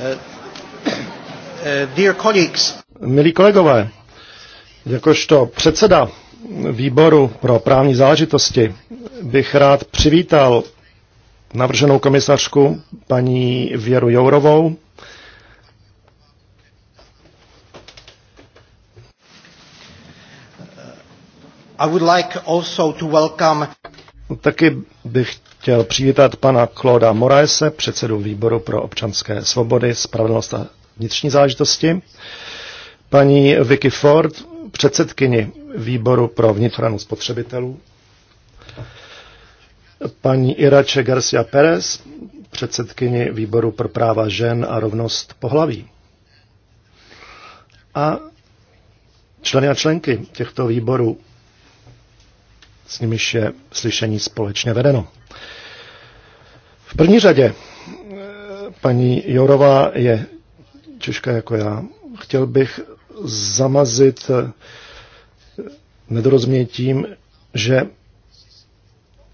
Eh, eh, Milí kolegové, jakožto předseda výboru pro právní záležitosti bych rád přivítal navrženou komisařku paní Věru Jourovou. Eh, I would like also to welcome... Taky bych chtěl přivítat pana Clauda Moraese, předsedu výboru pro občanské svobody, spravedlnost a vnitřní záležitosti, paní Vicky Ford, předsedkyni výboru pro vnitřranu spotřebitelů, paní Irače Garcia Perez, předsedkyni výboru pro práva žen a rovnost pohlaví. A členy a členky těchto výborů, s nimiž je slyšení společně vedeno. V první řadě eh, paní Jourová je Češka jako já. Chtěl bych zamazit eh, nedorozumění tím, že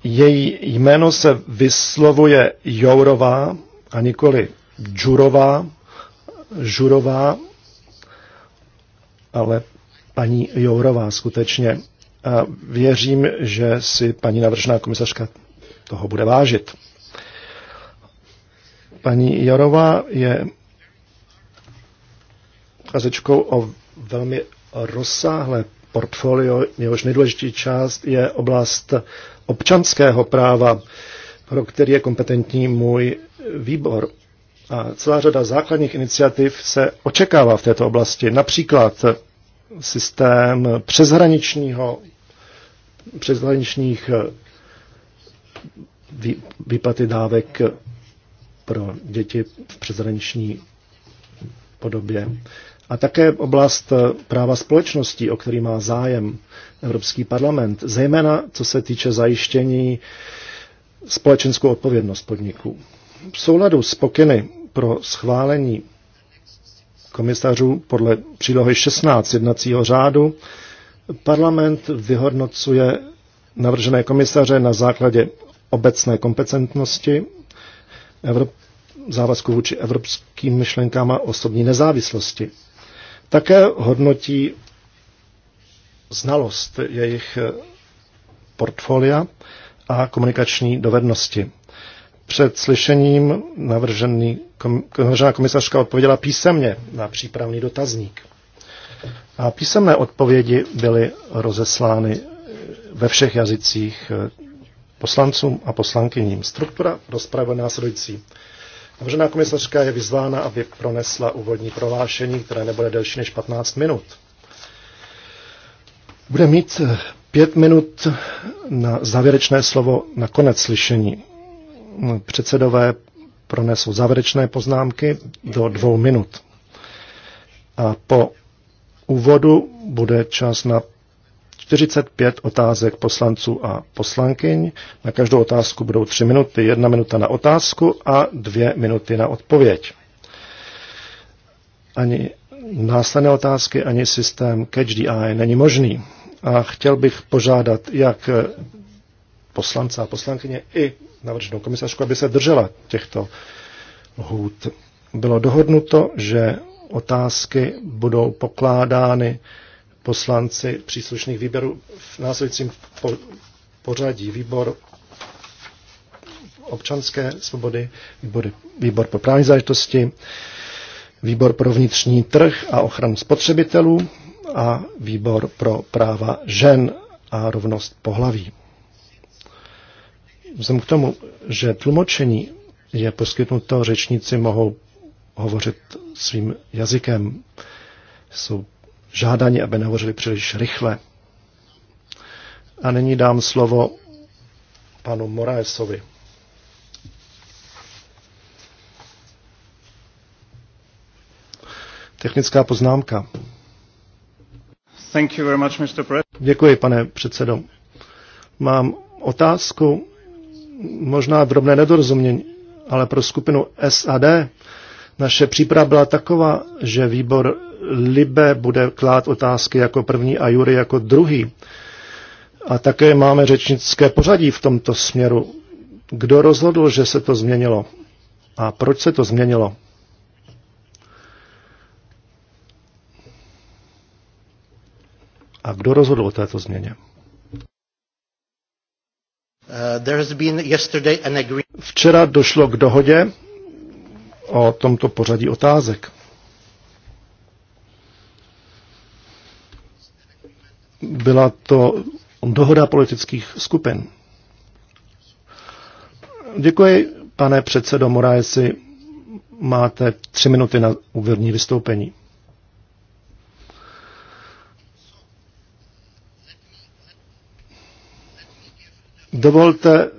její jméno se vyslovuje Jourová a nikoli Džurová, Žurová, ale paní Jourová skutečně. A věřím, že si paní navržená komisařka toho bude vážit. Paní Jarová je kazečkou o velmi rozsáhlé portfolio, jehož nejdůležitější část je oblast občanského práva, pro který je kompetentní můj výbor. A celá řada základních iniciativ se očekává v této oblasti. Například systém přeshraničního, přeshraničních výplaty dávek pro děti v přezraniční podobě. A také oblast eh, práva společností, o který má zájem Evropský parlament, zejména co se týče zajištění společenskou odpovědnost podniků. V souladu s pokyny pro schválení komisařů podle přílohy 16 jednacího řádu parlament vyhodnocuje navržené komisaře na základě obecné kompetentnosti Evrop, závazku vůči evropským myšlenkám a osobní nezávislosti. Také hodnotí znalost jejich portfolia a komunikační dovednosti. Před slyšením navržená komisařka odpověděla písemně na přípravný dotazník. A písemné odpovědi byly rozeslány ve všech jazycích poslancům a poslankyním. Struktura rozpravy následující. Navržená komisařka je vyzvána, aby pronesla úvodní prohlášení, které nebude delší než 15 minut. Bude mít eh, pět minut na závěrečné slovo na konec slyšení. Předsedové pronesou závěrečné poznámky do dvou minut. A po úvodu bude čas na 45 otázek poslanců a poslankyň. Na každou otázku budou 3 minuty, 1 minuta na otázku a 2 minuty na odpověď. Ani následné otázky, ani systém Catch the Eye není možný. A chtěl bych požádat jak poslance a poslankyně i navrženou komisařku, aby se držela těchto hůd. Bylo dohodnuto, že otázky budou pokládány poslanci příslušných výběrů v následujícím po, pořadí. Výbor občanské svobody, výbory, výbor pro právní záležitosti, výbor pro vnitřní trh a ochranu spotřebitelů a výbor pro práva žen a rovnost pohlaví. Vzhledem k tomu, že tlumočení je poskytnuto, řečníci mohou hovořit svým jazykem. Jsou žádání, aby nehovořili příliš rychle. A nyní dám slovo panu Moraesovi. Technická poznámka. Thank you very much, Mr. Děkuji, pane předsedo. Mám otázku, možná drobné nedorozumění, ale pro skupinu SAD naše příprava byla taková, že výbor Libe bude klát otázky jako první a Jury jako druhý. A také máme řečnické pořadí v tomto směru. Kdo rozhodl, že se to změnilo? A proč se to změnilo? A kdo rozhodl o této změně? Uh, Včera došlo k dohodě o tomto pořadí otázek. Byla to dohoda politických skupin. Děkuji, pane předsedo Moraesi. Máte tři minuty na úvodní vystoupení. Dovolte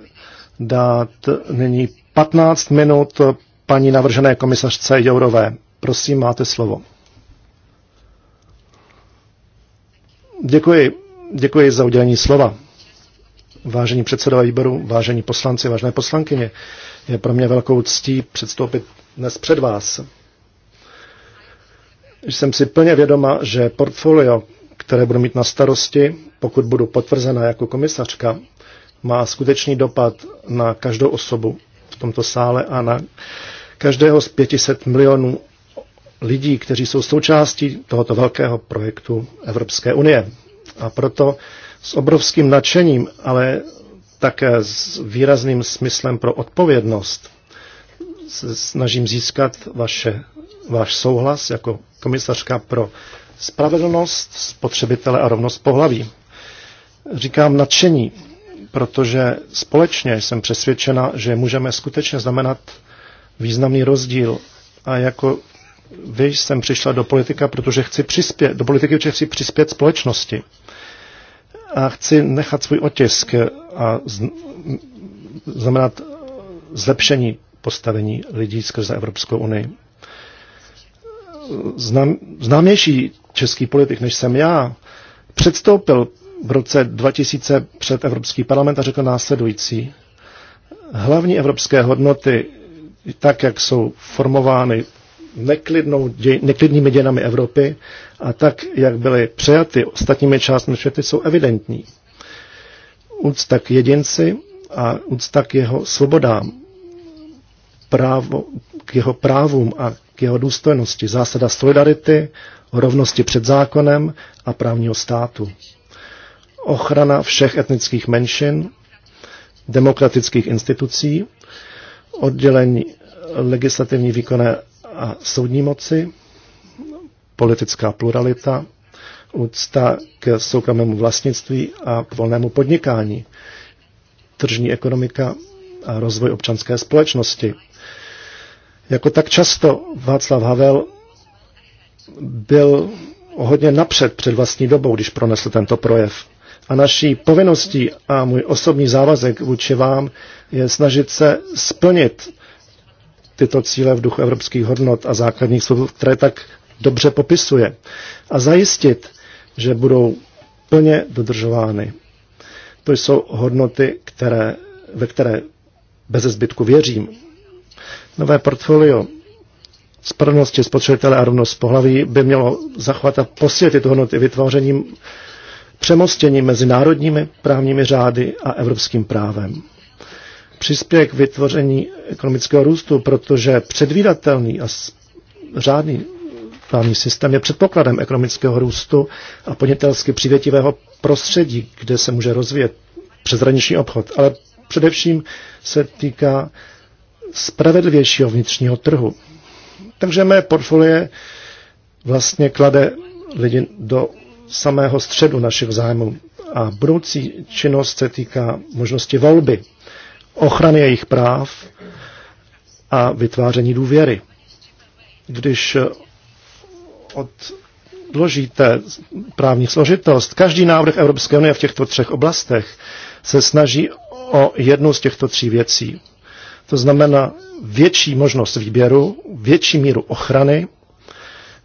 dát nyní 15 minut paní navržené komisařce Jourové. Prosím, máte slovo. Děkuji, děkuji za udělení slova. Vážení předsedové výboru, vážení poslanci, vážné poslankyně, je pro mě velkou ctí předstoupit dnes před vás. Jsem si plně vědoma, že portfolio, které budu mít na starosti, pokud budu potvrzena jako komisařka, má skutečný dopad na každou osobu v tomto sále a na každého z 500 milionů lidí, kteří jsou součástí tohoto velkého projektu Evropské unie. A proto s obrovským nadšením, ale také s výrazným smyslem pro odpovědnost se snažím získat vaše, váš souhlas jako komisařka pro spravedlnost, spotřebitele a rovnost pohlaví. Říkám nadšení, protože společně jsem přesvědčena, že můžeme skutečně znamenat významný rozdíl a jako vy jsem přišla do politika, protože chci přispět, do politiky, protože chci přispět společnosti. A chci nechat svůj otisk a znamenat zlepšení postavení lidí skrze Evropskou unii. Znám, známější český politik, než jsem já, předstoupil v roce 2000 před Evropský parlament a řekl následující. Hlavní evropské hodnoty, tak jak jsou formovány neklidnou, děj, neklidnými dějinami Evropy a tak, jak byly přejaty ostatními částmi světy, jsou evidentní. Úcta k jedinci a úcta k jeho svobodám, právo, k jeho právům a k jeho důstojnosti, zásada solidarity, rovnosti před zákonem a právního státu. Ochrana všech etnických menšin, demokratických institucí, oddělení legislativní výkonné a soudní moci, politická pluralita, úcta k soukromému vlastnictví a k volnému podnikání, tržní ekonomika a rozvoj občanské společnosti. Jako tak často Václav Havel byl hodně napřed před vlastní dobou, když pronesl tento projev. A naší povinností a můj osobní závazek vůči vám je snažit se splnit tyto cíle v duchu evropských hodnot a základních slov, které tak dobře popisuje, a zajistit, že budou plně dodržovány. To jsou hodnoty, které, ve které bez zbytku věřím. Nové portfolio spravedlnosti spotřebitele a rovnost pohlaví by mělo zachovat a posílit tyto hodnoty vytvořením přemostění mezi národními právními řády a evropským právem přispěje k vytvoření ekonomického růstu, protože předvídatelný a řádný právní systém je předpokladem ekonomického růstu a podnětelsky přívětivého prostředí, kde se může rozvíjet přezraniční obchod. Ale především se týká spravedlivějšího vnitřního trhu. Takže mé portfolie vlastně klade lidi do samého středu našich zájmů. A budoucí činnost se týká možnosti volby ochrany jejich práv a vytváření důvěry. Když odložíte právní složitost, každý návrh Evropské unie v těchto třech oblastech se snaží o jednu z těchto tří věcí. To znamená větší možnost výběru, větší míru ochrany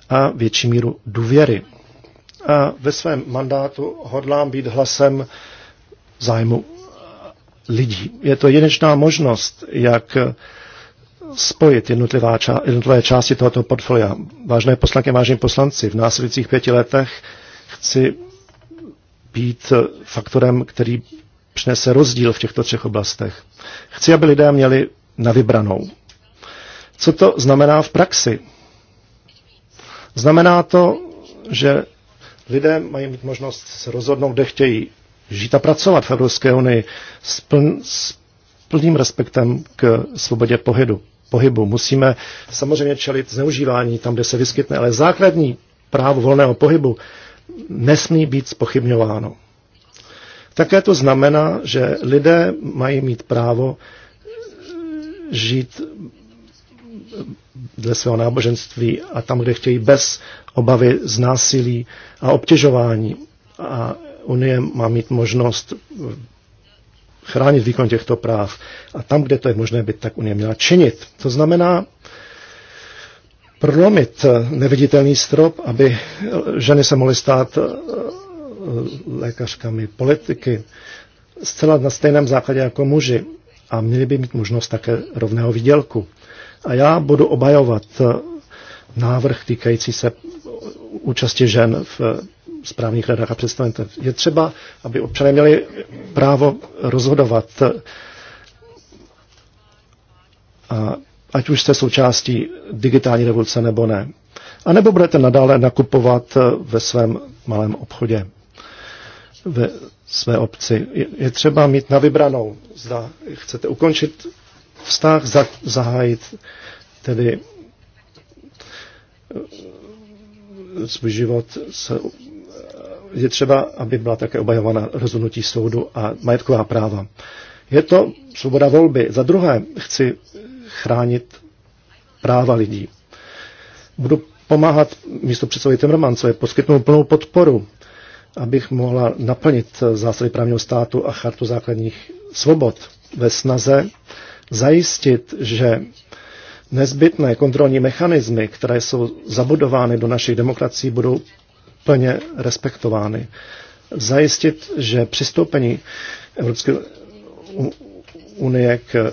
a větší míru důvěry. A ve svém mandátu hodlám být hlasem zájmu lidí. Je to jedinečná možnost, jak spojit jednotlivá ča- jednotlivé části tohoto portfolia. Vážné poslanky, vážení poslanci, v následujících pěti letech chci být faktorem, který přinese rozdíl v těchto třech oblastech. Chci, aby lidé měli na vybranou. Co to znamená v praxi? Znamená to, že lidé mají mít možnost se rozhodnout, kde chtějí žít a pracovat v Evropské unii s, pln, s plným respektem k svobodě pohybu. pohybu. Musíme samozřejmě čelit zneužívání tam, kde se vyskytne, ale základní právo volného pohybu nesmí být spochybňováno. Také to znamená, že lidé mají mít právo žít dle svého náboženství a tam, kde chtějí, bez obavy z násilí a obtěžování. A Unie má mít možnost chránit výkon těchto práv. A tam, kde to je možné, být, tak Unie měla činit. To znamená prolomit neviditelný strop, aby ženy se mohly stát eh, lékařkami, politiky, zcela na stejném základě jako muži a měli by mít možnost také rovného výdělku. A já budu obajovat eh, návrh týkající se účasti žen v správních radách a představitelů. Je třeba, aby občané měli právo rozhodovat. A ať už jste součástí digitální revoluce nebo ne. A nebo budete nadále nakupovat ve svém malém obchodě, ve své obci. Je, třeba mít na vybranou, zda chcete ukončit vztah, za, zahájit tedy eh, svůj život s je třeba, aby byla také obajována rozhodnutí soudu a majetková práva. Je to svoboda volby. Za druhé, chci chránit práva lidí. Budu pomáhat místo předsedovi Timmermansové, poskytnout plnou podporu, abych mohla naplnit zásady právního státu a chartu základních svobod ve snaze zajistit, že nezbytné kontrolní mechanismy, které jsou zabudovány do našich demokracií, budou plně respektovány. Zajistit, že přistoupení Evropské unie k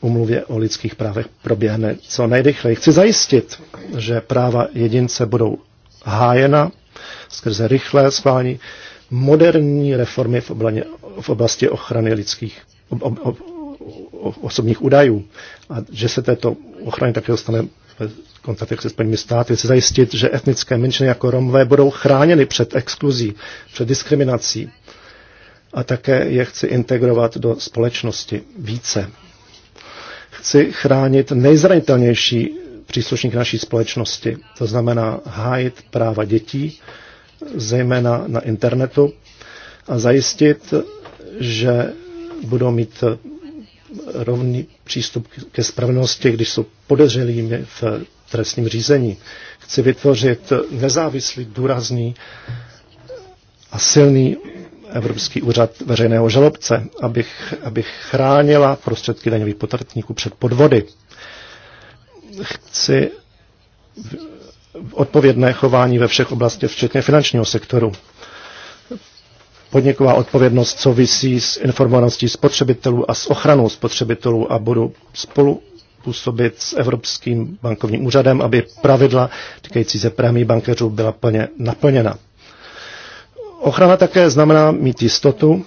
umluvě o lidských právech proběhne co nejrychleji. Chci zajistit, že práva jedince budou hájena skrze rychlé schválení moderní reformy v, oblaně, v oblasti ochrany lidských ob, ob, ob, osobních údajů a že se této ochrany také dostane kontaktech se Spojenými státy, chci zajistit, že etnické menšiny jako Romové budou chráněny před exkluzí, před diskriminací a také je chci integrovat do společnosti více. Chci chránit nejzranitelnější příslušník naší společnosti, to znamená hájit práva dětí, zejména na internetu, a zajistit, že budou mít rovný přístup ke spravedlnosti, když jsou podezřelými v trestním řízení. Chci vytvořit nezávislý, důrazný a silný Evropský úřad veřejného žalobce, abych, abych chránila prostředky daňových potratníků před podvody. Chci odpovědné chování ve všech oblastech, včetně finančního sektoru podniková odpovědnost souvisí s informovaností spotřebitelů a s ochranou spotřebitelů a budu spolu působit s Evropským bankovním úřadem, aby pravidla týkající se prémí bankéřů byla plně naplněna. Ochrana také znamená mít jistotu,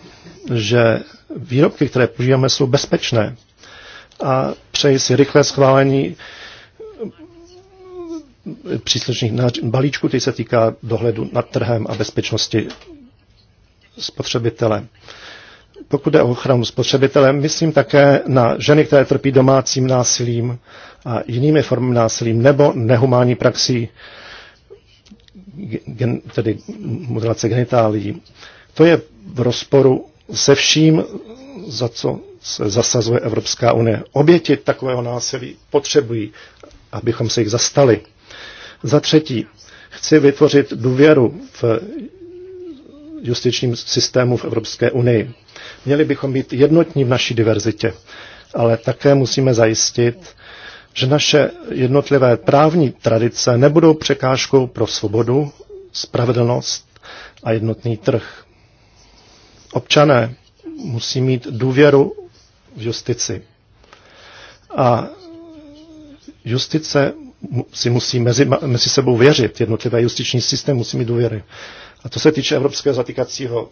že výrobky, které používáme, jsou bezpečné a přeji si rychlé schválení příslušných balíčků, který se týká dohledu nad trhem a bezpečnosti spotřebitele. Pokud jde o ochranu spotřebitele, myslím také na ženy, které trpí domácím násilím a jinými formami násilím nebo nehumánní praxí, gen, tedy mutilace genitálií. To je v rozporu se vším, za co se zasazuje Evropská unie. Oběti takového násilí potřebují, abychom se jich zastali. Za třetí, chci vytvořit důvěru v justičním systému v Evropské unii. Měli bychom být jednotní v naší diverzitě, ale také musíme zajistit, že naše jednotlivé právní tradice nebudou překážkou pro svobodu, spravedlnost a jednotný trh. Občané musí mít důvěru v justici. A justice si musí mezi, mezi sebou věřit, jednotlivé justiční systém musí mít důvěry. A to se týče evropského zatýkacího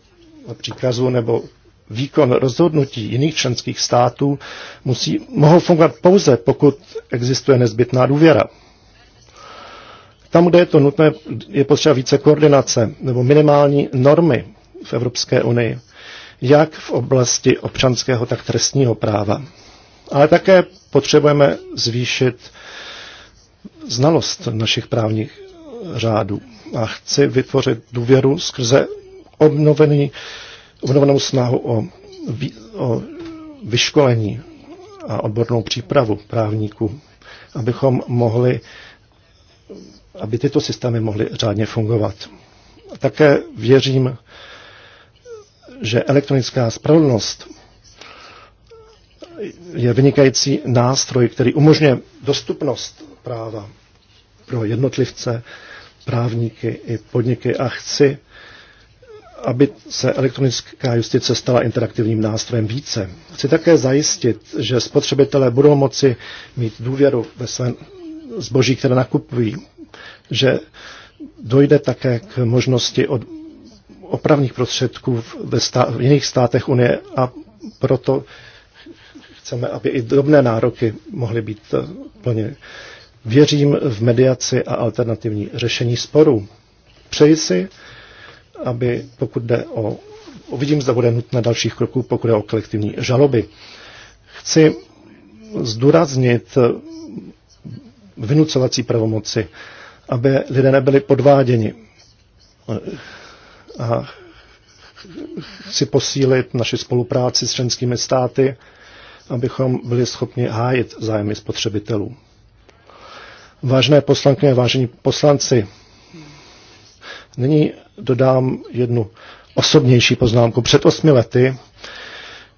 příkazu nebo výkon rozhodnutí jiných členských států, musí, mohou fungovat pouze, pokud existuje nezbytná důvěra. Tam, kde je to nutné, je potřeba více koordinace nebo minimální normy v Evropské unii, jak v oblasti občanského, tak trestního práva. Ale také potřebujeme zvýšit znalost našich právních řádů a chci vytvořit důvěru skrze obnovený, obnovenou snahu o, o vyškolení a odbornou přípravu právníků, abychom mohli, aby tyto systémy mohly řádně fungovat. Také věřím, že elektronická spravedlnost je vynikající nástroj, který umožňuje dostupnost práva pro jednotlivce právníky i podniky a chci, aby se elektronická justice stala interaktivním nástrojem více. Chci také zajistit, že spotřebitelé budou moci mít důvěru ve své zboží, které nakupují, že dojde také k možnosti od opravných prostředků ve stá- v jiných státech Unie a proto chceme, aby i drobné nároky mohly být eh, plněny. Věřím v mediaci a alternativní řešení sporů. Přeji si, aby pokud jde o, uvidím, zda bude nutné dalších kroků, pokud jde o kolektivní žaloby. Chci zdůraznit vynucovací pravomoci, aby lidé nebyli podváděni. A chci posílit naši spolupráci s členskými státy, abychom byli schopni hájit zájmy spotřebitelů. Vážené poslankyně, vážení poslanci, nyní dodám jednu osobnější poznámku. Před osmi lety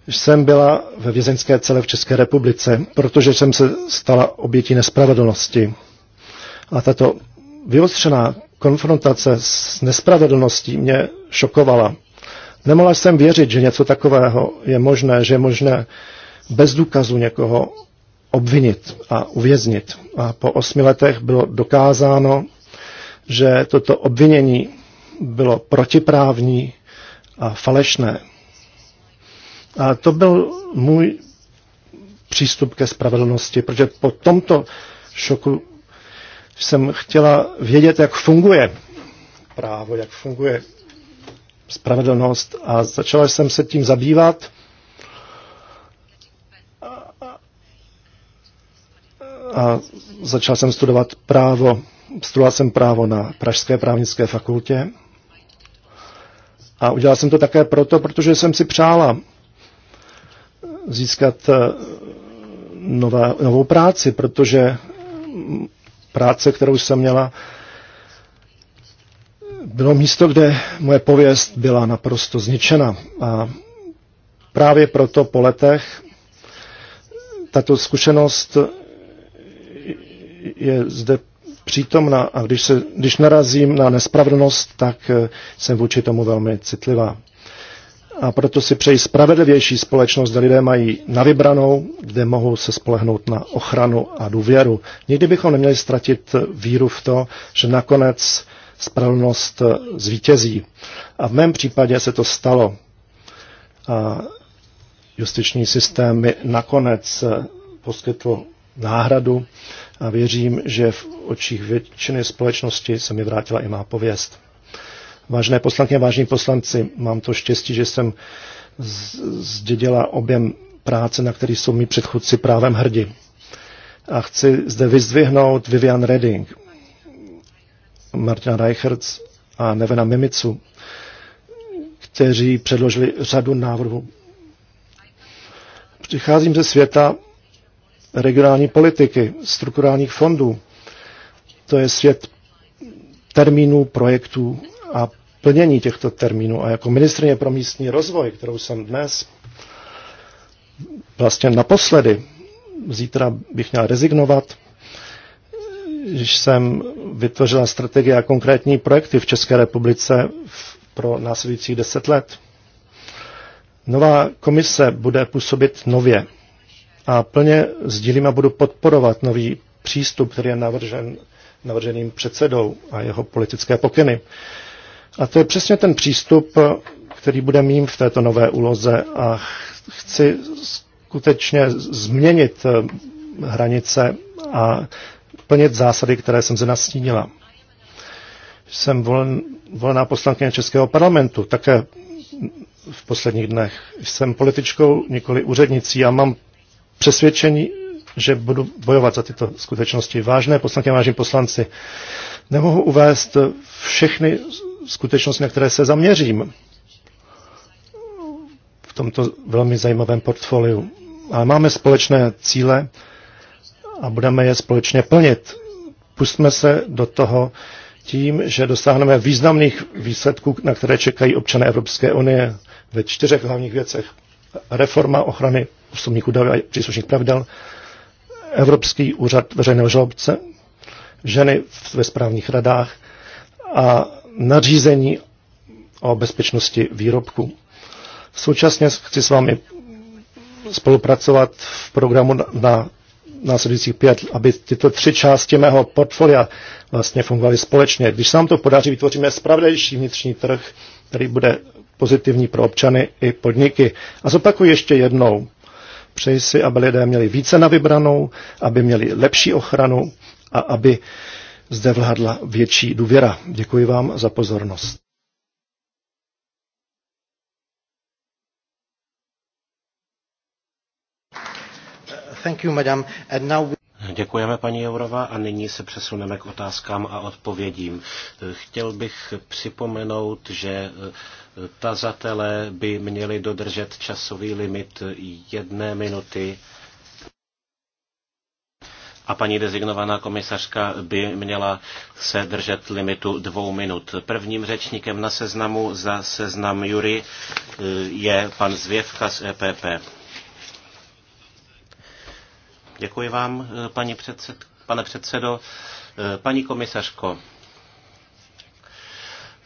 jsem byla ve vězeňské cele v České republice, protože jsem se stala obětí nespravedlnosti. A tato vyostřená konfrontace s nespravedlností mě šokovala. Nemohla jsem věřit, že něco takového je možné, že je možné bez důkazu někoho obvinit a uvěznit. A po osmi letech bylo dokázáno, že toto obvinění bylo protiprávní a falešné. A to byl můj přístup ke spravedlnosti, protože po tomto šoku jsem chtěla vědět, jak funguje právo, jak funguje spravedlnost a začala jsem se tím zabývat a začal jsem studovat právo. Studoval jsem právo na Pražské právnické fakultě. A udělal jsem to také proto, protože jsem si přála získat eh, nové, novou práci, protože práce, kterou jsem měla, bylo místo, kde moje pověst byla naprosto zničena. A právě proto po letech tato zkušenost je zde přítomna a když, se, když narazím na nespravedlnost, tak eh, jsem vůči tomu velmi citlivá. A proto si přeji spravedlivější společnost, kde lidé mají na vybranou, kde mohou se spolehnout na ochranu a důvěru. Nikdy bychom neměli ztratit víru v to, že nakonec spravedlnost eh, zvítězí. A v mém případě se to stalo. A justiční systém mi nakonec eh, poskytl náhradu a věřím, že v očích většiny společnosti se mi vrátila i má pověst. Vážné poslankyně, vážní poslanci, mám to štěstí, že jsem zdědila objem práce, na který jsou mi předchůdci právem hrdi. A chci zde vyzdvihnout Vivian Redding, Martina Reichertz a Nevena Mimicu, kteří předložili řadu návrhů. Přicházím ze světa, regionální politiky, strukturálních fondů. To je svět termínů, projektů a plnění těchto termínů. A jako ministrně pro místní rozvoj, kterou jsem dnes, vlastně naposledy, zítra bych měl rezignovat, když jsem vytvořila strategie a konkrétní projekty v České republice pro následujících deset let. Nová komise bude působit nově a plně sdílím a budu podporovat nový přístup, který je navržen navrženým předsedou a jeho politické pokyny. A to je přesně ten přístup, který bude mým v této nové úloze a chci skutečně změnit eh, hranice a plnit zásady, které jsem se nastínila. Jsem volen, volená poslankyně Českého parlamentu, také v posledních dnech. Jsem političkou, nikoli úřednicí a mám přesvědčení, že budu bojovat za tyto skutečnosti. Vážné poslanky, vážní poslanci, nemohu uvést všechny skutečnosti, na které se zaměřím v tomto velmi zajímavém portfoliu. Ale máme společné cíle a budeme je společně plnit. Pustme se do toho tím, že dosáhneme významných výsledků, na které čekají občané Evropské unie ve čtyřech hlavních věcech reforma ochrany osobních údajů a příslušných pravidel, Evropský úřad veřejného žalobce, ženy ve správních radách a nařízení o bezpečnosti výrobku. Současně chci s vámi spolupracovat v programu na následujících pět, aby tyto tři části mého portfolia vlastně fungovaly společně. Když se nám to podaří, vytvoříme spravedlivější vnitřní trh, který bude pozitivní pro občany i podniky. A zopakuji ještě jednou. Přeji si, aby lidé měli více na vybranou, aby měli lepší ochranu a aby zde vládla větší důvěra. Děkuji vám za pozornost. Thank you, madam. And now Děkujeme, paní Jourova, a nyní se přesuneme k otázkám a odpovědím. Chtěl bych připomenout, že e, tazatelé by měli dodržet časový limit jedné minuty a paní dezignovaná komisařka by měla se držet limitu dvou minut. Prvním řečníkem na seznamu za seznam Jury e, je pan Zvěvka z EPP. Děkuji vám, eh, paní předsed, pane předsedo. Eh, paní komisařko,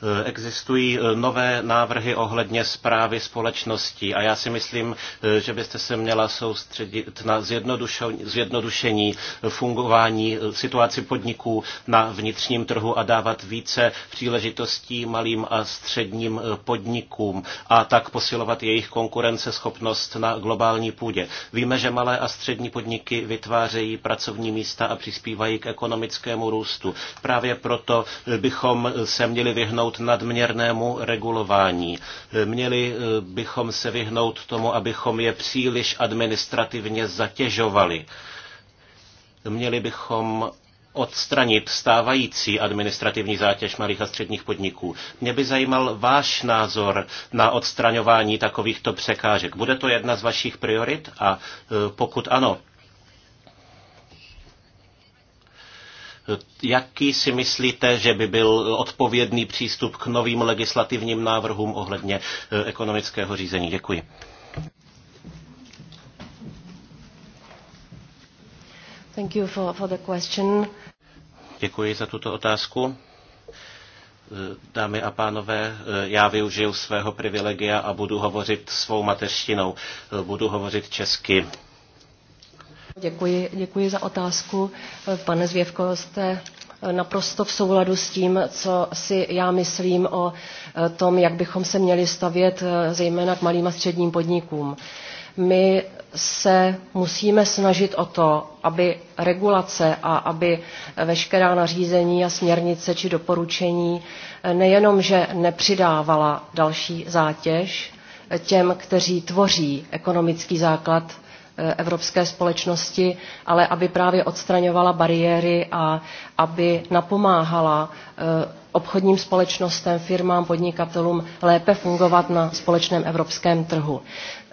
Eh, existují eh, nové návrhy ohledně zprávy společností a já si myslím, eh, že byste se měla soustředit na zjednodušení fungování situaci podniků na vnitřním trhu a dávat více příležitostí malým a středním podnikům a tak posilovat jejich konkurenceschopnost na globální půdě. Víme, že malé a střední podniky vytvářejí pracovní místa a přispívají k ekonomickému růstu. Právě proto bychom se měli vyhnout vyhnout nadměrnému regulování. Měli eh, bychom se vyhnout tomu, abychom je příliš administrativně zatěžovali. Měli bychom odstranit stávající administrativní zátěž malých a středních podniků. Mě by zajímal váš názor na odstraňování takovýchto překážek. Bude to jedna z vašich priorit a eh, pokud ano, Jaký si myslíte, že by byl odpovědný přístup k novým legislativním návrhům ohledně eh, ekonomického řízení? Děkuji. Thank you for, for the question. Děkuji za tuto otázku. Eh, dámy a pánové, eh, já využiju svého privilegia a budu hovořit svou mateřštinou. Budu hovořit česky. Děkuji, děkuji za otázku. Pane Zvěvko, jste naprosto v souladu s tím, co si já myslím o eh, tom, jak bychom se měli stavět eh, zejména k malým a středním podnikům. My se musíme snažit o to, aby regulace a aby veškerá nařízení a směrnice či doporučení eh, nejenom, že nepřidávala další zátěž těm, kteří tvoří ekonomický základ Eh, evropské společnosti, ale aby právě odstraňovala bariéry a aby napomáhala eh, obchodním společnostem, firmám, podnikatelům lépe fungovat na společném evropském trhu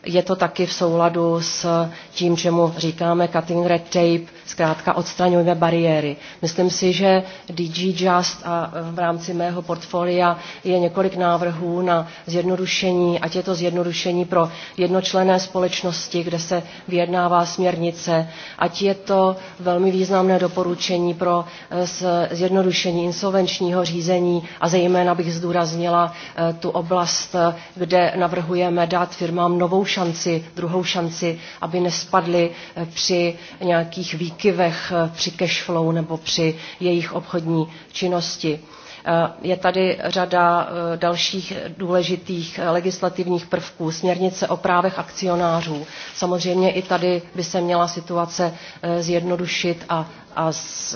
je to taky v souladu s tím, čemu říkáme cutting red tape, zkrátka odstraňujeme bariéry. Myslím si, že DG Just a eh, v rámci mého portfolia je několik návrhů na zjednodušení, ať je to zjednodušení pro jednočlené společnosti, kde se vyjednává směrnice, ať je to velmi významné doporučení pro eh, zjednodušení insolvenčního řízení a zejména bych zdůraznila eh, tu oblast, kde navrhujeme dát firmám novou šanci, druhou šanci, aby nespadli eh, při nějakých výkyvech, eh, při cash flow nebo při jejich obchodní činnosti. Eh, je tady řada eh, dalších důležitých legislativních prvků, směrnice o právech akcionářů. Samozřejmě i tady by se měla situace eh, zjednodušit a, a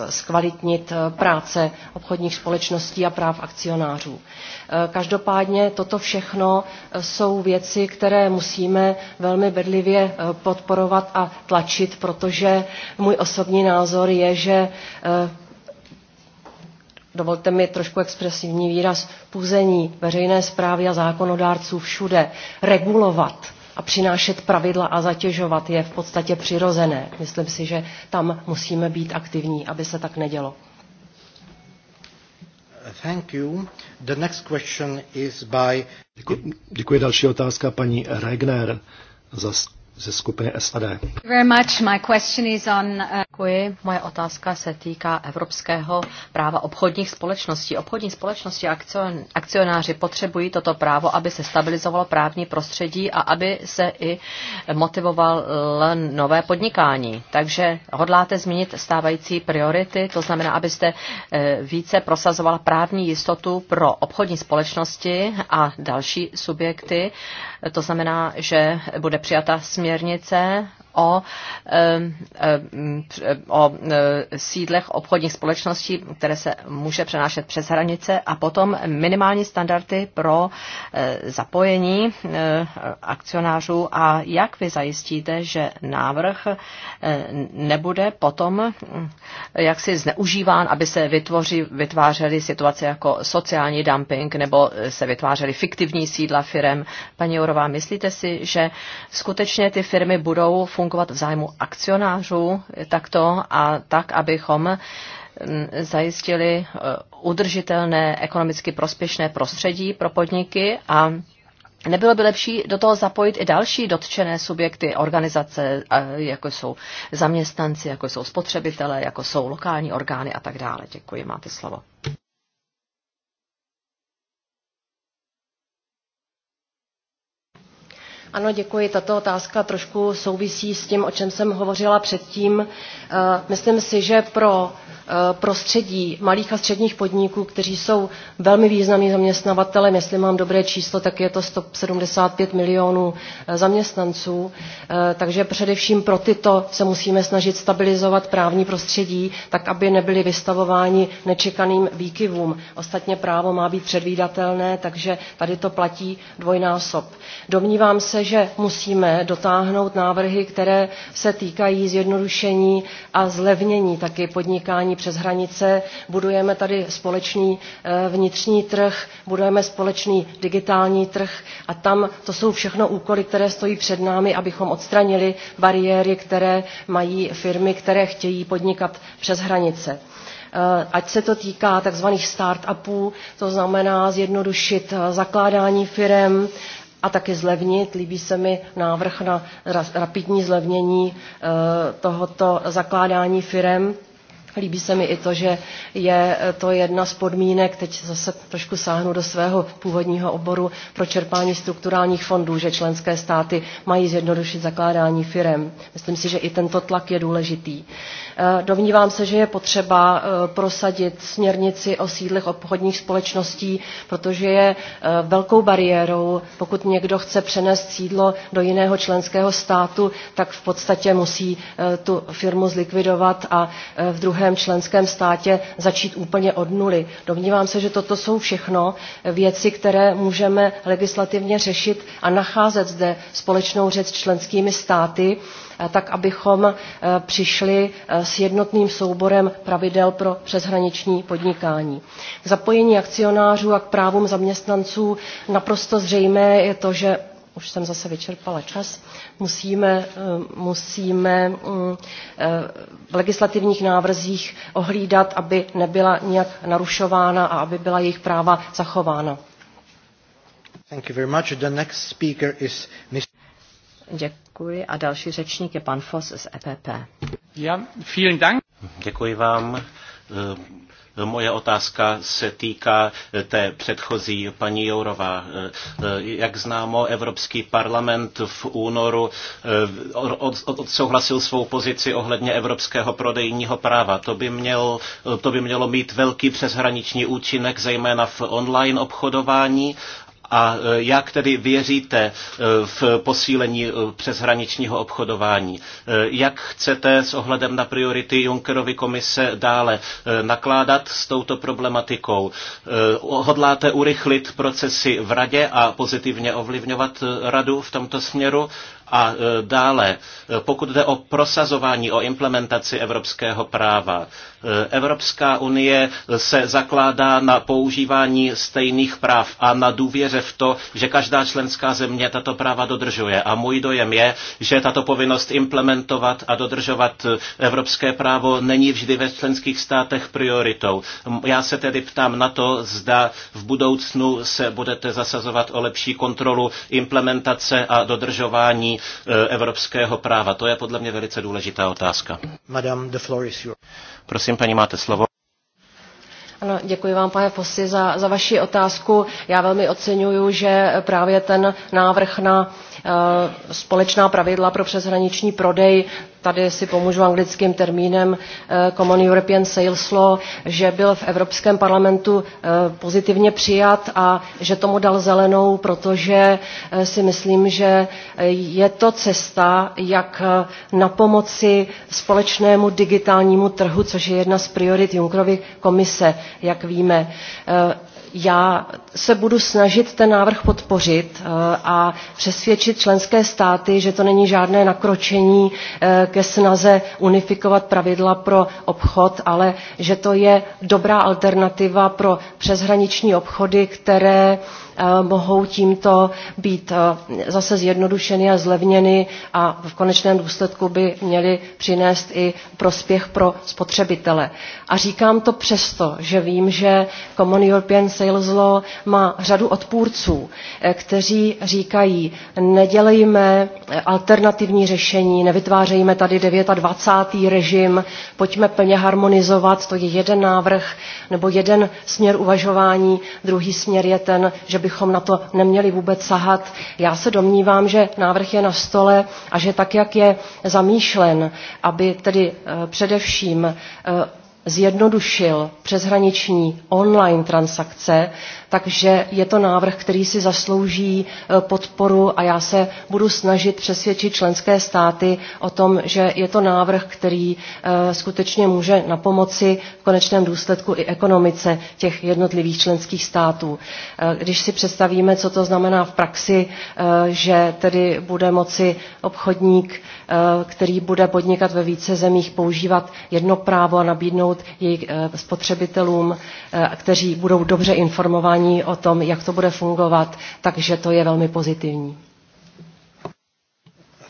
zkvalitnit práce obchodních společností a práv akcionářů. Každopádně toto všechno jsou věci, které musíme velmi bedlivě podporovat a tlačit, protože můj osobní názor je, že dovolte mi trošku expresivní výraz, puzení veřejné zprávy a zákonodárců všude, regulovat a přinášet pravidla a zatěžovat je v podstatě přirozené. Myslím si, že tam musíme být aktivní, aby se tak nedělo. Thank you. The next question is by... Děkuji, děkuji další otázka paní Regner za ze skupiny SAD. Uh, Děkuji. Moje otázka se týká evropského práva obchodních společností. Obchodní společnosti a akcionáři potřebují toto právo, aby se stabilizovalo právní prostředí a aby se i motivoval nové podnikání. Takže hodláte změnit stávající priority, to znamená, abyste eh, více prosazovala právní jistotu pro obchodní společnosti a další subjekty to znamená, že bude přijata směrnice o, o e, sídlech obchodních společností, které se může přenášet přes hranice a potom minimální standardy pro e, zapojení e, akcionářů a jak vy zajistíte, že návrh nebude potom jaksi zneužíván, aby se vytvoří, vytvářely situace jako sociální dumping nebo se vytvářely fiktivní sídla firem. Paní Jourová, myslíte si, že skutečně ty firmy budou fungovat fungovat v zájmu akcionářů takto a tak, abychom zajistili e, udržitelné, ekonomicky prospěšné prostředí pro podniky a Nebylo by lepší do toho zapojit i další dotčené subjekty, organizace, e, jako jsou zaměstnanci, jako jsou spotřebitelé, jako jsou lokální orgány a tak dále. Děkuji, máte slovo. Ano, děkuji. Tato otázka trošku souvisí s tím, o čem jsem hovořila předtím. Eh, myslím si, že pro Eh, prostředí malých a středních podniků, kteří jsou velmi významným zaměstnavatelem. Jestli mám dobré číslo, tak je to 175 milionů eh, zaměstnanců. Eh, takže především pro tyto se musíme snažit stabilizovat právní prostředí, tak aby nebyli vystavováni nečekaným výkyvům. Ostatně právo má být předvídatelné, takže tady to platí dvojnásob. Domnívám se, že musíme dotáhnout návrhy, které se týkají zjednodušení a zlevnění taky podnikání přes hranice, budujeme tady společný eh, vnitřní trh, budujeme společný digitální trh a tam to jsou všechno úkoly, které stojí před námi, abychom odstranili bariéry, které mají firmy, které chtějí podnikat přes hranice eh, ať se to týká tzv. start-upů, to znamená zjednodušit eh, zakládání firem a taky zlevnit. Líbí se mi návrh na rapidní zlevnění tohoto zakládání firem Líbí se mi i to, že je eh, to jedna z podmínek, teď zase trošku sáhnu do svého původního oboru, pro čerpání strukturálních fondů, že členské státy mají zjednodušit zakládání firem. Myslím si, že i tento tlak je důležitý. Eh, domnívám se, že je potřeba eh, prosadit směrnici o sídlech obchodních společností, protože je eh, velkou bariérou, pokud někdo chce přenést sídlo do jiného členského státu, tak v podstatě musí tu firmu zlikvidovat a v druhém členském státě začít úplně od nuly. Domnívám se, že toto jsou všechno věci, které můžeme legislativně řešit a nacházet zde společnou řeč s členskými státy. Eh, tak abychom eh, přišli eh, s jednotným souborem pravidel pro přeshraniční podnikání. K zapojení akcionářů a k právům zaměstnanců naprosto zřejmé je to, že už jsem zase vyčerpala čas, musíme, musíme mm, v legislativních návrzích ohlídat, aby nebyla nějak narušována a aby byla jejich práva zachována. Thank you very much. The next speaker is Děkuji. Děkuji a další řečník je pan Fos z EPP. Ja, vielen Dank. Děkuji vám. E, moje otázka se týká e, té předchozí paní Jourová. E, jak známo, Evropský parlament v únoru odsouhlasil svou pozici ohledně evropského prodejního práva. To by, měl, to by mělo mít velký přeshraniční účinek, zejména v online obchodování a e, jak tedy věříte e, v posílení e, přeshraničního obchodování? Jak chcete s ohledem na priority Junckerovy komise dále nakládat s touto problematikou? Hodláte urychlit procesy v radě a pozitivně ovlivňovat radu v tomto směru? A e, dále, e, pokud jde o prosazování, o implementaci evropského práva, e, Evropská unie se zakládá na používání stejných práv a na důvěře v to, že každá členská země tato práva dodržuje. A můj dojem je, že tato povinnost implementovat a dodržovat evropské právo není vždy ve členských státech prioritou. Já se tedy ptám na to, zda v budoucnu se budete zasazovat o lepší kontrolu implementace a dodržování Eh, evropského práva? To je podle mě velice důležitá otázka. Madame, the floor is your... Prosím, paní, máte slovo. Ano, děkuji vám, pane Fossi, za, za vaši otázku. Já velmi oceňuju, že právě ten návrh na Eh, společná pravidla pro přeshraniční prodej, tady si pomůžu anglickým termínem eh, Common European Sales Law, že byl v Evropském parlamentu eh, pozitivně přijat a že tomu dal zelenou, protože si myslím, že je to cesta, jak na pomoci společnému digitálnímu trhu, což je jedna z priorit Junckerovy komise, jak víme já se budu snažit ten návrh podpořit eh, a přesvědčit členské státy, že to není žádné nakročení eh, ke snaze unifikovat pravidla pro obchod, ale že to je dobrá alternativa pro přeshraniční obchody, které Eh, mohou tímto být eh, zase zjednodušeny a zlevněny a v konečném důsledku by měly přinést i prospěch pro spotřebitele. A říkám to přesto, že vím, že Common European Sales Law má řadu odpůrců, eh, kteří říkají, nedělejme alternativní řešení, nevytvářejme tady 29. režim, pojďme plně harmonizovat, to je jeden návrh nebo jeden směr uvažování, druhý směr je ten, že by bychom na to neměli vůbec sahat. Já se domnívám, že návrh je na stole a že tak, jak je zamýšlen, aby tedy eh, především eh, zjednodušil přeshraniční online transakce, takže je to návrh, který si zaslouží e, podporu a já se budu snažit přesvědčit členské státy o tom, že je to návrh, který e, skutečně může na pomoci v konečném důsledku i ekonomice těch jednotlivých členských států. E, když si představíme, co to znamená v praxi, že tedy bude moci obchodník Eh, který bude podnikat ve více zemích, používat jedno právo a nabídnout jejich eh, spotřebitelům, eh, kteří budou dobře informováni o tom, jak to bude fungovat, takže to je velmi pozitivní.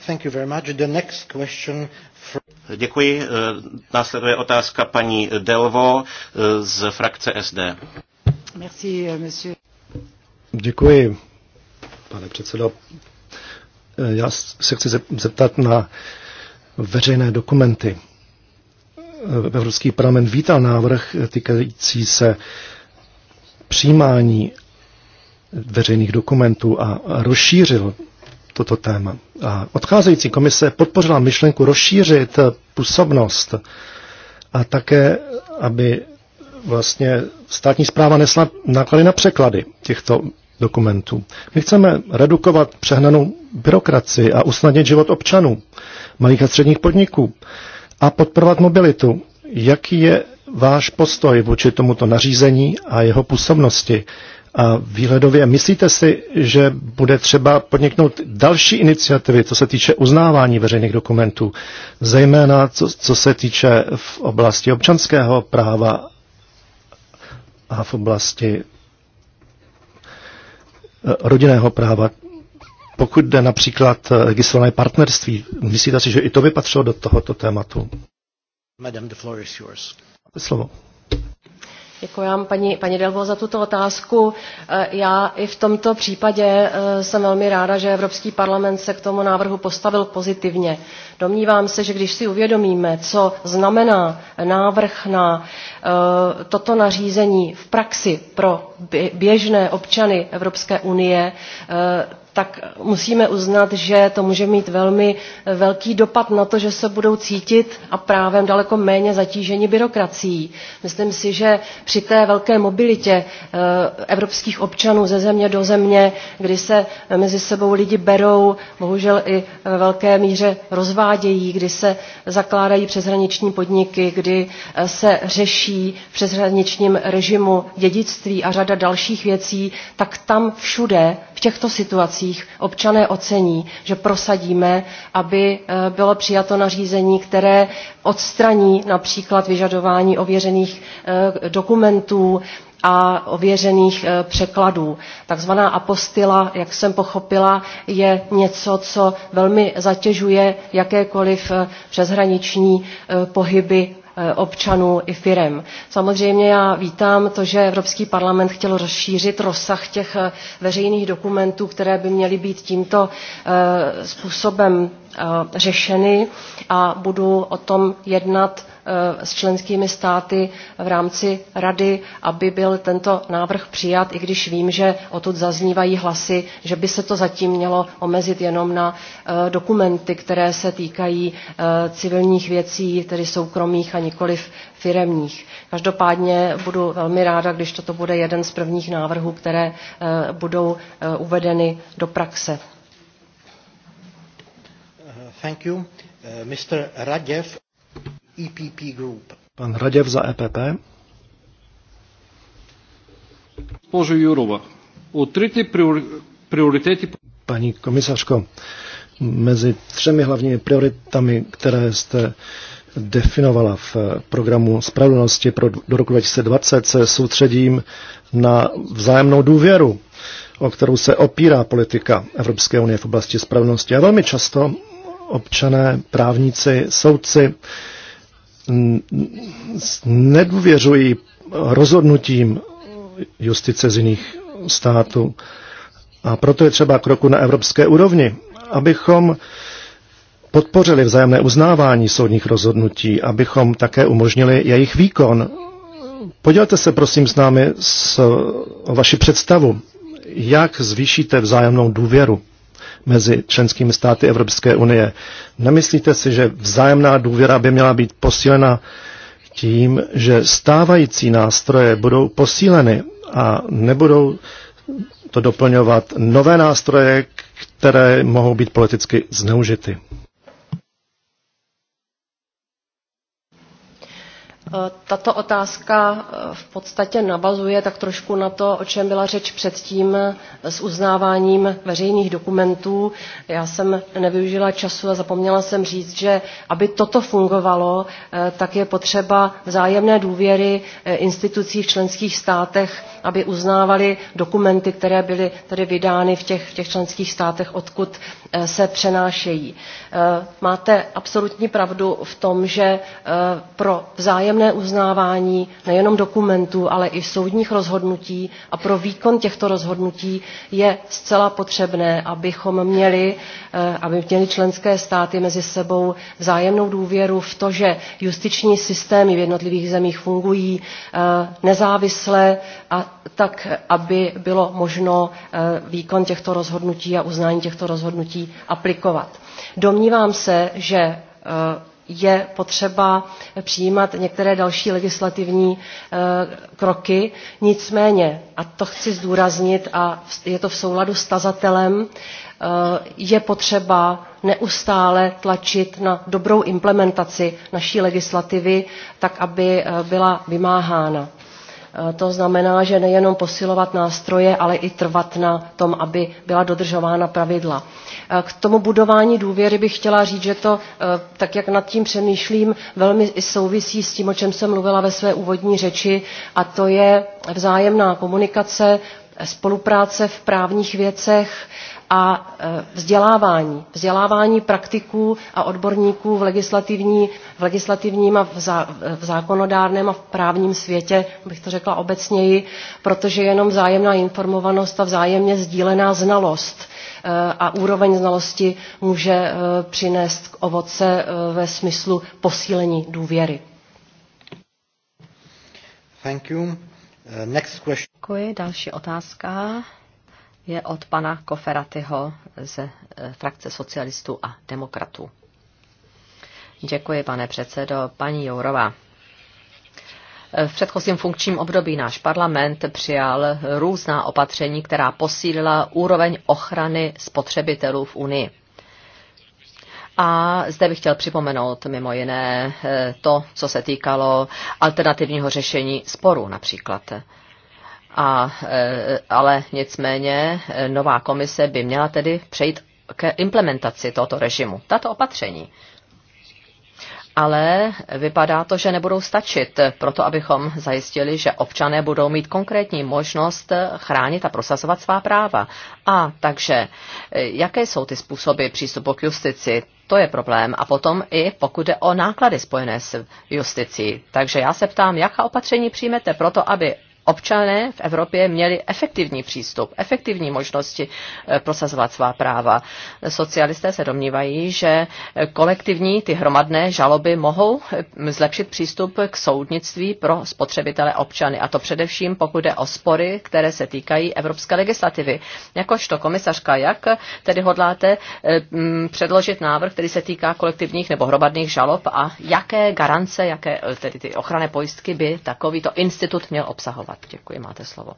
Thank you very much. The next question Děkuji. Následuje otázka paní Delvo z frakce SD. Merci, monsieur. Děkuji, pane předsedo. Eh, já se chci zeptat na veřejné dokumenty. Eh, Evropský parlament vítal návrh týkající se přijímání veřejných dokumentů a rozšířil toto téma. A odcházející komise podpořila myšlenku rozšířit eh, působnost a také, aby vlastně státní zpráva nesla náklady na překlady těchto dokumentů. My chceme redukovat přehnanou byrokracii a usnadnit život občanů, malých a středních podniků a podporovat mobilitu. Jaký je váš postoj vůči tomuto nařízení a jeho působnosti? A výhledově myslíte si, že bude třeba podniknout další iniciativy, co se týče uznávání veřejných dokumentů, zejména co, co se týče v oblasti občanského práva a v oblasti Eh, rodinného práva. Pokud jde například eh, registrované partnerství, myslíte si, že i to by patřilo do tohoto tématu? Madame, the floor is yours. slovo. Děkuji vám, paní, paní Delvo, za tuto otázku. Eh, já i v tomto případě eh, jsem velmi ráda, že Evropský parlament se k tomu návrhu postavil pozitivně. Domnívám se, že když si uvědomíme, co znamená návrh na eh, toto nařízení v praxi pro běžné občany Evropské unie, tak musíme uznat, že to může mít velmi eh, velký dopad na to, že se budou cítit a právem daleko méně zatíženi byrokracií. Myslím si, že při té velké mobilitě eh, evropských občanů ze země do země, kdy se eh, mezi sebou lidi berou, bohužel i ve velké míře rozvádějí, kdy se zakládají přeshraniční podniky, kdy se řeší v přeshraničním režimu dědictví a řada dalších věcí, tak tam všude v těchto situacích občané ocení, že prosadíme, aby eh, bylo přijato nařízení, které odstraní například vyžadování ověřených eh, dokumentů, a ověřených eh, překladů. Takzvaná apostila, jak jsem pochopila, je něco, co velmi zatěžuje jakékoliv přeshraniční pohyby Eh, občanů i firem. Samozřejmě já vítám to, že Evropský parlament chtěl rozšířit rozsah těch eh, veřejných dokumentů, které by měly být tímto eh, způsobem Eh, řešeny a budu o tom jednat eh, s členskými státy v rámci rady, aby byl tento návrh přijat, i když vím, že odtud zaznívají hlasy, že by se to zatím mělo omezit jenom na eh, dokumenty, které se týkají civilních věcí, tedy soukromých a nikoliv firemních. Každopádně budu velmi ráda, když toto bude jeden z prvních návrhů, které budou uvedeny do praxe. Thank you. Uh, Mr. Radev, EPP Group. Pan Radev za EPP. Bože Jurova, o třetí priority... Paní komisařko, mezi třemi hlavními prioritami, které jste definovala v eh, programu Spravedlnosti pro do roku 2020, se soustředím na vzájemnou důvěru, o kterou se opírá politika Evropské unie v oblasti spravedlnosti. A velmi často občané, právníci, soudci nedůvěřují rozhodnutím justice z jiných států. A proto je třeba kroku na evropské úrovni, abychom podpořili vzájemné uznávání soudních rozhodnutí, abychom také umožnili jejich výkon. Podělte se prosím s námi s, o vaši představu, jak zvýšíte vzájemnou důvěru mezi členskými státy Evropské unie. Nemyslíte si, že vzájemná důvěra by měla být posílena tím, že stávající nástroje budou posíleny a nebudou to doplňovat nové nástroje, které mohou být politicky zneužity? Tato otázka eh, v podstatě navazuje tak trošku na to, o čem byla řeč předtím eh, s uznáváním veřejných dokumentů. Já jsem nevyužila času a zapomněla jsem říct, že aby toto fungovalo, eh, tak je potřeba vzájemné důvěry institucí v členských státech aby uznávali dokumenty, které byly tedy vydány v těch, v těch členských státech, odkud eh, se přenášejí. Eh, máte absolutní pravdu v tom, že eh, pro vzájemné uznávání nejenom dokumentů, ale i soudních rozhodnutí a pro výkon těchto rozhodnutí je zcela potřebné, abychom měli, aby měli členské státy mezi sebou vzájemnou důvěru v to, že justiční systémy v jednotlivých zemích fungují nezávisle a tak aby bylo možno eh, výkon těchto rozhodnutí a uznání těchto rozhodnutí aplikovat. Domnívám se, že eh, je potřeba přijímat některé další legislativní eh, kroky. Nicméně, a to chci zdůraznit, a je to v souladu s tazatelem, je potřeba neustále tlačit na dobrou implementaci naší legislativy, tak aby byla vymáhána. Eh, to znamená, že nejenom posilovat nástroje, ale i trvat na tom, aby byla dodržována pravidla. Eh, k tomu budování důvěry bych chtěla říct, že to, eh, tak jak nad tím přemýšlím, velmi souvisí s tím, o čem jsem mluvila ve své úvodní řeči, a to je vzájemná komunikace, spolupráce v právních věcech, a e, vzdělávání. Vzdělávání praktiků a odborníků v, legislativní, v legislativním a v, zá, v zákonodárném a v právním světě, bych to řekla obecněji, protože jenom vzájemná informovanost a vzájemně sdílená znalost e, a úroveň znalosti může e, přinést k ovoce ve smyslu posílení důvěry. Thank you. Uh, next question. Děkuji. Další otázka je od pana Koferatyho z eh, frakce socialistů a demokratů. Děkuji, pane předsedo. Paní Jourová. Eh, v předchozím funkčním období náš parlament přijal různá opatření, která posílila úroveň ochrany spotřebitelů v Unii. A zde bych chtěl připomenout mimo jiné eh, to, co se týkalo alternativního řešení sporů například. A, e, ale nicméně e, nová komise by měla tedy přejít k implementaci tohoto režimu, tato opatření. Ale vypadá to, že nebudou stačit proto, abychom zajistili, že občané budou mít konkrétní možnost chránit a prosazovat svá práva. A takže, e, jaké jsou ty způsoby přístupu k justici? To je problém. A potom i pokud jde o náklady spojené s justicí. Takže já se ptám, jaká opatření přijmete proto, aby občané v Evropě měli efektivní přístup, efektivní možnosti eh, prosazovat svá práva. Socialisté se domnívají, že eh, kolektivní ty hromadné žaloby mohou eh, zlepšit přístup k soudnictví pro spotřebitele občany, a to především pokud jde o spory, které se týkají evropské legislativy. Jakožto komisařka, jak tedy hodláte mm, předložit návrh, který se týká kolektivních nebo hromadných žalob a jaké garance, jaké tedy ty ochranné pojistky by takovýto institut měl obsahovat? Děkuji, máte slovo.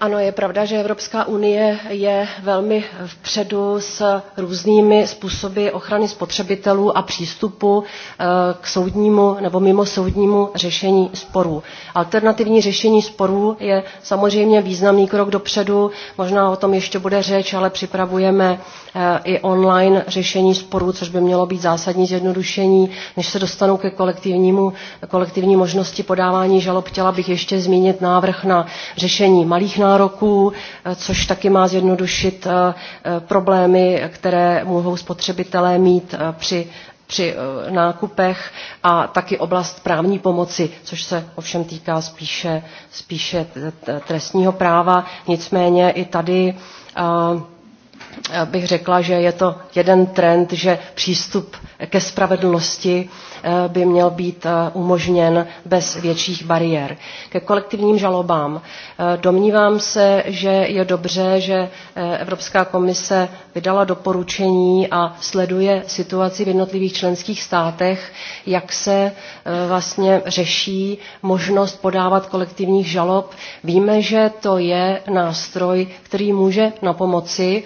ano je pravda že evropská unie je velmi vpředu s různými způsoby ochrany spotřebitelů a přístupu eh, k soudnímu nebo mimosoudnímu řešení sporů. alternativní řešení sporů je samozřejmě významný krok dopředu možná o tom ještě bude řeč ale připravujeme eh, i on line řešení sporů což by mělo být zásadní zjednodušení. než se dostanu ke kolektivnímu, kolektivní možnosti podávání žalob chtěla bych ještě zmínit návrh na řešení malých malých nároků, eh, což taky má zjednodušit eh, eh, problémy, které mohou spotřebitelé mít při při nákupech a taky oblast právní pomoci, což se ovšem týká spíše, spíše trestního práva. Nicméně i tady uh, bych řekla, že je to jeden trend, že přístup ke spravedlnosti eh, by měl být eh, umožněn bez větších bariér. Ke kolektivním žalobám. Eh, domnívám se, že je dobře, že Evropská komise vydala doporučení a sleduje situaci v jednotlivých členských státech, jak se vlastně řeší možnost podávat kolektivních žalob. Víme, že to je nástroj, který může na pomoci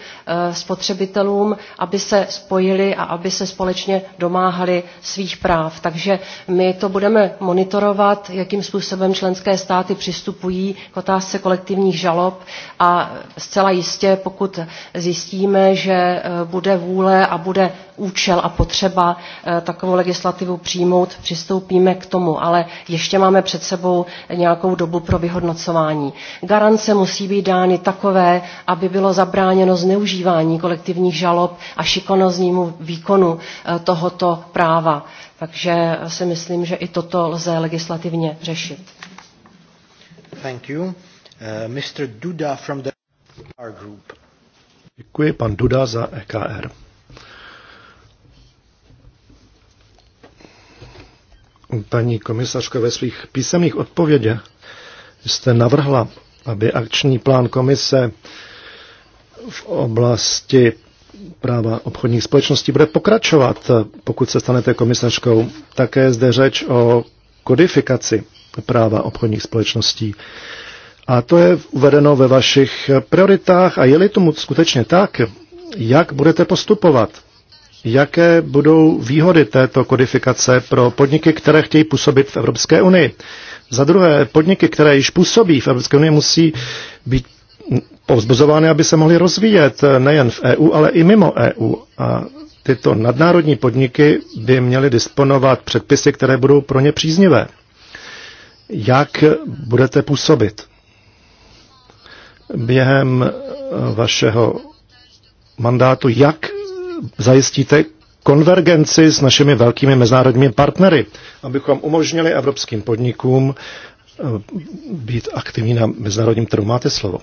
Eh, spotřebitelům, aby se spojili a aby se společně domáhali svých práv. Takže my to budeme monitorovat, jakým způsobem členské státy přistupují k otázce kolektivních žalob a zcela jistě, pokud zjistíme, že eh, bude vůle a bude účel a potřeba eh, takovou legislativu přijmout, přistoupíme k tomu, ale ještě máme před sebou nějakou dobu pro vyhodnocování. Garance musí být dány takové, aby bylo zabráněno zneužívání kolektivních žalob a šikonoznímu výkonu eh, tohoto práva. Takže si myslím, že i toto lze legislativně řešit. Thank you. Uh, Mr. Duda from the group. Děkuji, pan Duda za EKR. Paní komisařko, ve svých písemných odpovědech jste navrhla, aby akční plán komise v oblasti práva obchodních společností bude pokračovat, pokud se stanete komisařkou. Také zde řeč o kodifikaci práva obchodních společností. A to je uvedeno ve vašich prioritách a je-li tomu skutečně tak, jak budete postupovat? jaké budou výhody této kodifikace pro podniky, které chtějí působit v Evropské unii. Za druhé, podniky, které již působí v Evropské unii, musí být povzbuzovány, aby se mohly rozvíjet nejen v EU, ale i mimo EU. A tyto nadnárodní podniky by měly disponovat předpisy, které budou pro ně příznivé. Jak budete působit? Během vašeho mandátu, jak zajistíte konvergenci s našimi velkými mezinárodními partnery, abychom umožnili evropským podnikům eh, být aktivní na mezinárodním trhu. Máte slovo.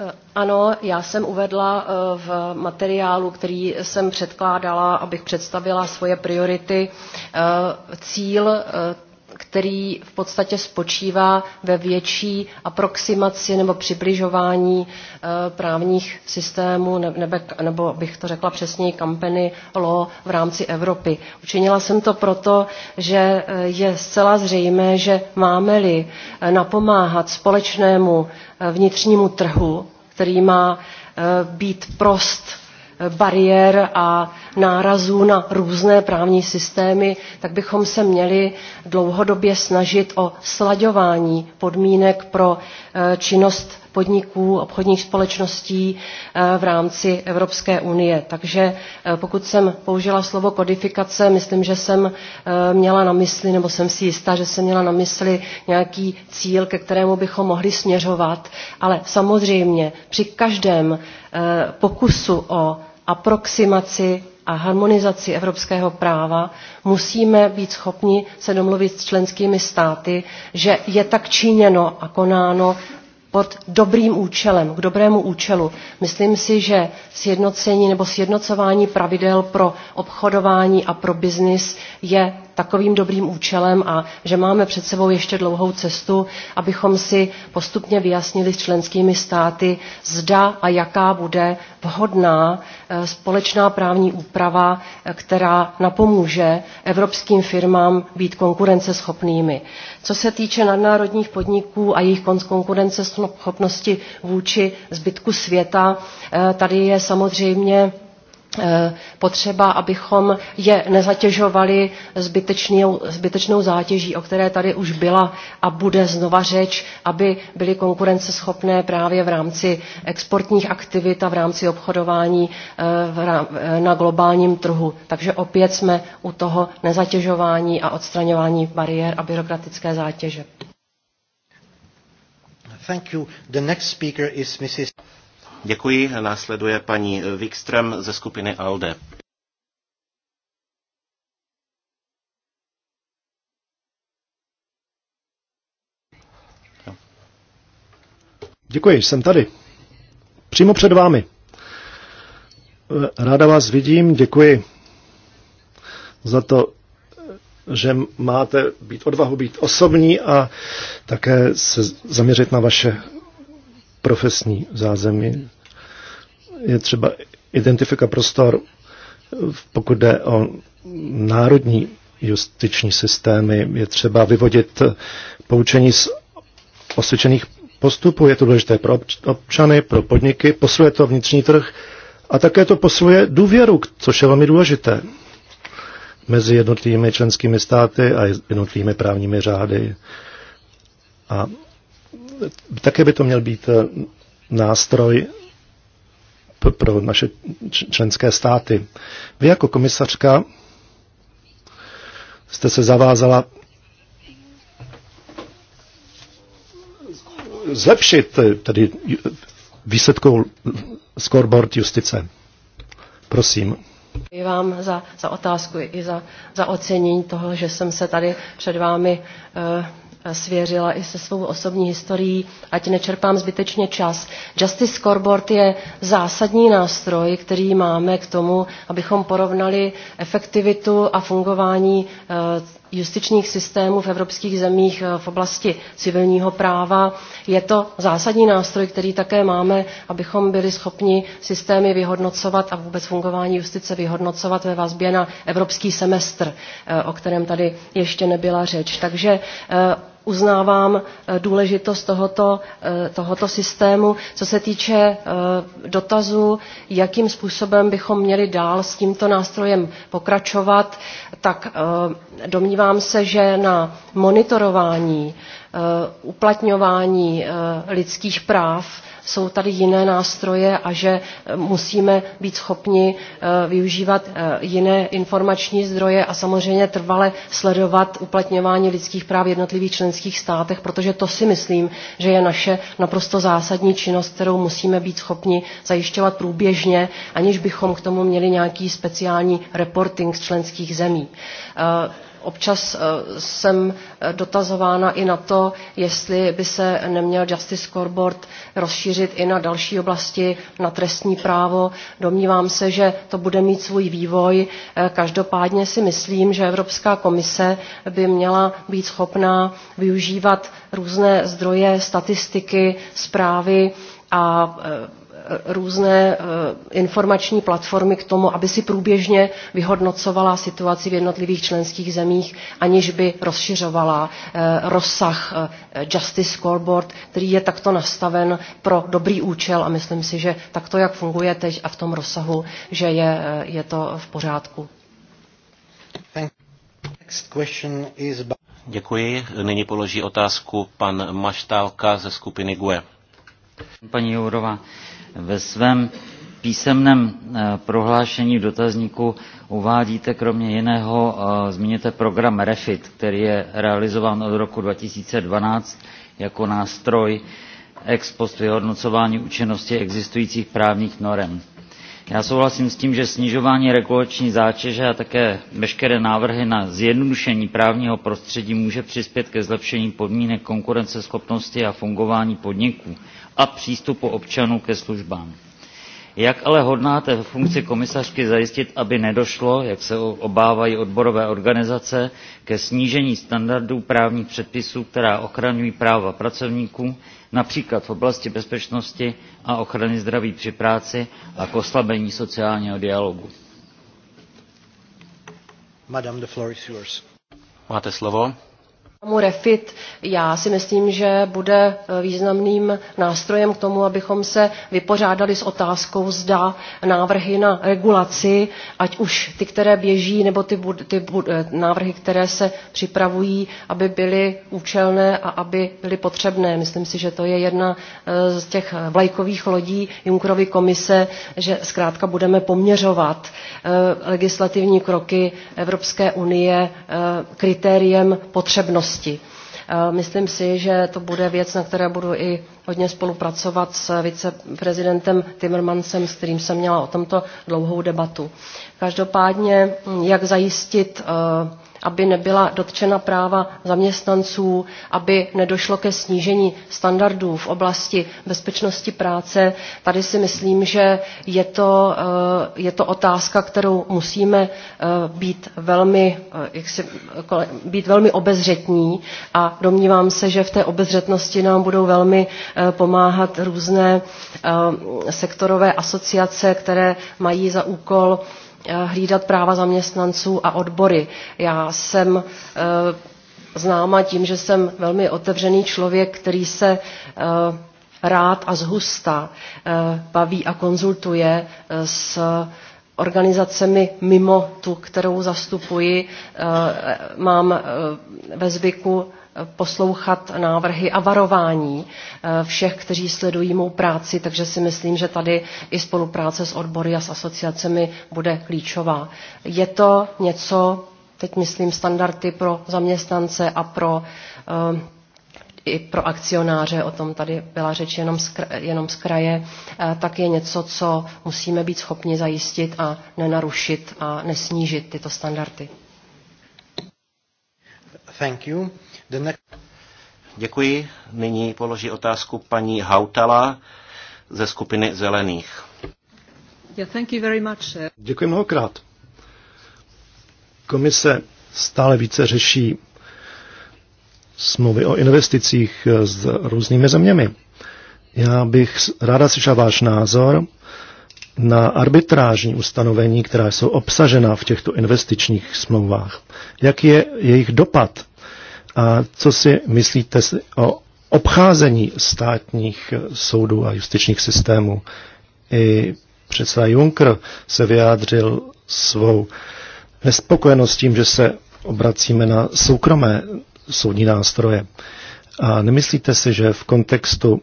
Eh, ano, já jsem uvedla eh, v materiálu, který jsem předkládala, abych představila svoje priority, cíl který v podstatě spočívá ve větší aproximaci nebo přibližování eh, právních systémů, nebo bych to řekla přesněji, kampany LO v rámci Evropy. Učinila jsem to proto, že eh, je zcela zřejmé, že máme-li eh, napomáhat společnému vnitřnímu trhu, který má být prost bariér a nárazů na různé právní systémy, tak bychom se měli dlouhodobě snažit o slaďování podmínek pro eh, činnost podniků, obchodních společností eh, v rámci Evropské unie. Takže eh, pokud jsem použila slovo kodifikace, myslím, že jsem měla na mysli, nebo jsem si jistá, že jsem měla na mysli nějaký cíl, ke kterému bychom mohli směřovat, ale samozřejmě při každém pokusu o aproximaci a harmonizaci evropského práva musíme být schopni se domluvit s členskými státy, že je tak činěno a konáno pod dobrým účelem, k dobrému účelu. Myslím si, že sjednocení nebo sjednocování pravidel pro obchodování a pro biznis je takovým dobrým účelem a že máme před sebou ještě dlouhou cestu, abychom si postupně vyjasnili s členskými státy, zda a jaká bude vhodná eh, společná právní úprava, eh, která napomůže evropským firmám být konkurenceschopnými. Co se týče nadnárodních podniků a jejich konkurenceschopnosti vůči zbytku světa, eh, tady je samozřejmě Eh, potřeba, abychom je nezatěžovali zbytečnou, zbytečnou zátěží, o které tady už byla a bude znova řeč, aby byly konkurenceschopné právě v rámci exportních aktivit a v rámci obchodování eh, eh, na globálním trhu. Takže opět jsme u toho nezatěžování a odstraňování bariér a byrokratické zátěže. Thank you. The next speaker is Mrs. Děkuji. Následuje paní Wikström ze skupiny ALDE. Děkuji, jsem tady. Přímo před vámi. Ráda vás vidím, děkuji za to, že máte být odvahu být osobní a také se zaměřit na vaše profesní zázemí. Je třeba identifika prostor, pokud jde o národní justiční systémy, je třeba vyvodit poučení z osvědčených postupů. Je to důležité pro občany, pro podniky, posluje to vnitřní trh a také to posluje důvěru, což je velmi důležité mezi jednotlivými členskými státy a jednotlivými právními řády. A také by to měl být eh, nástroj pro naše členské státy. Vy jako komisařka jste se zavázala zlepšit eh, tedy výsledkou scoreboard justice. Prosím. Děkuji vám za, za otázku i za, za ocenění toho, že jsem se tady před vámi e, svěřila i se svou osobní historií, ať nečerpám zbytečně čas. Justice Scoreboard je zásadní nástroj, který máme k tomu, abychom porovnali efektivitu a fungování eh, justičních systémů v evropských zemích eh, v oblasti civilního práva. Je to zásadní nástroj, který také máme, abychom byli schopni systémy vyhodnocovat a vůbec fungování justice vyhodnocovat ve vazbě na evropský semestr, eh, o kterém tady ještě nebyla řeč. Takže uznávám eh, důležitost tohoto, eh, tohoto systému. Co se týče eh, dotazu, jakým způsobem bychom měli dál s tímto nástrojem pokračovat, tak domnívám se, že na monitorování uplatňování lidských práv jsou tady jiné nástroje a že e, musíme být schopni e, využívat e, jiné informační zdroje a samozřejmě trvale sledovat uplatňování lidských práv v jednotlivých členských státech, protože to si myslím, že je naše naprosto zásadní činnost, kterou musíme být schopni zajišťovat průběžně, aniž bychom k tomu měli nějaký speciální reporting z členských zemí občas eh, jsem eh, dotazována i na to, jestli by se neměl Justice Scoreboard rozšířit i na další oblasti, na trestní právo. Domnívám se, že to bude mít svůj vývoj. Eh, každopádně si myslím, že Evropská komise by měla být schopná využívat různé zdroje, statistiky, zprávy a různé eh, informační platformy k tomu, aby si průběžně vyhodnocovala situaci v jednotlivých členských zemích, aniž by rozšiřovala eh, rozsah eh, Justice Scoreboard, který je takto nastaven pro dobrý účel a myslím si, že takto, jak funguje teď a v tom rozsahu, že je, je to v pořádku. Děkuji. Nyní položí otázku pan Maštálka ze skupiny GUE. Paní Jourova, ve svém písemném eh, prohlášení v dotazníku uvádíte kromě jiného, eh, zmíněte program REFIT, který je realizován od roku 2012 jako nástroj ex post vyhodnocování účinnosti existujících právních norem. Já souhlasím s tím, že snižování regulační zátěže a také veškeré návrhy na zjednodušení právního prostředí může přispět ke zlepšení podmínek konkurenceschopnosti a fungování podniků a přístupu občanů ke službám. Jak ale hodnáte ve funkci komisařky zajistit, aby nedošlo, jak se obávají odborové organizace, ke snížení standardů právních předpisů, která ochraňují práva pracovníků, například v oblasti bezpečnosti a ochrany zdraví při práci a k oslabení sociálního dialogu? Madame, the floor is yours. Máte slovo. Mu refit já si myslím, že bude eh, významným nástrojem k tomu, abychom se vypořádali s otázkou, zda návrhy na regulaci, ať už ty, které běží, nebo ty, ty eh, návrhy, které se připravují, aby byly účelné a aby byly potřebné. Myslím si, že to je jedna eh, z těch vlajkových lodí Junkerovy komise, že zkrátka budeme poměřovat legislativní kroky Evropské unie kritériem potřebnosti činnosti. Eh, myslím si, že to bude věc, na které budu i hodně spolupracovat s viceprezidentem Timmermansem, s kterým jsem měla o tomto dlouhou debatu. Každopádně, hm, jak zajistit uh, aby nebyla dotčena práva zaměstnanců, aby nedošlo ke snížení standardů v oblasti bezpečnosti práce. Tady si myslím, že je to, eh, je to otázka, kterou musíme eh, být velmi, eh, jak si, být velmi obezřetní a domnívám se, že v té obezřetnosti nám budou velmi pomáhat různé sektorové asociace, které mají za úkol Eh, hlídat práva zaměstnanců a odbory. Já jsem eh, známa tím, že jsem velmi otevřený člověk, který se eh, rád a zhusta baví a konzultuje s organizacemi mimo tu, kterou zastupuji. Mám ve zvyku poslouchat návrhy a varování eh, všech, kteří sledují mou práci, takže si myslím, že tady i spolupráce s odbory a s asociacemi bude klíčová. Je to něco, teď myslím standardy pro zaměstnance a pro eh, i pro akcionáře, o tom tady byla řeč jenom z, jenom z kraje, eh, tak je něco, co musíme být schopni zajistit a nenarušit a nesnížit tyto standardy. Thank you. Děkuji. Nyní položí otázku paní Hautala ze skupiny Zelených. Děkuji mnohokrát. Komise stále více řeší smlouvy o investicích s různými zeměmi. Já bych ráda slyšel váš názor na arbitrážní ustanovení, která jsou obsažena v těchto investičních smlouvách. Jak je jejich dopad a co si myslíte o obcházení státních soudů a justičních systémů? I předseda Juncker se vyjádřil svou nespokojenost tím, že se obracíme na soukromé soudní nástroje. A nemyslíte si, že v kontextu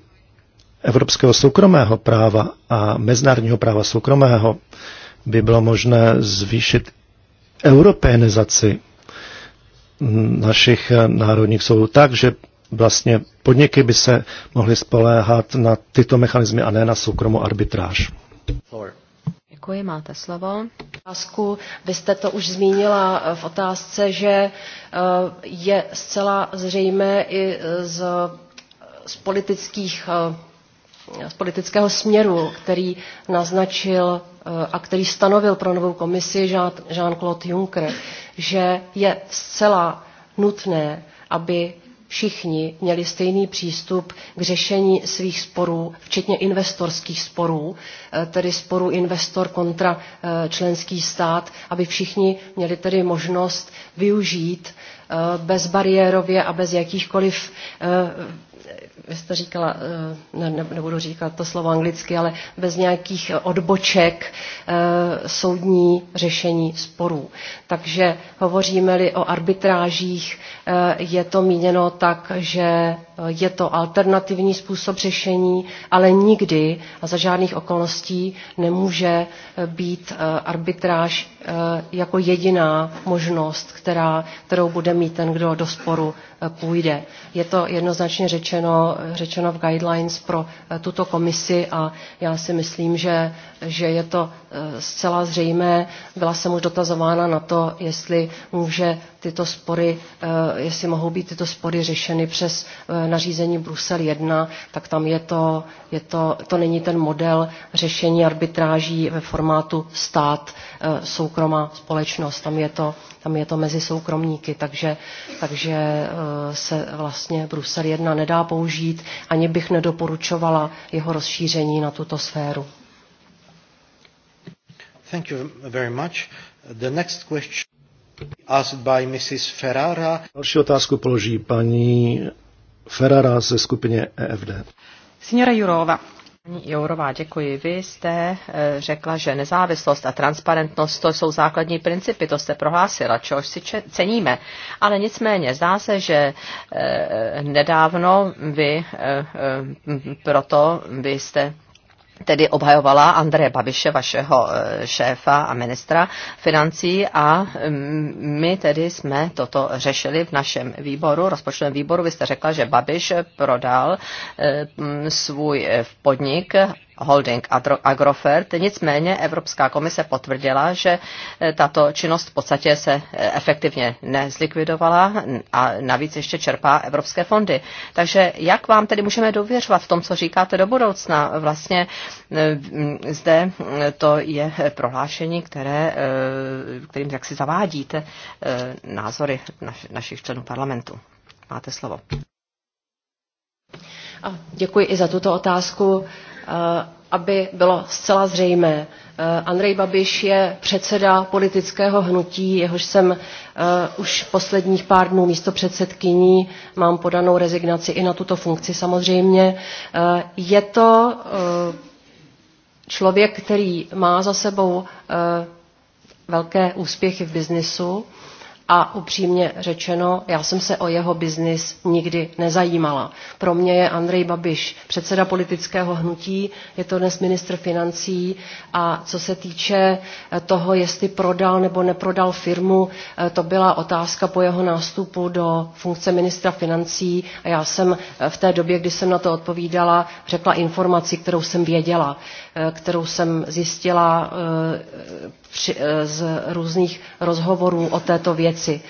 evropského soukromého práva a mezinárodního práva soukromého by bylo možné zvýšit europeanizaci našich eh, národních soudů tak, že vlastně podniky by se mohly spoléhat na tyto mechanismy a ne na soukromou arbitráž. Děkuji, máte slovo. Otázku, vy jste to už zmínila eh, v otázce, že eh, je zcela zřejmé i z, z politických Eh, z politického směru, který naznačil eh, a který stanovil pro novou komisi Jean-Claude Juncker, že je zcela nutné, aby všichni měli stejný přístup k řešení svých sporů, včetně investorských sporů, eh, tedy sporů investor kontra členský stát, aby všichni měli tedy možnost využít bezbariérově a bez jakýchkoliv vy jste říkala, eh, ne, ne, nebudu říkat to slovo anglicky, ale bez nějakých odboček eh, soudní řešení sporů. Takže hovoříme-li o arbitrážích, eh, je to míněno tak, že je to alternativní způsob řešení, ale nikdy a za žádných okolností nemůže být arbitráž Eh, jako jediná možnost, která, kterou bude mít ten, kdo do sporu eh, půjde. Je to jednoznačně řečeno, řečeno v guidelines pro eh, tuto komisi a já si myslím, že, že je to Eh, zcela zřejmé. Byla jsem už dotazována na to, jestli může tyto spory, eh, jestli mohou být tyto spory řešeny přes eh, nařízení Brusel 1, tak tam je to, je to, to není ten model řešení arbitráží ve formátu stát, soukromá společnost. Tam je to, tam je to mezi soukromníky, takže, takže se vlastně Brusel 1 nedá použít, ani bych nedoporučovala jeho rozšíření na tuto sféru. Thank you very much. The next question asked by Mrs. Ferrara. Další otázku položí paní Ferrara ze skupině EFD. Signora Jurova, Paní Jourová, děkuji. Vy jste eh, řekla, že nezávislost a transparentnost to jsou základní principy, to jste prohlásila, čehož si ceníme. Ale nicméně, zdá se, že eh, nedávno vy eh, proto vy jste tedy obhajovala Andreje Babiše, vašeho eh, šéfa a ministra financí a mm, my tedy jsme toto řešili v našem výboru, rozpočtovém výboru. Vy jste řekla, že Babiš prodal eh, mm, svůj eh, podnik holding Agrofert. Nicméně Evropská komise potvrdila, že eh, tato činnost v podstatě se eh, efektivně nezlikvidovala a navíc ještě čerpá evropské fondy. Takže jak vám tedy můžeme důvěřovat v tom, co říkáte do budoucna? Vlastně eh, zde to je prohlášení, které, kterým jak si zavádíte názory našich členů parlamentu. Máte slovo. děkuji i za tuto otázku. Eh, aby bylo zcela zřejmé, eh, Andrej Babiš je předseda politického hnutí, jehož jsem eh, už posledních pár dnů místo předsedkyní, mám podanou rezignaci i na tuto funkci samozřejmě. Je to člověk, který má za sebou velké úspěchy v biznisu, a upřímně řečeno, já jsem se o jeho biznis nikdy nezajímala. Pro mě je Andrej Babiš předseda politického hnutí, je to dnes ministr financí a co se týče eh, toho, jestli prodal nebo neprodal firmu, eh, to byla otázka po jeho nástupu do funkce ministra financí a já jsem eh, v té době, kdy jsem na to odpovídala, řekla informaci, kterou jsem věděla. Eh, kterou jsem zjistila eh, eh, z různých rozhovorů o této věci.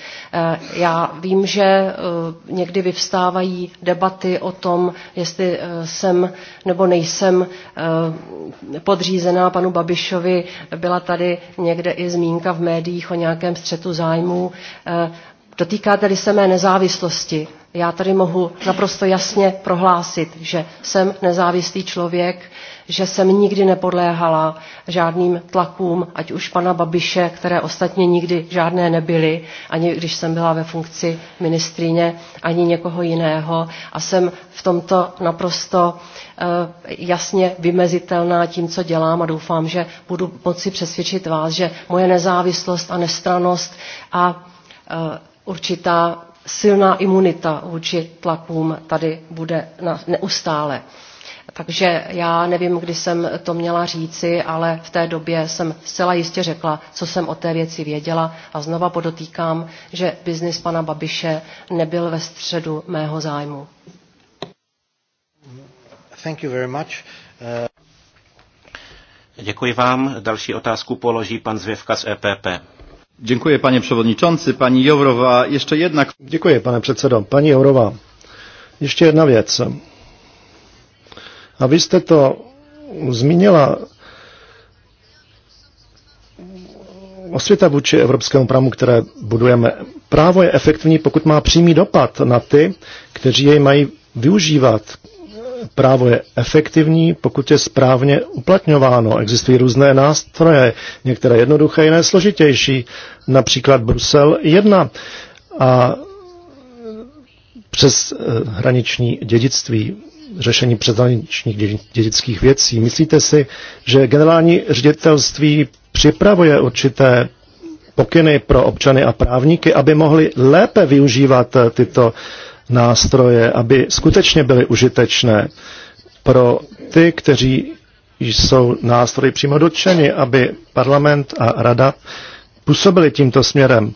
Já vím, že někdy vyvstávají debaty o tom, jestli jsem nebo nejsem podřízená panu Babišovi. Byla tady někde i zmínka v médiích o nějakém střetu zájmů. Dotýkáte-li se mé nezávislosti, já tady mohu naprosto jasně prohlásit, že jsem nezávislý člověk, že jsem nikdy nepodléhala žádným tlakům, ať už pana Babiše, které ostatně nikdy žádné nebyly, ani když jsem byla ve funkci ministrině, ani někoho jiného. A jsem v tomto naprosto eh, jasně vymezitelná tím, co dělám a doufám, že budu moci přesvědčit vás, že moje nezávislost a nestranost a eh, určitá silná imunita vůči tlakům tady bude neustále. Takže já nevím, kdy jsem to měla říci, ale v té době jsem zcela jistě řekla, co jsem o té věci věděla a znova podotýkám, že biznis pana Babiše nebyl ve středu mého zájmu. Thank you very much. Uh... Děkuji vám. Další otázku položí pan Zvěvka z EPP. Děkuji, pane předsedající. Paní Jourová, ještě jedna... Děkuji, pane předsedo. Paní Jourová, ještě jedna věc. A vy jste to zmínila. Osvěta vůči evropskému právu, které budujeme. Právo je efektivní, pokud má přímý dopad na ty, kteří jej mají využívat, právo je efektivní, pokud je správně uplatňováno. Existují různé nástroje, některé jednoduché, jiné složitější, například Brusel 1 a přes eh, hraniční dědictví, řešení přeshraničních dědických věcí. Myslíte si, že generální ředitelství připravuje určité pokyny pro občany a právníky, aby mohli lépe využívat eh, tyto uh, nástroje, aby skutečně byly užitečné pro ty, kteří jsou nástroji přímo dotčeni, aby parlament a rada působili tímto směrem.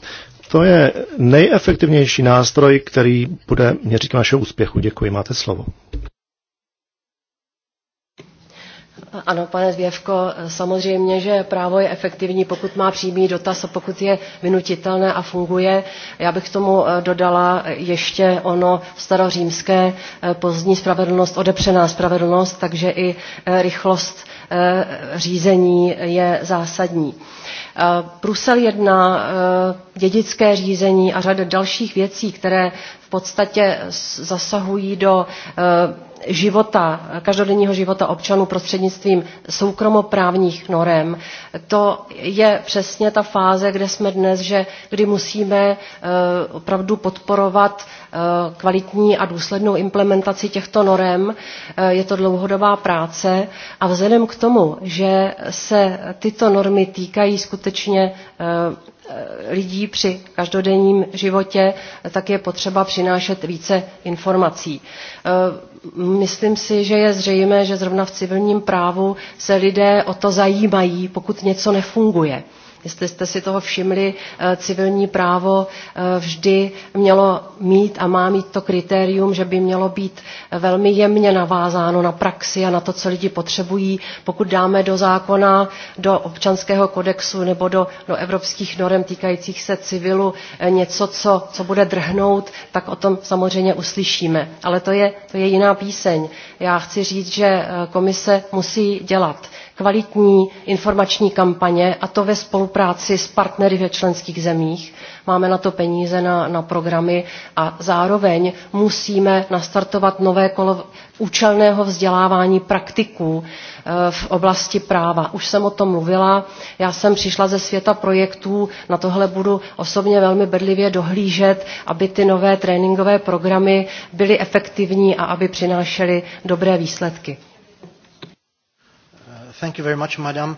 To je nejefektivnější nástroj, který bude měřit našeho úspěchu. Děkuji, máte slovo. Ano, pane Zvěvko, samozřejmě, že právo je efektivní, pokud má přímý dotaz a pokud je vynutitelné a funguje. Já bych k tomu eh, dodala ještě ono starořímské eh, pozdní spravedlnost, odepřená spravedlnost, takže i eh, rychlost řízení je zásadní. Eh, Brusel 1, eh, dědické řízení a řada dalších věcí, které v podstatě zasahují do eh, života, každodenního života občanů prostřednictvím soukromoprávních norem. To je přesně ta fáze, kde jsme dnes, že kdy musíme opravdu podporovat kvalitní a důslednou implementaci těchto norem. Je to dlouhodobá práce a vzhledem k tomu, že se tyto normy týkají skutečně skutečně eh, eh, lidí při každodenním životě, tak je potřeba přinášet více informací. Eh, myslím si, že je zřejmé, že zrovna v civilním právu se lidé o to zajímají, pokud něco nefunguje Jestli jste si toho všimli, eh, civilní právo eh, vždy mělo mít a má mít to kritérium, že by mělo být eh, velmi jemně navázáno na praxi a na to, co lidi potřebují. Pokud dáme do zákona, do občanského kodexu nebo do, do evropských norm týkajících se civilu něco, co, co bude drhnout, tak o tom samozřejmě uslyšíme. Ale to je, to je jiná píseň. Já chci říct, že komise musí dělat kvalitní informační kampaně, a to ve spolupráci s partnery ve členských zemích. Máme na to peníze na, na programy a zároveň musíme nastartovat nové kolo účelného vzdělávání praktiků eh, v oblasti práva. Už jsem o tom mluvila, já jsem přišla ze světa projektů, na tohle budu osobně velmi bedlivě dohlížet, aby ty nové tréninkové programy byly efektivní a aby přinášely dobré výsledky. Thank you very much, madam.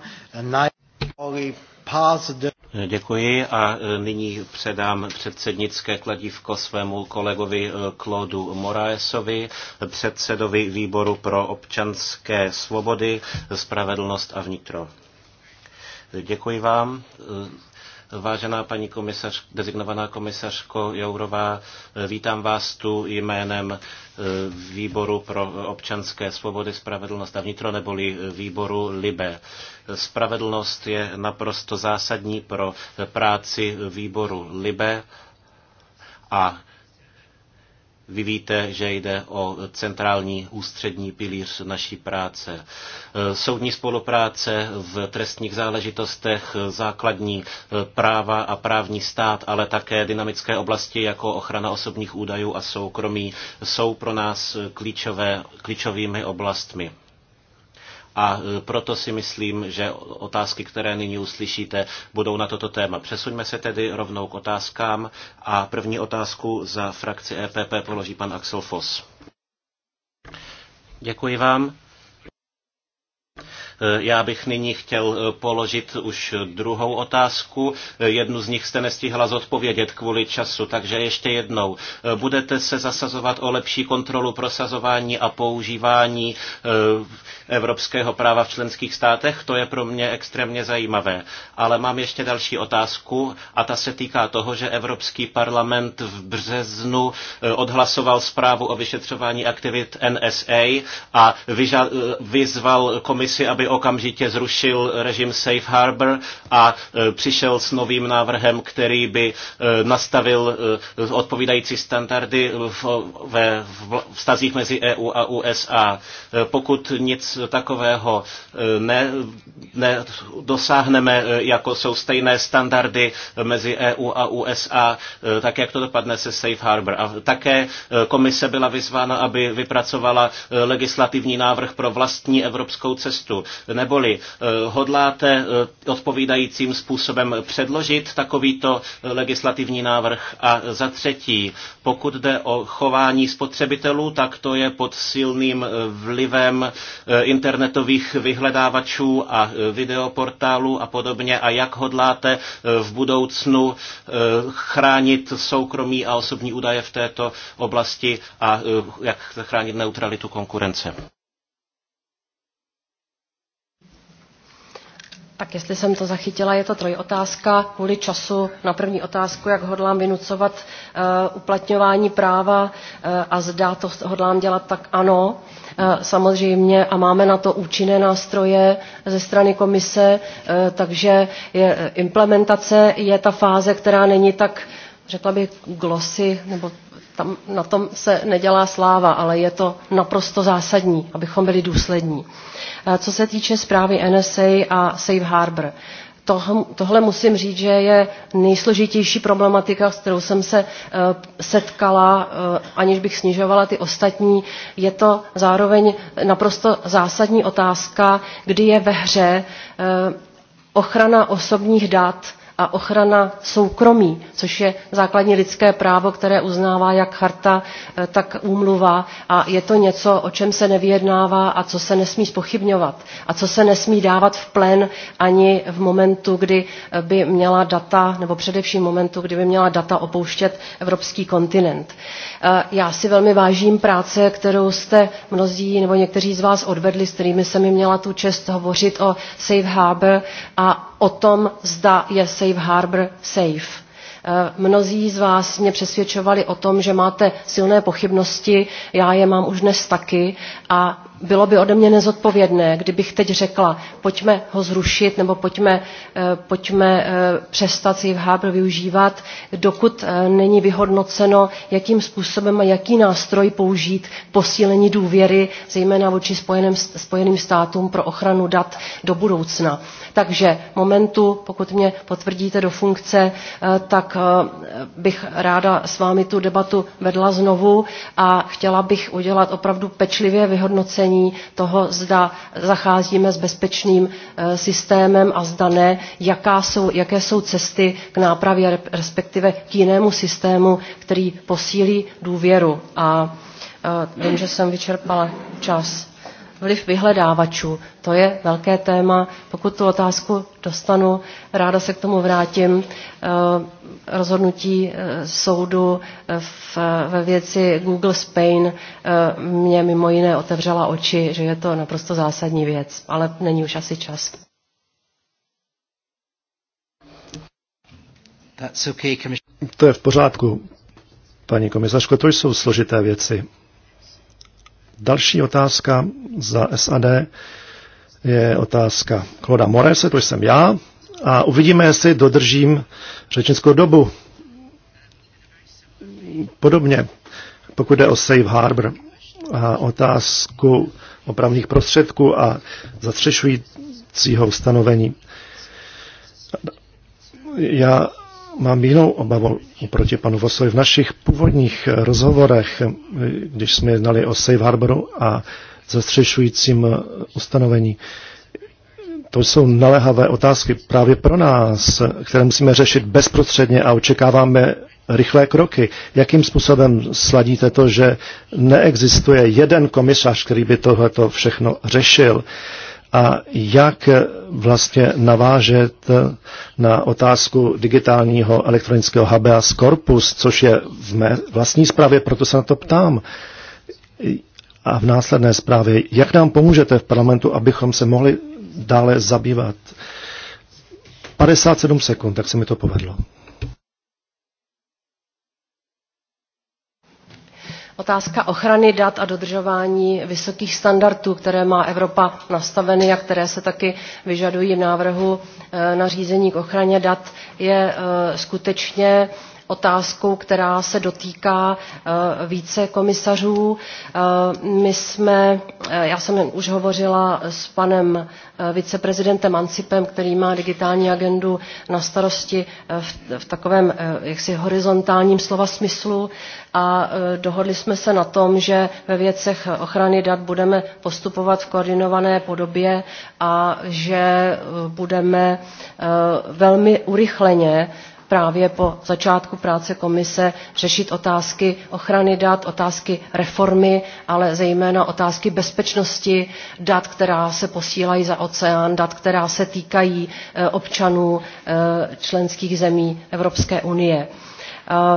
Děkuji a e, nyní předám předsednické kladívko svému kolegovi e, Claudu Moraesovi, předsedovi výboru pro občanské svobody, spravedlnost a vnitro. Děkuji vám. E, Vážená paní komisař, dezignovaná komisařko Jourová, vítám vás tu jménem eh, výboru pro občanské svobody, spravedlnost a vnitro, neboli eh, výboru LIBE. Spravedlnost je naprosto zásadní pro práci výboru LIBE a vy víte, že jde o centrální ústřední pilíř naší práce. Soudní spolupráce v trestních záležitostech, základní práva a právní stát, ale také dynamické oblasti jako ochrana osobních údajů a soukromí jsou pro nás klíčové, klíčovými oblastmi. A e, proto si myslím, že otázky, které nyní uslyšíte, budou na toto téma. Přesuňme se tedy rovnou k otázkám a první otázku za frakci EPP položí pan Axel Foss. Děkuji vám. Eh, já bych nyní chtěl eh, položit už druhou otázku. Eh, jednu z nich jste nestihla zodpovědět kvůli času, takže ještě jednou. Budete se zasazovat o lepší kontrolu prosazování a používání evropského práva v členských státech? To je pro mě extrémně zajímavé. Ale mám ještě další otázku a ta se týká toho, že Evropský parlament v březnu odhlasoval zprávu o vyšetřování aktivit NSA a vyža- vyzval komisi, aby aby okamžitě zrušil režim Safe Harbor a e, přišel s novým návrhem, který by e, nastavil e, odpovídající standardy ve vztazích mezi EU a USA. Pokud nic takového ne, ne dosáhneme, jako jsou stejné standardy mezi EU a USA, tak jak to dopadne se Safe Harbor. A také komise byla vyzvána, aby vypracovala legislativní návrh pro vlastní evropskou cestu. Neboli eh, hodláte eh, odpovídajícím způsobem předložit takovýto eh, legislativní návrh? A za třetí, pokud jde o chování spotřebitelů, tak to je pod silným vlivem internetových vyhledávačů a videoportálů a podobně. A jak hodláte v budoucnu chránit soukromí a osobní údaje v této oblasti a jak zachránit neutralitu konkurence? Tak jestli jsem to zachytila, je to trojotázka kvůli času na první otázku, jak hodlám vynucovat uh, uplatňování práva uh, a zda to hodlám dělat, tak ano, uh, samozřejmě a máme na to účinné nástroje ze strany komise, uh, takže je, implementace je ta fáze, která není tak řekla bych, glosy nebo tam, na tom se nedělá sláva, ale je to naprosto zásadní, abychom byli důslední. Eh, co se týče zprávy NSA a Safe Harbor, tohle musím říct, že je nejsložitější problematika, s kterou jsem se eh, setkala, eh, aniž bych snižovala ty ostatní. Je to zároveň naprosto zásadní otázka, kdy je ve hře ochrana osobních dat, a ochrana soukromí, což je základní lidské právo, které uznává jak charta, eh, tak úmluva a je to něco, o čem se nevyjednává a co se nesmí spochybňovat a co se nesmí dávat v plen ani v momentu, kdy eh, by měla data, nebo především momentu, kdy by měla data opouštět evropský kontinent. Eh, já si velmi vážím práce, kterou jste mnozí nebo někteří z vás odvedli, s kterými jsem mi měla tu čest hovořit o Safe Harbor a o tom, zda je safe harbor safe. Eh, mnozí z vás mě přesvědčovali o tom, že máte silné pochybnosti, já je mám už dnes taky a bylo by ode mě nezodpovědné, kdybych teď řekla, pojďme ho zrušit nebo pojďme, eh, pojďme eh, přestat si hábr využívat, dokud eh, není vyhodnoceno, jakým způsobem a jaký nástroj použít k posílení důvěry, zejména vůči spojeným, spojeným státům pro ochranu dat do budoucna. Takže momentu, pokud mě potvrdíte do funkce, tak bych ráda s vámi tu debatu vedla znovu a chtěla bych udělat opravdu pečlivě vyhodnocení hodnocení toho, zda zacházíme s bezpečným eh, systémem a zda ne, jaká jsou, jaké jsou cesty k nápravě, respektive k jinému systému, který posílí důvěru. A eh, vím, že jsem vyčerpala čas. Vliv vyhledávačů, to je velké téma. Pokud tu otázku dostanu, ráda se k tomu vrátím. Eh, rozhodnutí eh, soudu eh, v, ve věci Google Spain eh, mě mimo jiné otevřela oči, že je to naprosto zásadní věc, ale není už asi čas. To je v pořádku, paní komisařko, to jsou složité věci. Další otázka za SAD je otázka Kloda Morese, to jsem já, a uvidíme, jestli dodržím řečnickou dobu. Podobně, pokud jde o Safe Harbor a otázku opravných prostředků a zastřešujícího ustanovení. Já mám jinou obavu oproti panu Vosovi. V našich původních rozhovorech, když jsme jednali o Safe Harboru a zastřešujícím ustanovení, to jsou naléhavé otázky právě pro nás, které musíme řešit bezprostředně a očekáváme rychlé kroky. Jakým způsobem sladíte to, že neexistuje jeden komisař, který by tohleto všechno řešil? A jak vlastně navážet na otázku digitálního elektronického habeas corpus, což je v mé vlastní zprávě, proto se na to ptám. A v následné zprávě, jak nám pomůžete v parlamentu, abychom se mohli dále zabývat. 57 sekund, tak se mi to povedlo. Otázka ochrany dat a dodržování vysokých standardů, které má Evropa nastaveny a které se taky vyžadují v návrhu eh, nařízení k ochraně dat, je eh, skutečně otázkou, která se dotýká eh, více komisařů. Eh, my jsme, eh, já jsem už hovořila s panem viceprezidentem Ancipem, který má digitální agendu na starosti v, v takovém jaksi horizontálním slova smyslu a dohodli jsme se na tom, že ve věcech ochrany dat budeme postupovat v koordinované podobě a že budeme velmi urychleně právě po začátku práce komise řešit otázky ochrany dat, otázky reformy, ale zejména otázky bezpečnosti dat, která se posílají za oceán, dat, která se týkají eh, občanů eh, členských zemí Evropské unie.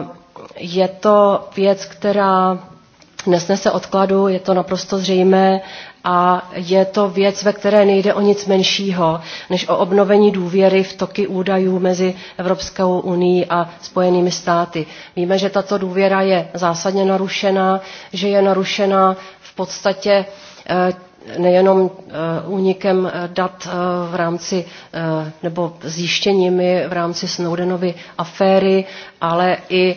Eh, je to věc, která nesnese odkladu, je to naprosto zřejmé a je to věc, ve které nejde o nic menšího, než o obnovení důvěry v toky údajů mezi Evropskou unii a Spojenými státy. Víme, že tato důvěra je zásadně narušená, že je narušená v podstatě eh, nejenom eh, únikem eh, dat eh, v rámci nebo zjištěními v rámci Snowdenovy aféry, ale i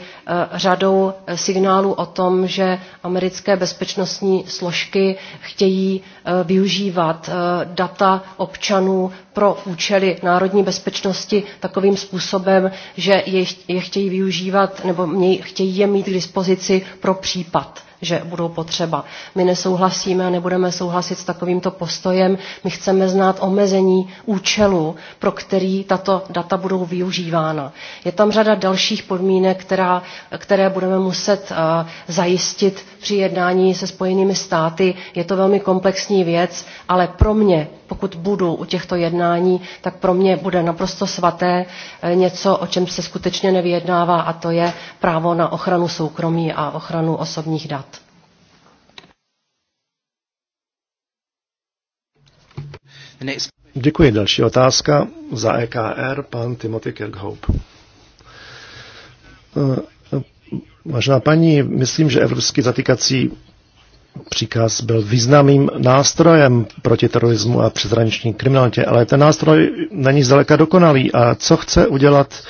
řadou signálů o tom, že americké bezpečnostní složky chtějí využívat data občanů pro účely národní bezpečnosti takovým způsobem, že je chtějí využívat nebo chtějí je mít k dispozici pro případ že budou potřeba. My nesouhlasíme a nebudeme souhlasit s takovýmto postojem. My chceme znát omezení účelu, pro který tato data budou využívána. Je tam řada dalších podmínek, která, které budeme muset eh, zajistit při jednání se Spojenými státy. Je to velmi komplexní věc, ale pro mě, pokud budu u těchto jednání, tak pro mě bude naprosto svaté eh, něco, o čem se skutečně nevyjednává, a to je právo na ochranu soukromí a ochranu osobních dat. Děkuji. Další otázka za EKR, pan Timothy Kirkhope. Eh, Vážená paní, myslím, že evropský zatýkací příkaz byl významným nástrojem proti terorismu a přezraniční kriminalitě, ale ten nástroj není zdaleka dokonalý. A co chce udělat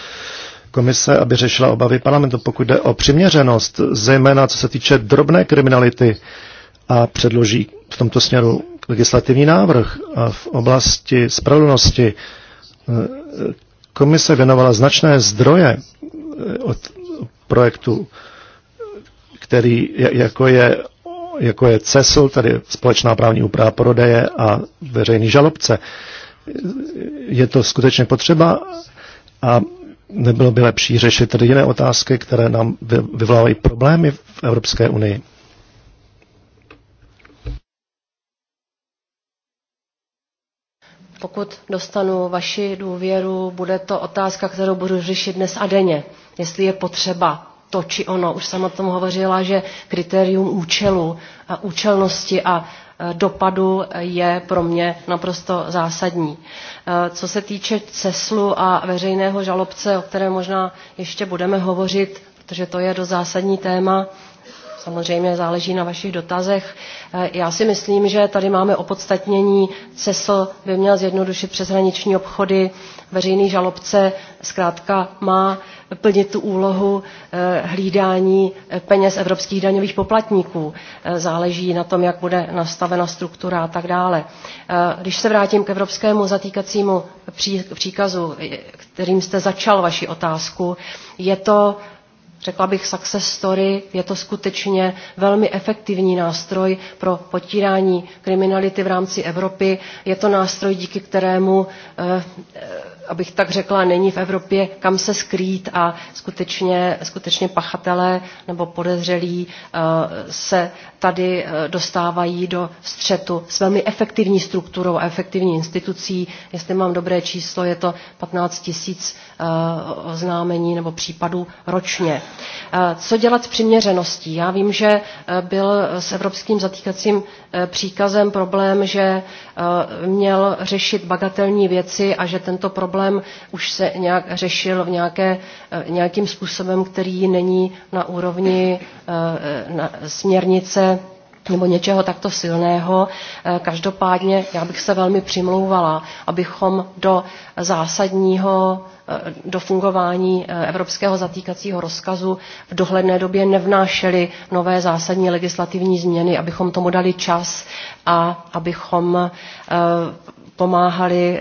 komise, aby řešila obavy parlamentu, pokud jde o přiměřenost, zejména co se týče drobné kriminality a předloží v tomto směru legislativní návrh a v oblasti spravedlnosti eh, komise věnovala značné zdroje eh, od Projektu, který, jako je, jako je CESL, tedy společná právní úprava prodeje a veřejný žalobce. Je to skutečně potřeba a nebylo by lepší řešit tedy jiné otázky, které nám vyvolávají problémy v Evropské unii. Pokud dostanu vaši důvěru, bude to otázka, kterou budu řešit dnes a denně jestli je potřeba to či ono. Už jsem o tom hovořila, že kritérium účelu a účelnosti a e, dopadu je pro mě naprosto zásadní. E, co se týče CESLu a veřejného žalobce, o kterém možná ještě budeme hovořit, protože to je do zásadní téma, samozřejmě záleží na vašich dotazech. E, já si myslím, že tady máme opodstatnění. CESL by měl zjednodušit přeshraniční obchody, veřejný žalobce zkrátka má plnit tu úlohu eh, hlídání eh, peněz evropských daňových poplatníků. Eh, záleží na tom, jak bude nastavena struktura a tak dále. Když se vrátím k evropskému zatýkacímu příkazu, kterým jste začal vaši otázku, je to řekla bych success story, je to skutečně velmi efektivní nástroj pro potírání kriminality v rámci Evropy. Je to nástroj, díky kterému abych tak řekla, není v Evropě kam se skrýt a skutečně, skutečně pachatelé nebo podezřelí eh, se tady eh, dostávají do střetu s velmi efektivní strukturou a efektivní institucí. Jestli mám dobré číslo, je to 15 tisíc Eh, oznámení nebo případů ročně. Eh, co dělat s přiměřeností? Já vím, že eh, byl s evropským zatýkacím příkazem problém, že měl řešit bagatelní věci a že tento problém už se nějak řešil v nějaké, nějakým způsobem, který není na úrovni na směrnice nebo něčeho takto silného. Eh, každopádně já bych se velmi přimlouvala, abychom do zásadního eh, do fungování eh, evropského zatýkacího rozkazu v dohledné době nevnášeli nové zásadní legislativní změny, abychom tomu dali čas a abychom pomáhali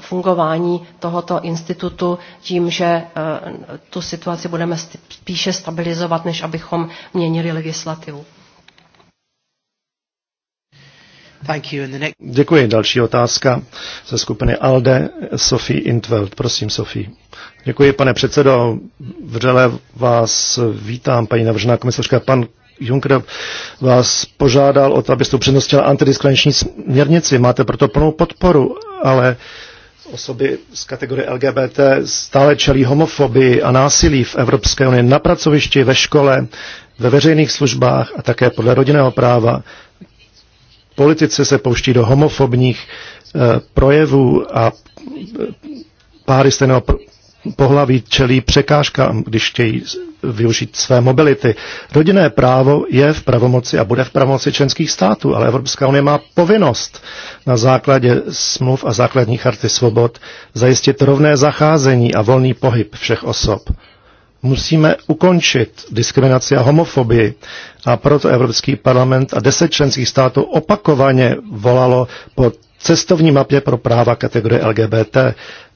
fungování tohoto institutu tím, že tu situaci budeme spíše stabilizovat, než abychom měnili legislativu. Děkuji. Další otázka ze skupiny ALDE, Sophie Intveld. Prosím, Sophie. Děkuji, pane předsedo. Vřele vás vítám, paní navržená komisařka. Pan Juncker vás požádal o to, abyste upřednostila antidiskriminační směrnici. Máte proto plnou podporu, ale osoby z kategorie LGBT stále čelí homofobii a násilí v Evropské unii na pracovišti, ve škole, ve veřejných službách a také podle rodinného práva politici se pouští do homofobních eh, projevů a eh, páry stejného pohlaví čelí překážkám, když chtějí využít své mobility. Rodinné právo je v pravomoci a bude v pravomoci členských států, ale Evropská unie má povinnost na základě smluv a základní charty svobod zajistit rovné zacházení a volný pohyb všech osob musíme ukončit diskriminaci a homofobii. A proto Evropský parlament a deset členských států opakovaně volalo po cestovní mapě pro práva kategorie LGBT,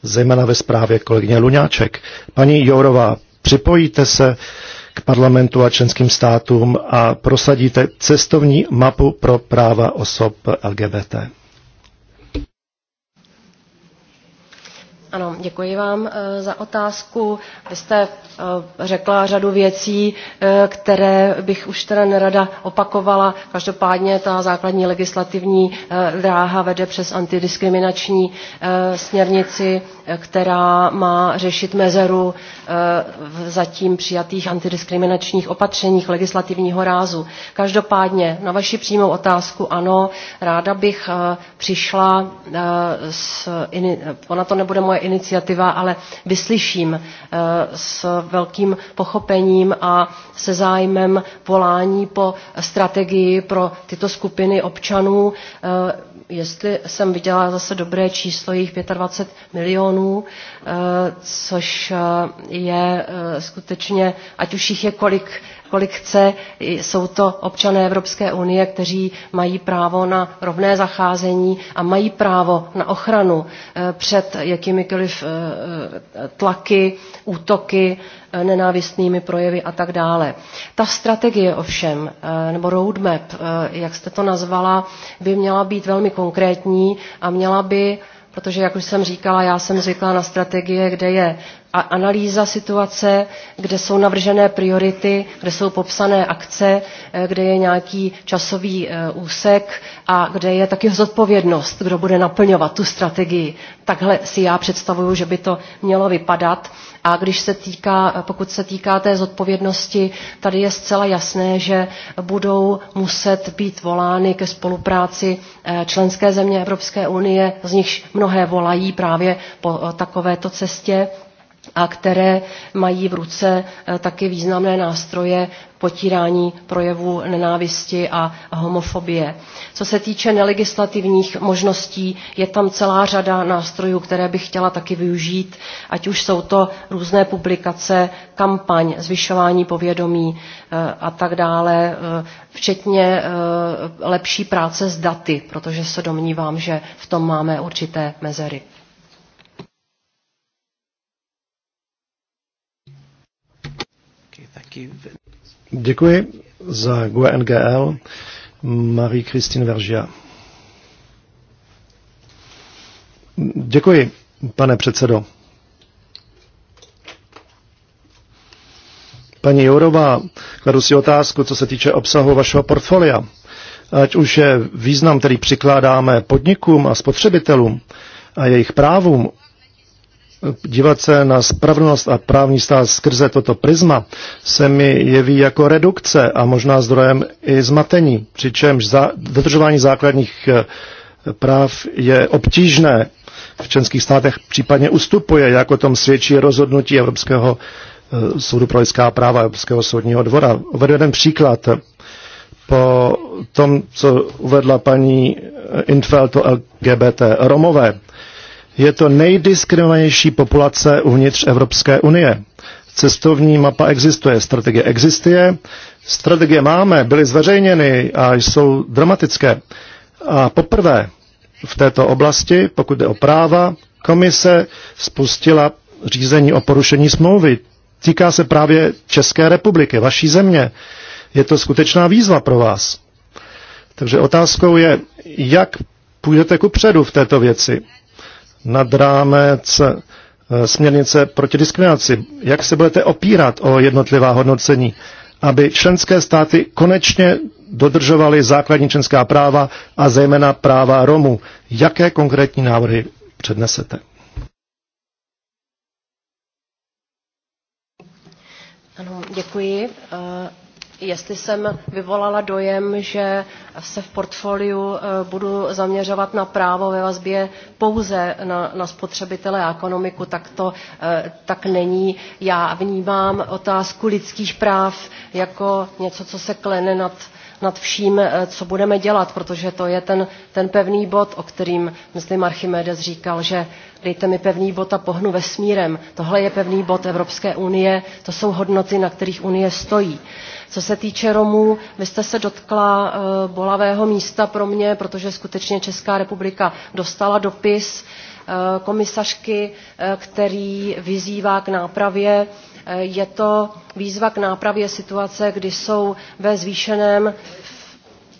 zejména ve zprávě kolegyně Luňáček. Paní Jourová, připojíte se k parlamentu a členským státům a prosadíte cestovní mapu pro práva osob LGBT. Ano, děkuji vám eh, za otázku. Vy jste Eh, řekla řadu věcí, eh, které bych už teda nerada opakovala. Každopádně ta základní legislativní eh, dráha vede přes antidiskriminační směrnici, která má řešit mezeru v zatím přijatých antidiskriminačních opatřeních legislativního rázu. Každopádně na vaši přímou otázku ano, ráda bych přišla, s, ona to nebude moje iniciativa, ale vyslyším s velkým pochopením a se zájmem volání po strategii pro tyto skupiny občanů. Eh, jestli jsem viděla zase dobré číslo, jich 25 milionů, eh, což eh, je skutečně, ať už jich je kolik kolik chce. Jsou to občané Evropské unie, kteří mají právo na rovné zacházení a mají právo na ochranu eh, před jakýmikoliv eh, eh, tlaky, útoky, nenávistnými projevy a tak dále. Ta strategie ovšem, nebo roadmap, jak jste to nazvala, by měla být velmi konkrétní a měla by protože, jak už jsem říkala, já jsem zvykla na strategie, kde je a analýza situace, kde jsou navržené priority, kde jsou popsané akce, eh, kde je nějaký časový eh, úsek a kde je taky zodpovědnost, kdo bude naplňovat tu strategii. Takhle si já představuju, že by to mělo vypadat. A když se týká, eh, pokud se týká té zodpovědnosti, tady je zcela jasné, že budou muset být volány ke spolupráci členské země Evropské unie, z nichž mnohé volají právě po takovéto cestě a které mají v ruce eh, taky významné nástroje potírání projevů nenávisti a homofobie. Co se týče nelegislativních možností, je tam celá řada nástrojů, které bych chtěla taky využít, ať už jsou to různé publikace, kampaň, zvyšování povědomí eh, a tak dále, eh, včetně lepší práce s daty, protože se domnívám, že v tom máme určité mezery. Děkuji za GUE Marie-Christine Veržia. Děkuji, pane předsedo. Paní Jourová, kladu si otázku, co se týče obsahu vašeho portfolia. Ať už je význam, který přikládáme podnikům a spotřebitelům a jejich právům dívat se na spravnost a právní stát skrze toto prisma se mi jeví jako redukce a možná zdrojem i zmatení, přičemž za, dodržování základních eh, práv je obtížné v členských státech, případně ustupuje, jak o tom svědčí rozhodnutí Evropského eh, soudu pro lidská práva Evropského soudního dvora. Uvedu jeden příklad. Po tom, co uvedla paní eh, Infelto LGBT Romové, je to nejdiskriminovanější populace uvnitř Evropské unie. Cestovní mapa existuje, strategie existuje, strategie máme, byly zveřejněny a jsou dramatické. A poprvé v této oblasti, pokud jde o práva, komise spustila řízení o porušení smlouvy. Týká se právě České republiky, vaší země. Je to skutečná výzva pro vás. Takže otázkou je, jak půjdete ku předu v této věci nad rámec eh, směrnice proti diskriminaci. Jak se budete opírat o jednotlivá hodnocení, aby členské státy konečně dodržovaly základní členská práva a zejména práva Romů? Jaké konkrétní návrhy přednesete? Ano, děkuji. Eh, jestli jsem vyvolala dojem, že se v portfoliu eh, budu zaměřovat na právo ve vazbě pouze na, na spotřebitele a ekonomiku, tak to eh, tak není. Já vnímám otázku lidských práv jako něco, co se klene nad nad vším, eh, co budeme dělat, protože to je ten, ten pevný bod, o kterým, myslím, Archimedes říkal, že dejte mi pevný bod a pohnu vesmírem. Tohle je pevný bod Evropské unie, to jsou hodnoty, na kterých unie stojí. Co se týče Romů, vy jste se dotkla eh, bolavého místa pro mě, protože skutečně Česká republika dostala dopis eh, komisařky, eh, který vyzývá k nápravě. Je to výzva k nápravě situace, kdy jsou ve zvýšeném,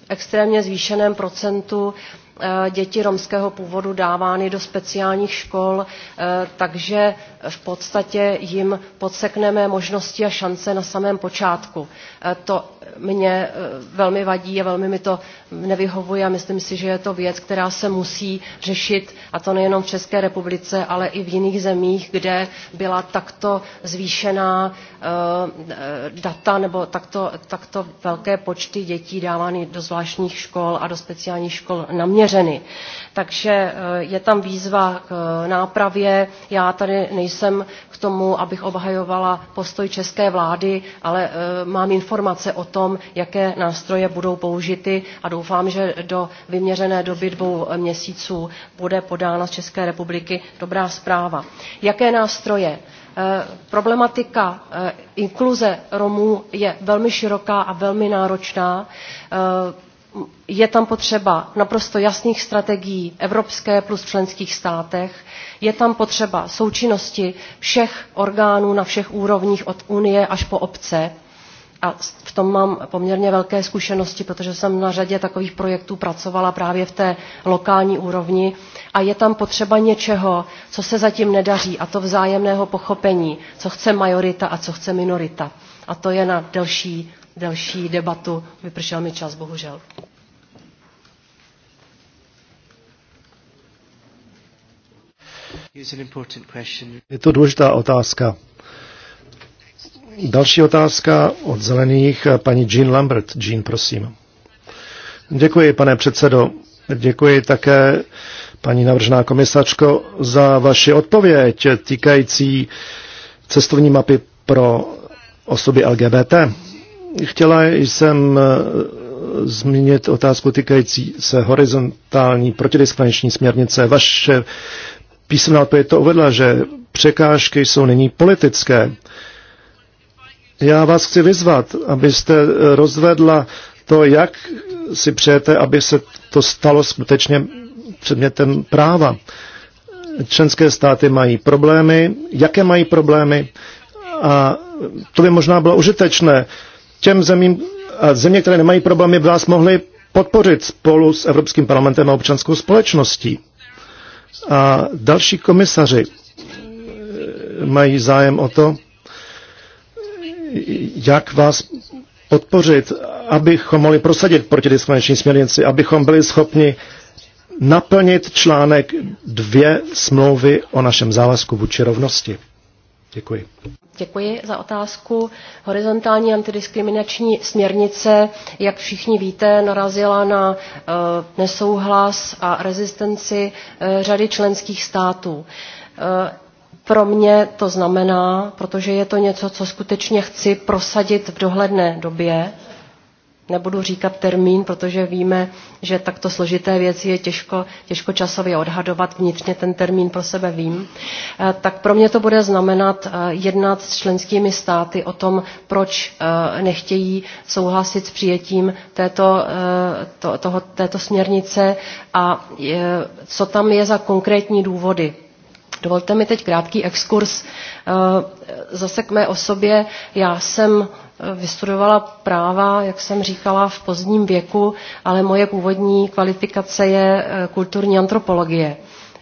extrémně zvýšeném procentu Eh, děti romského původu dávány do speciálních škol, eh, takže v podstatě jim podsekneme možnosti a šance na samém počátku. Eh, to mě eh, velmi vadí a velmi mi to nevyhovuje a myslím si, že je to věc, která se musí řešit a to nejenom v České republice, ale i v jiných zemích, kde byla takto zvýšená eh, data nebo takto, takto velké počty dětí dávány do zvláštních škol a do speciálních škol naměřeny takže eh, je tam výzva k eh, nápravě. Já tady nejsem k tomu, abych obhajovala postoj české vlády, ale eh, mám informace o tom, jaké nástroje budou použity a doufám, že do vyměřené doby dvou měsíců bude podána z České republiky dobrá zpráva. Jaké nástroje? problematika inkluze Romů je velmi široká a velmi náročná je tam potřeba naprosto jasných strategií evropské plus členských státech, je tam potřeba součinnosti všech orgánů na všech úrovních od Unie až po obce. A v tom mám poměrně velké zkušenosti, protože jsem na řadě takových projektů pracovala právě v té lokální úrovni. A je tam potřeba něčeho, co se zatím nedaří, a to vzájemného pochopení, co chce majorita a co chce minorita. A to je na delší, delší debatu. Vypršel mi čas, bohužel. Je to důležitá otázka. Další otázka od zelených, paní Jean Lambert. Jean, prosím. Děkuji, pane předsedo. Děkuji také, paní navržená komisačko, za vaši odpověď týkající cestovní mapy pro osoby LGBT. Chtěla jsem eh, zmínit otázku týkající se horizontální protidiskriminační směrnice. Vaše písemná odpověď to uvedla, že překážky jsou nyní politické. Já vás chci vyzvat, abyste eh, rozvedla to, jak si přejete, aby se to stalo skutečně předmětem práva. Členské státy mají problémy, jaké mají problémy a to by možná bylo užitečné. Těm zemím, a země, které nemají problémy, by vás mohly podpořit spolu s Evropským parlamentem a občanskou společností a další komisaři eh, mají zájem o to, jak vás podpořit, abychom mohli prosadit protidiskriminační směrnici, abychom byli schopni naplnit článek dvě smlouvy o našem závazku vůči rovnosti. Děkuji. Děkuji za otázku. Horizontální antidiskriminační směrnice, jak všichni víte, narazila na eh, nesouhlas a rezistenci eh, řady členských států. Eh, pro mě to znamená, protože je to něco, co skutečně chci prosadit v dohledné době, Nebudu říkat termín, protože víme, že takto složité věci je těžko, těžko časově odhadovat. Vnitřně ten termín pro sebe vím. Eh, tak pro mě to bude znamenat eh, jednat s členskými státy o tom, proč eh, nechtějí souhlasit s přijetím této, to, toho, této směrnice a co tam je za konkrétní důvody. Dovolte mi teď krátký exkurs zase k mé osobě. Já jsem vystudovala práva, jak jsem říkala, v pozdním věku, ale moje původní kvalifikace je eh, kulturní antropologie.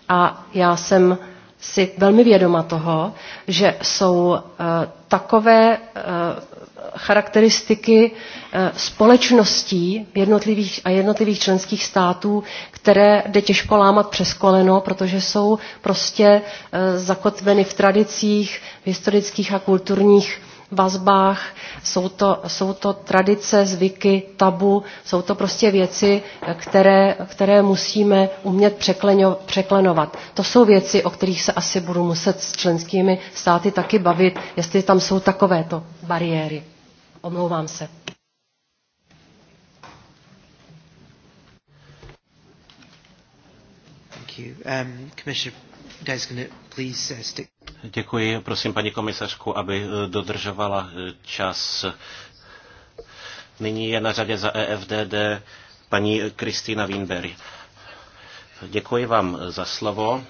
A já jsem si velmi vědoma toho, že jsou eh, takové eh, charakteristiky společností jednotlivých a jednotlivých členských států, které jde těžko lámat přes koleno, protože jsou prostě zakotveny v tradicích, v historických a kulturních vazbách, jsou to, jsou to tradice, zvyky, tabu, jsou to prostě věci, které, které musíme umět překlenovat. To jsou věci, o kterých se asi budu muset s členskými státy taky bavit, jestli tam jsou takovéto bariéry. Omlouvám se. Thank you. Um, Commissioner Dyson, please uh, stick. Děkuji. Prosím paní komisařku, aby eh, dodržovala eh, čas. Nyní je na řadě za EFDD paní Kristýna Wienberg. Děkuji vám eh, za slovo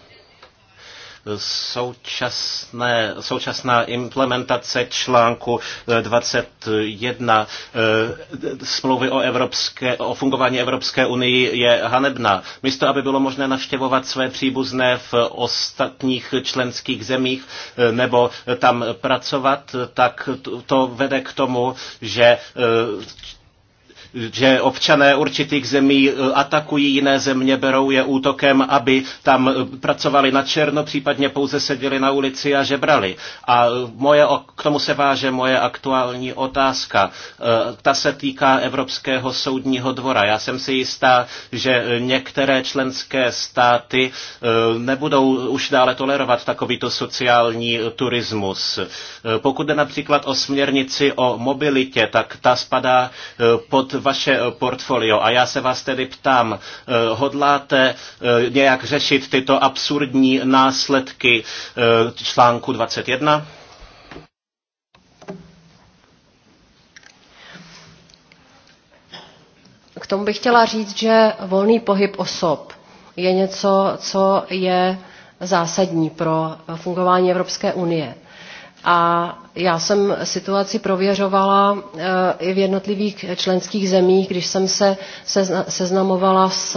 současné, současná implementace článku 21 eh, smlouvy o, Evropské, o fungování Evropské unii je hanebná. Místo, aby bylo možné navštěvovat své příbuzné v ostatních členských zemích eh, nebo tam pracovat, tak to vede k tomu, že eh, že občané určitých zemí e, atakují jiné země, berou je útokem, aby tam e, pracovali na černo, případně pouze seděli na ulici a žebrali. A e, moje, k tomu se váže moje aktuální otázka. Ta se týká Evropského soudního dvora. Já jsem si jistá, že některé členské státy nebudou už dále tolerovat takovýto sociální turismus. Pokud jde například o směrnici o mobilitě, tak ta spadá pod vaše eh, portfolio. A já se vás tedy ptám, eh, hodláte eh, nějak řešit tyto absurdní následky článku 21? K tomu bych chtěla říct, že volný pohyb osob je něco, co je zásadní pro fungování Evropské unie. A já jsem situaci prověřovala eh, i v jednotlivých členských zemích, když jsem se seznamovala s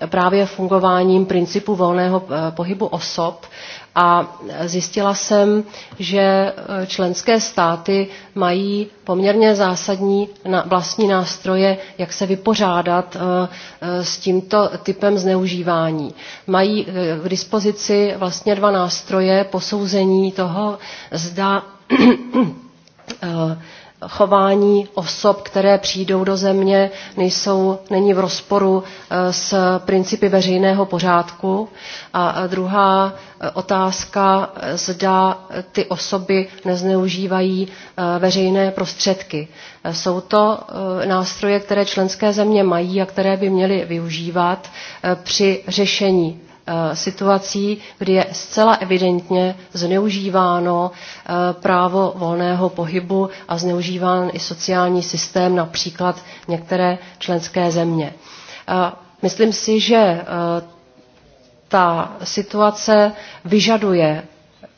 eh, právě fungováním principu volného eh, pohybu osob a zjistila jsem, že eh, členské státy mají poměrně zásadní vlastní nástroje, jak se vypořádat eh, eh, s tímto typem zneužívání. Mají k dispozici vlastně dva nástroje posouzení toho, zda chování osob, které přijdou do země, nejsou, není v rozporu eh, s principy veřejného pořádku. A druhá eh, otázka, eh, zda ty osoby nezneužívají veřejné prostředky. Jsou to nástroje, které členské země mají a které by měly využívat při řešení Eh, situací, kdy je zcela evidentně zneužíváno eh, právo volného pohybu a zneužíván i sociální systém, například některé členské země. Eh, myslím si, že ta situace vyžaduje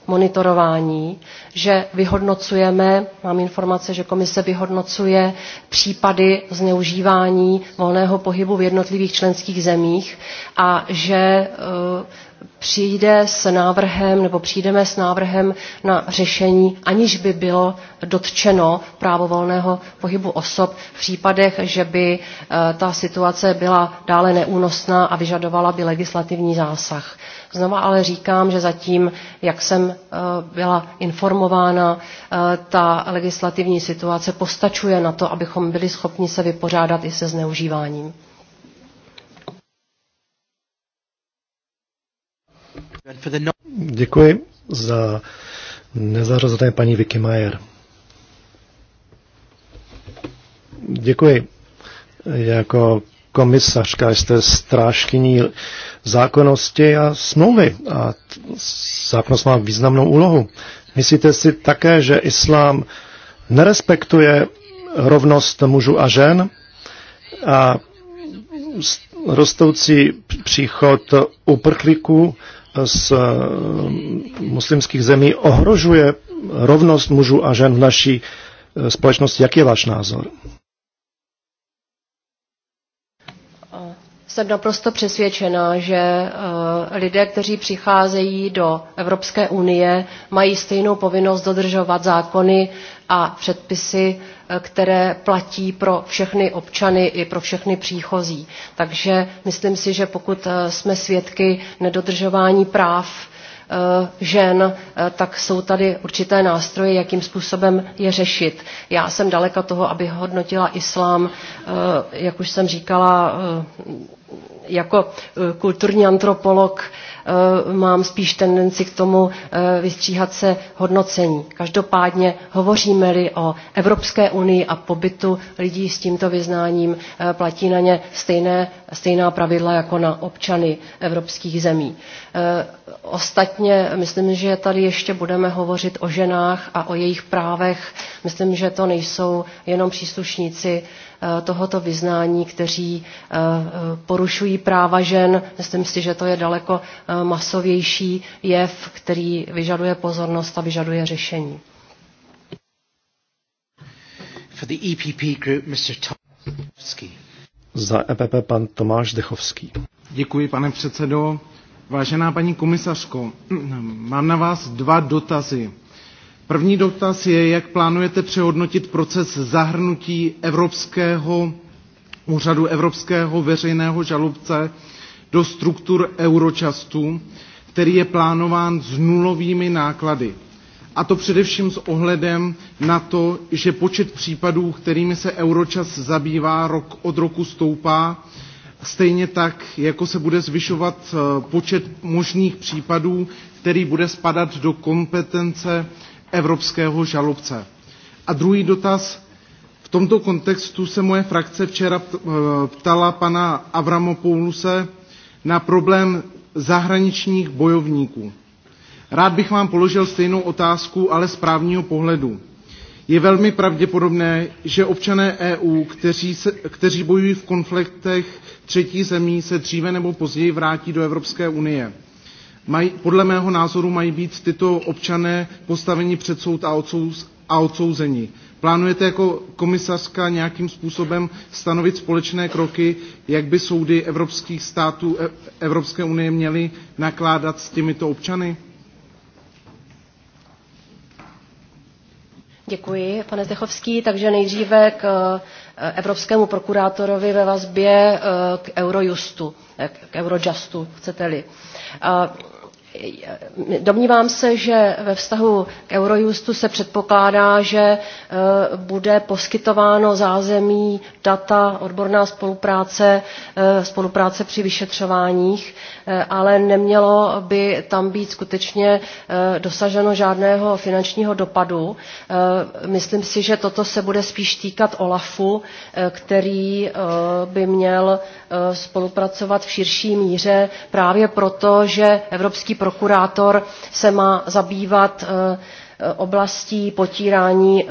monitorování, že vyhodnocujeme, mám informace, že komise vyhodnocuje případy zneužívání volného pohybu v jednotlivých členských zemích a že přijde s návrhem nebo přijdeme s návrhem na řešení, aniž by bylo dotčeno právo volného pohybu osob v případech, že by eh, ta situace byla dále neúnosná a vyžadovala by legislativní zásah. Znova ale říkám, že zatím, jak jsem eh, byla informována, eh, ta legislativní situace postačuje na to, abychom byli schopni se vypořádat i se zneužíváním. No- Děkuji za nezařazené paní Vicky Mayer. Děkuji. Jako komisařka jste strážkyní zákonnosti a smlouvy a zákonnost má významnou úlohu. Myslíte si také, že islám nerespektuje rovnost mužů a žen a rostoucí příchod uprchlíků z eh, muslimských zemí ohrožuje rovnost mužů a žen v naší eh, společnosti. Jaký je váš názor? Eh, jsem naprosto přesvědčena, že lidé, kteří přicházejí do Evropské unie, mají stejnou povinnost dodržovat zákony a předpisy které platí pro všechny občany i pro všechny příchozí. Takže myslím si, že pokud eh, jsme svědky nedodržování práv, eh, žen, eh, tak jsou tady určité nástroje, jakým způsobem je řešit. Já jsem daleka toho, aby hodnotila islám, jak už jsem říkala, jako kulturní antropolog Eh, mám spíš tendenci k tomu eh, vystříhat se hodnocení. Každopádně hovoříme-li o Evropské unii a pobytu lidí s tímto vyznáním, eh, platí na ně stejné, stejná pravidla jako na občany evropských zemí. Ostatně myslím, že tady ještě budeme hovořit o ženách a o jejich právech. Myslím, že to nejsou jenom příslušníci Eh, tohoto vyznání, kteří eh, eh, porušují práva žen. Myslím si, že to je daleko masovější jev, který vyžaduje pozornost a vyžaduje řešení. For the EPP group, Mr. Za EPP pan Tomáš Dechovský. Děkuji, pane předsedo. Vážená paní komisařko, mám na vás dva dotazy. První dotaz je, jak plánujete přehodnotit proces zahrnutí Evropského úřadu Evropského veřejného žalobce do struktur Eurochastu, který je plánován s nulovými náklady. A to především s ohledem na to, že počet případů, kterými se Euročas zabývá, rok od roku stoupá, stejně tak, jako se bude zvyšovat eh, počet možných případů, který bude spadat do kompetence evropského žalobce. A druhý dotaz. V tomto kontextu se moje frakce včera eh, ptala pana Avramopouluse na problém zahraničních bojovníků. Rád bych vám položil stejnou otázku, ale z právního pohledu. Je velmi pravděpodobné, že občané EU, kteří, se, kteří bojují v konfliktech třetí zemí, se dříve nebo později vrátí do Evropské unie. Mají, podle mého názoru mají být tyto občané postaveni před soud a, odsouz, a odsouzení. Plánujete jako komisařka nějakým způsobem stanovit společné kroky, jak by soudy evropských států e- Evropské unie měly nakládat s těmito občany? Děkuji, pane Zdechovský. Takže nejdříve k e, evropskému prokurátorovi ve vazbě e, k Eurojustu, k Eurojustu, chcete-li. Domnívám se, že ve vztahu k Eurojustu se předpokládá, že e, bude poskytováno zázemí, data, odborná spolupráce, e, spolupráce při vyšetřováních, e, ale nemělo by tam být skutečně dosaženo žádného finančního dopadu. Myslím si, že toto se bude spíš týkat OLAFu, který by měl spolupracovat v širší míře právě proto, že Evropský prokurátor se má zabývat eh, Eh, oblastí potírání eh,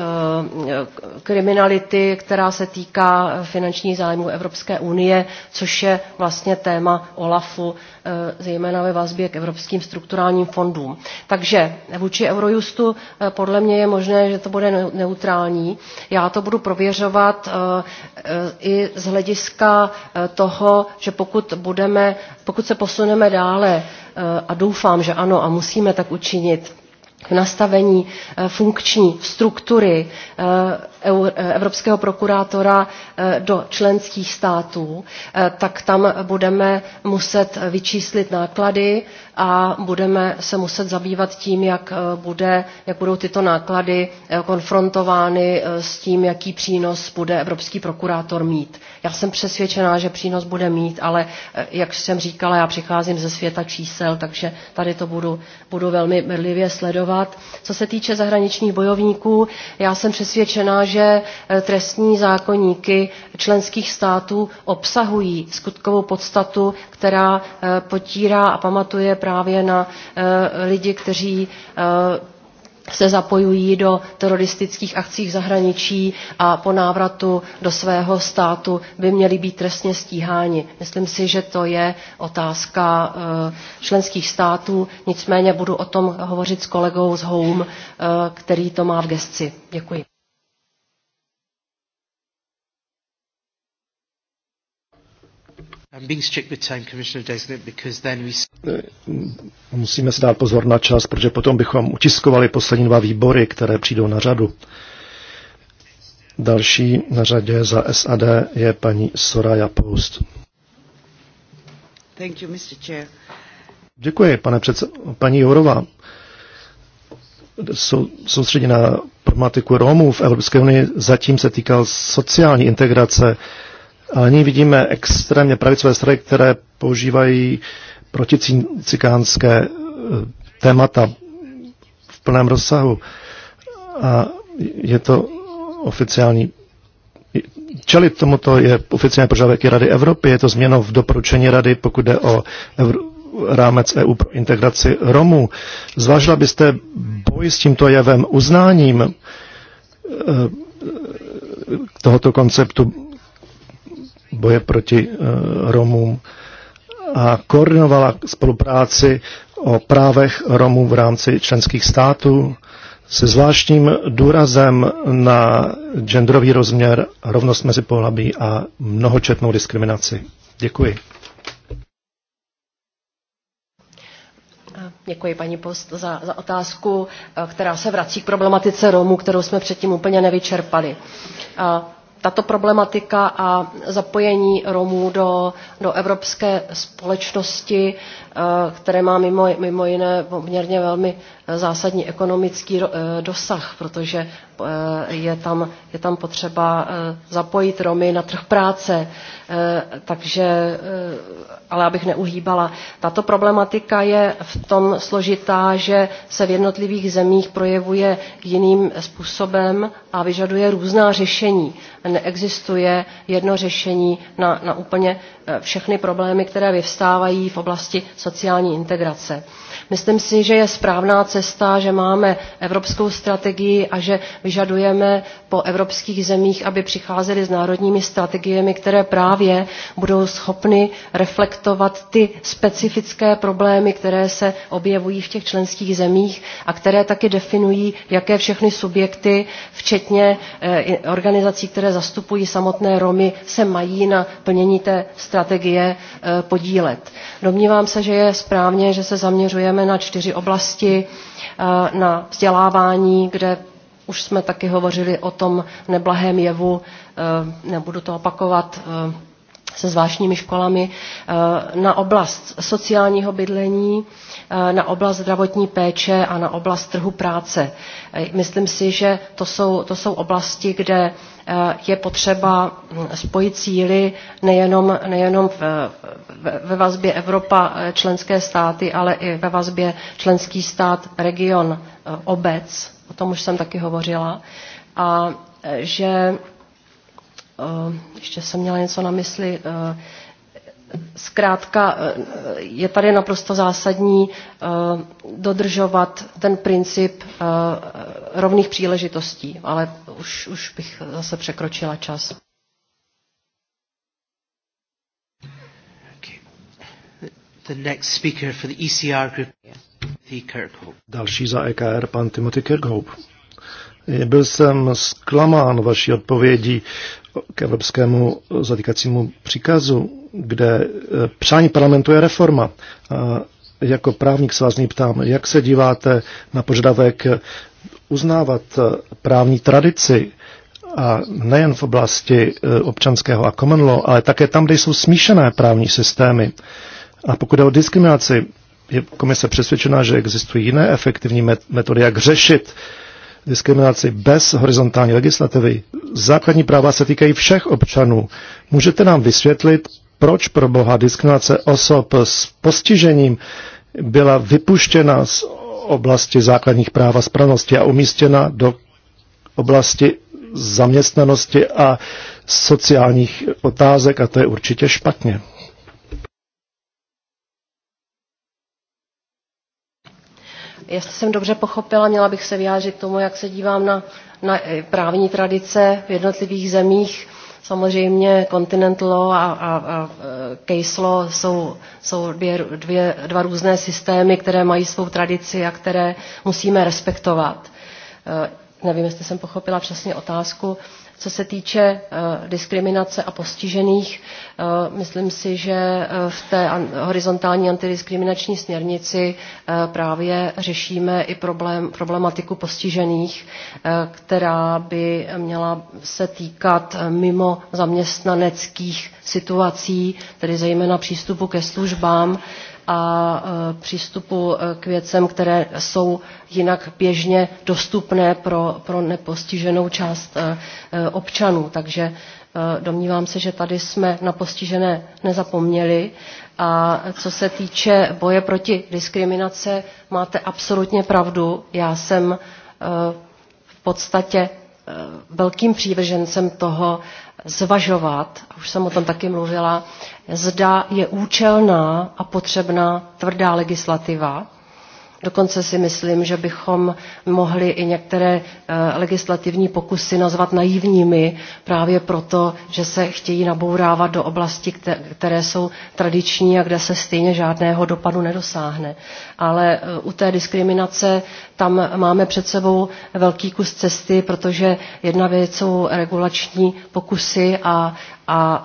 kriminality, která se týká eh, finančních zájmů Evropské unie, což je vlastně téma OLAFu, zejména ve vazbě k evropským strukturálním fondům. Takže vůči Eurojustu podle mě je možné, že to bude neutrální. Já to budu prověřovat i z hlediska toho, že pokud, budeme, pokud se posuneme dále, a doufám, že ano, a musíme tak učinit, v nastavení eh, funkční struktury eh, eh, evropského prokurátora do členských států, tak tam budeme muset vyčíslit náklady a budeme se muset zabývat tím, jak, bude, jak budou tyto náklady konfrontovány s tím, jaký přínos bude evropský prokurátor mít. Já jsem přesvědčená, že přínos bude mít, ale eh, jak jsem říkala, já přicházím ze světa čísel, takže tady to budu, budu velmi bedlivě sledovat. Co se týče zahraničních bojovníků, já jsem přesvědčená, že eh, trestní zákonníky členských států obsahují skutkovou podstatu, která eh, potírá a pamatuje právě na lidi, kteří se zapojují do teroristických akcí v zahraničí a po návratu do svého státu by měli být trestně stíháni. Myslím si, že to je otázka eh, členských států, nicméně budu o tom hovořit s kolegou z Home, eh, který to má v gesci. Děkuji. Musíme si dát pozor na čas, protože potom bychom utiskovali poslední dva výbory, které přijdou na řadu. Další na řadě za SAD je paní Soraya Post. Thank you, Mr. Chair. Děkuji, pane předsedo. Paní Jourová, sou, soustředěna problematiku Romů v Evropské unii zatím se týkal sociální integrace ale nyní vidíme extrémně pravicové strany, které používají proticikánské eh, témata v plném rozsahu. A je to oficiální Čelit tomuto je oficiální požadavek Rady Evropy, je to změna v doporučení Rady, pokud jde o Evro- rámec EU pro integraci Romů. Zvážila byste boj s tímto jevem uznáním eh, tohoto konceptu boje proti eh, Romům a koordinovala spolupráci o právech Romů v rámci členských států se zvláštním důrazem na genderový rozměr, rovnost mezi pohlaví a mnohočetnou diskriminaci. Děkuji. Děkuji paní Post za, za otázku, eh, která se vrací k problematice Romů, kterou jsme předtím úplně nevyčerpali. Eh, tato problematika a zapojení Romů do, do evropské společnosti, eh, které má mimo, mimo jiné poměrně velmi zásadní ekonomický eh, dosah, protože eh, je tam, je tam potřeba eh, zapojit Romy na trh práce, takže, ale abych neuhýbala. Tato problematika je v tom složitá, že se v jednotlivých zemích projevuje jiným způsobem a vyžaduje různá řešení. Neexistuje jedno řešení na, na úplně všechny problémy, které vyvstávají v oblasti sociální integrace. Myslím si, že je správná cesta, že máme evropskou strategii a že vyžadujeme po evropských zemích, aby přicházeli s národními strategiemi, které právě budou schopny reflektovat ty specifické problémy, které se objevují v těch členských zemích a které také definují, jaké všechny subjekty, včetně eh, organizací, které zastupují samotné Romy, se mají na plnění té strategie eh, podílet. Domnívám se, že je správně, že se zaměřujeme zaměřujeme na čtyři oblasti, eh, na vzdělávání, kde už jsme taky hovořili o tom neblahém jevu, eh, nebudu to opakovat, eh, se zvláštními školami eh, na oblast sociálního bydlení, eh, na oblast zdravotní péče a na oblast trhu práce. Eh, myslím si, že to jsou, to jsou oblasti, kde je potřeba hm, spojit cíly nejenom, nejenom ve vazbě Evropa členské státy, ale i ve vazbě členský stát, region, obec, o tom už jsem taky hovořila, a že Eh, ještě jsem měla něco na mysli, eh, zkrátka eh, je tady naprosto zásadní dodržovat ten princip rovných příležitostí, ale už, už bych zase překročila čas. The next speaker for the ECR group, Kirkhope. Další za EKR, pan Timothy Kirkhope. Byl jsem zklamán vaší odpovědí k evropskému zatýkacímu příkazu, kde e, přání parlamentu je reforma. A jako právník se vás ptám, jak se díváte na požadavek uznávat právní tradici a nejen v oblasti e, občanského a common law, ale také tam, kde jsou smíšené právní systémy. A pokud je o diskriminaci, je komise přesvědčena, že existují jiné efektivní metody, jak řešit uh, diskriminaci bez horizontální legislativy. Základní práva se týkají všech občanů. Můžete nám vysvětlit, proč pro boha diskriminace osob s postižením byla vypuštěna z oblasti základních práv a spravedlnosti a umístěna do oblasti zaměstnanosti a sociálních otázek a to je určitě špatně. jestli jsem dobře pochopila, měla bych se vyjádřit tomu, jak se dívám na, na eh, právní tradice v jednotlivých zemích. Samozřejmě continental law a, a, a eh, case law jsou, jsou dvě, dvě, dva různé systémy, které mají svou tradici a které musíme respektovat. Eh, nevím, jestli jsem pochopila přesně otázku. Co se týče eh, diskriminace a postižených, eh, myslím si, že eh, v té horizontální antidiskriminační směrnici právě řešíme i problém, problematiku postižených, která by měla se týkat mimo zaměstnaneckých situací, tedy zejména přístupu ke službám, a e, přístupu e, k věcem, které jsou jinak běžně dostupné pro, pro nepostiženou část e, občanů. Takže domnívám se, že tady jsme na postižené nezapomněli. A co se týče boje proti diskriminace, máte absolutně pravdu. Já jsem v podstatě velkým přívržencem toho zvažovat, už jsem o tom taky mluvila, zda je účelná a potřebná tvrdá legislativa. Dokonce si myslím, že bychom mohli i některé eh, legislativní pokusy nazvat naivními právě proto, že se chtějí nabourávat do oblasti, které jsou tradiční a kde se stejně žádného dopadu nedosáhne. Ale eh, u té diskriminace tam máme před sebou velký kus cesty, protože jedna věc jsou regulační pokusy a, a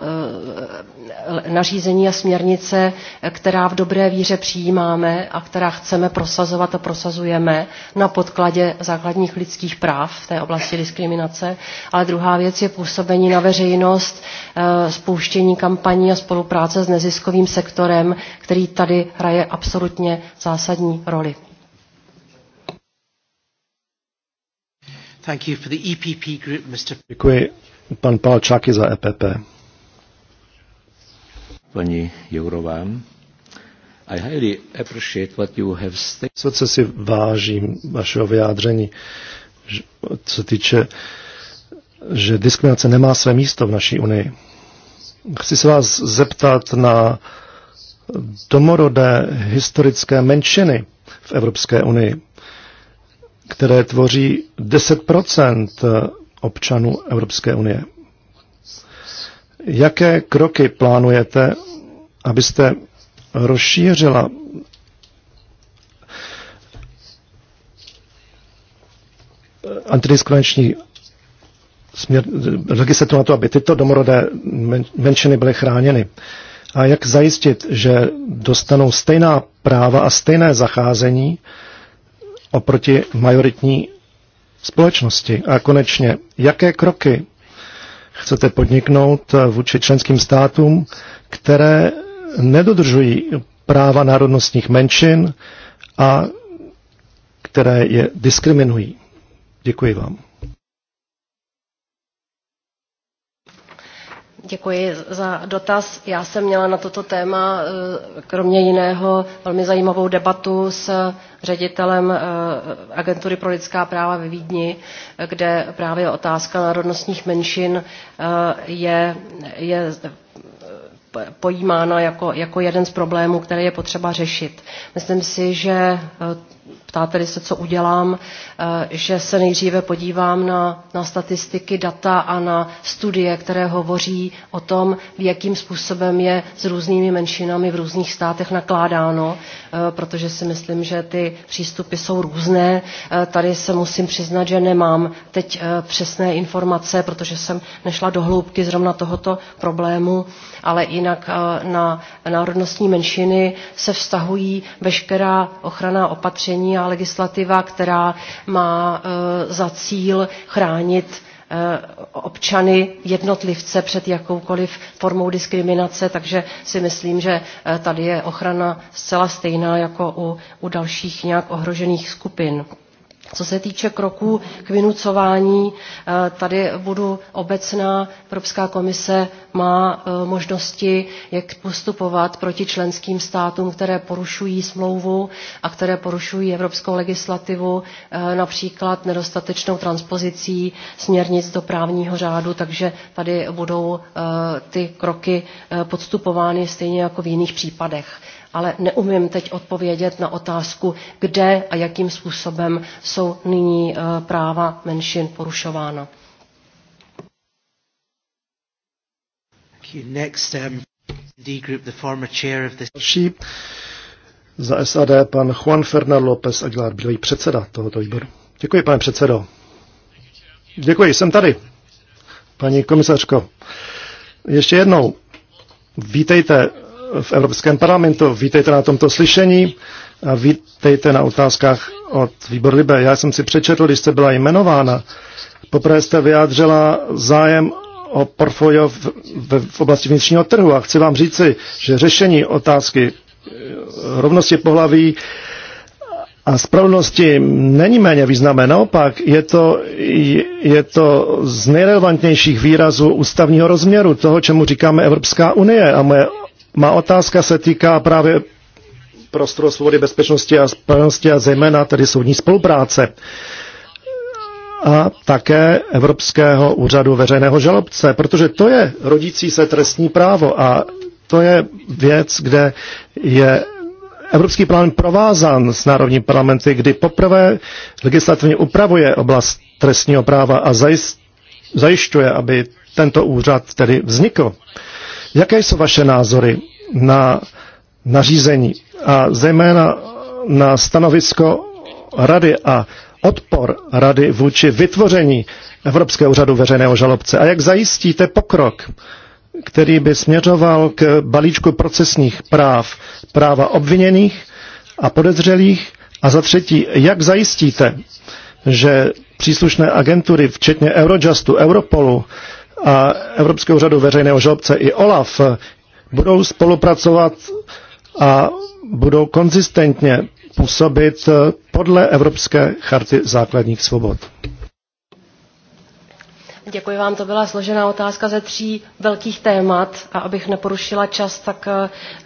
e, nařízení a směrnice, která v dobré víře přijímáme a která chceme prosazovat a prosazujeme na podkladě základních lidských práv v té oblasti diskriminace. Ale druhá věc je působení na veřejnost, e, spouštění kampaní a spolupráce s neziskovým sektorem, který tady hraje absolutně zásadní roli. Thank you for the EPP group, Mr. Děkuji. Pan Palčáky za EPP. Paní Jourová, I highly appreciate what you have stated. Co si vážím vašeho vyjádření, co se týče, že diskriminace nemá své místo v naší unii. Chci se vás zeptat na domorodé historické menšiny v Evropské unii které tvoří 10 občanů Evropské unie. Jaké kroky plánujete, abyste rozšířila antidiskriminační směr, legislativu na to, aby tyto domorodé menšiny byly chráněny. A jak zajistit, že dostanou stejná práva a stejné zacházení oproti majoritní společnosti. A konečně, jaké kroky chcete podniknout vůči členským státům, které nedodržují práva národnostních menšin a které je diskriminují. Děkuji vám. Děkuji za dotaz. Já jsem měla na toto téma, eh, kromě jiného, velmi zajímavou debatu s ředitelem eh, Agentury pro lidská práva ve Vídni, kde právě otázka národnostních menšin eh, je, je pojímána jako, jako jeden z problémů, které je potřeba řešit. Myslím si, že ptáte se, co udělám, eh, že se nejdříve podívám na, na statistiky, data a na studie, které hovoří o tom, jakým způsobem je s různými menšinami v různých státech nakládáno, eh, protože si myslím, že ty přístupy jsou různé. Eh, tady se musím přiznat, že nemám teď přesné informace, protože jsem nešla do hloubky zrovna tohoto problému, ale jinak na národnostní menšiny se vztahují veškerá ochrana, opatření, nařízení a legislativa, která má eh, za cíl chránit eh, občany, jednotlivce před jakoukoliv formou diskriminace, takže si myslím, že eh, tady je ochrana zcela stejná jako u, u dalších nějak ohrožených skupin. Co se týče kroků k vynucování, eh, tady budu obecná. Evropská komise má eh, možnosti, jak postupovat proti členským státům, které porušují smlouvu a které porušují evropskou legislativu, eh, například nedostatečnou transpozicí směrnic do právního řádu, takže tady budou ty kroky podstupovány stejně jako v jiných případech ale neumím teď odpovědět na otázku, kde a jakým způsobem jsou nyní eh, práva menšin porušována. Um, Další Za SAD pan Juan Fernando López Aguilar, bývalý předseda tohoto výboru. Děkuji, pane předsedo. Děkuji, jsem tady. Paní komisařko, ještě jednou vítejte v Evropském parlamentu. Vítejte na tomto slyšení a vítejte na otázkách od výboru Libe. Já jsem si přečetl, když jste byla jmenována. Poprvé jste vyjádřila zájem o portfolio v, v, v oblasti vnitřního trhu a chci vám říci, že řešení otázky eh, rovnosti pohlaví a spravedlnosti není méně významné. Naopak je to, je to z nejrelevantnějších výrazů ústavního rozměru toho, čemu říkáme Evropská unie. A moje má otázka se týká právě prostoru svobody, bezpečnosti a spravedlnosti a zejména tedy soudní spolupráce a také Evropského úřadu veřejného žalobce, protože to je rodící se trestní právo a to je věc, kde je Evropský parlament provázan s národní parlamenty, kdy poprvé legislativně upravuje oblast trestního práva a zajišťuje, aby tento úřad tedy vznikl. Jaké jsou vaše názory na nařízení a zejména na stanovisko rady a odpor rady vůči vytvoření Evropského úřadu veřejného žalobce a jak zajistíte pokrok, který by směřoval k balíčku procesních práv, práva obviněných a podezřelých a za třetí, jak zajistíte, že příslušné agentury, včetně Eurojustu, Europolu, a Evropského úřadu veřejného žalobce i OLAF budou spolupracovat a budou konzistentně působit podle Evropské charty základních svobod. Děkuji vám, to byla složená otázka ze tří velkých témat a abych neporušila čas, tak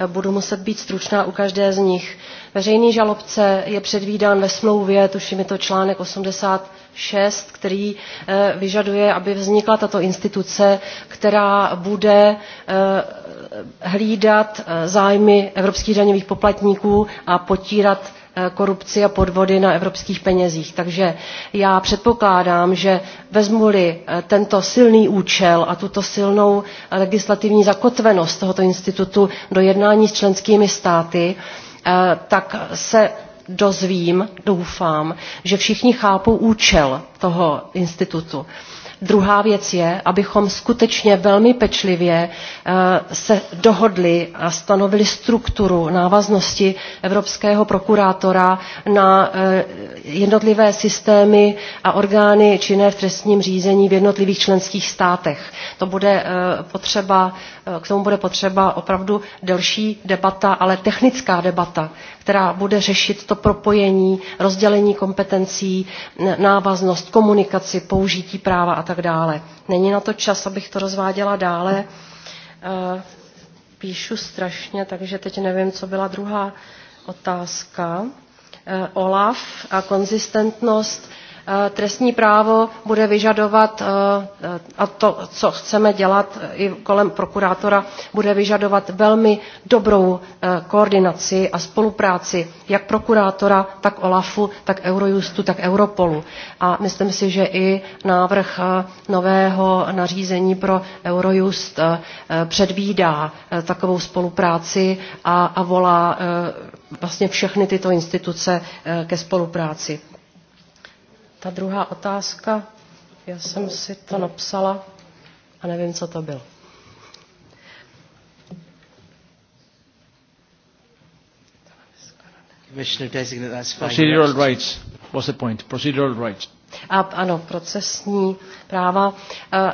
eh, budu muset být stručná u každé z nich. Veřejný žalobce je předvídán ve smlouvě, tuším je to článek 80 6, který eh, vyžaduje, aby vznikla tato instituce, která bude eh, hlídat eh, zájmy evropských daňových poplatníků a potírat korupci a podvody na evropských penězích. Takže já předpokládám, že vezmu-li tento silný účel a tuto silnou legislativní zakotvenost tohoto institutu do jednání s členskými státy, tak se dozvím, doufám, že všichni chápou účel toho institutu. Druhá věc je, abychom skutečně velmi pečlivě eh, se dohodli a stanovili strukturu návaznosti evropského prokurátora na eh, jednotlivé systémy a orgány činné v trestním řízení v jednotlivých členských státech. To bude eh, potřeba Eh, k tomu bude potřeba opravdu delší debata, ale technická debata, která bude řešit to propojení, rozdělení kompetencí, návaznost, komunikaci, použití práva a tak dále. Není na to čas, abych to rozváděla dále. Eh, píšu strašně, takže teď nevím, co byla druhá otázka. Eh, OLAF a konzistentnost Eh, trestní právo bude vyžadovat, eh, eh, a to, co chceme dělat i kolem prokurátora, bude vyžadovat velmi dobrou koordinaci a spolupráci jak prokurátora, tak OLAFu, tak Eurojustu, tak Europolu. A myslím si, že i návrh nového nařízení pro Eurojust předvídá takovou spolupráci a, a volá vlastně všechny tyto instituce ke spolupráci ta druhá otázka, já jsem si to napsala a nevím, co to bylo. Procedural rights was the point. Procedural rights. A, ano, procesní práva. Eh,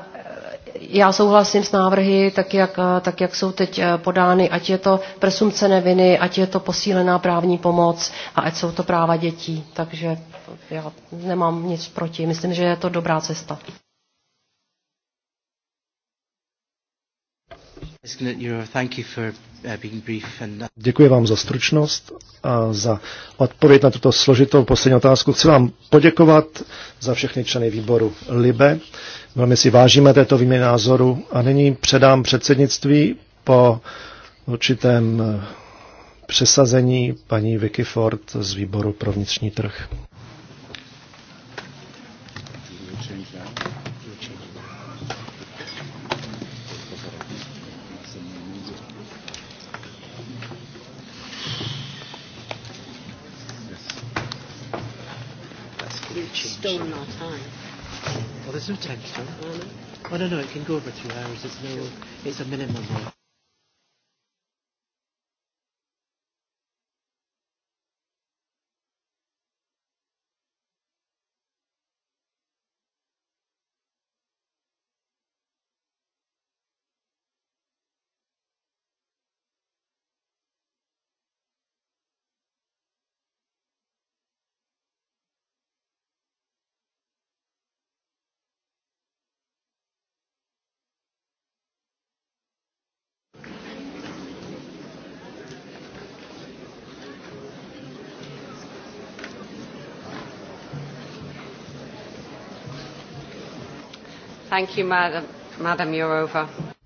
já souhlasím s návrhy, tak jak, eh, tak jak jsou teď eh, podány, ať je to presumce neviny, ať je to posílená právní pomoc a ať jsou to práva dětí. Takže já nemám nic proti. Myslím, že je to dobrá cesta. Uh, Děkuji vám za stručnost a za odpověď na tuto složitou poslední otázku. Chci vám poděkovat za všechny členy výboru LIBE, Velmi si vážíme této výměny názoru a nyní předám předsednictví po určitém eh, přesazení paní Vicky Ford z výboru pro vnitřní trh. Still not time. Well, there's no time, sir. Oh, no, no, it can go over two hours. It's, no, it's a minimum.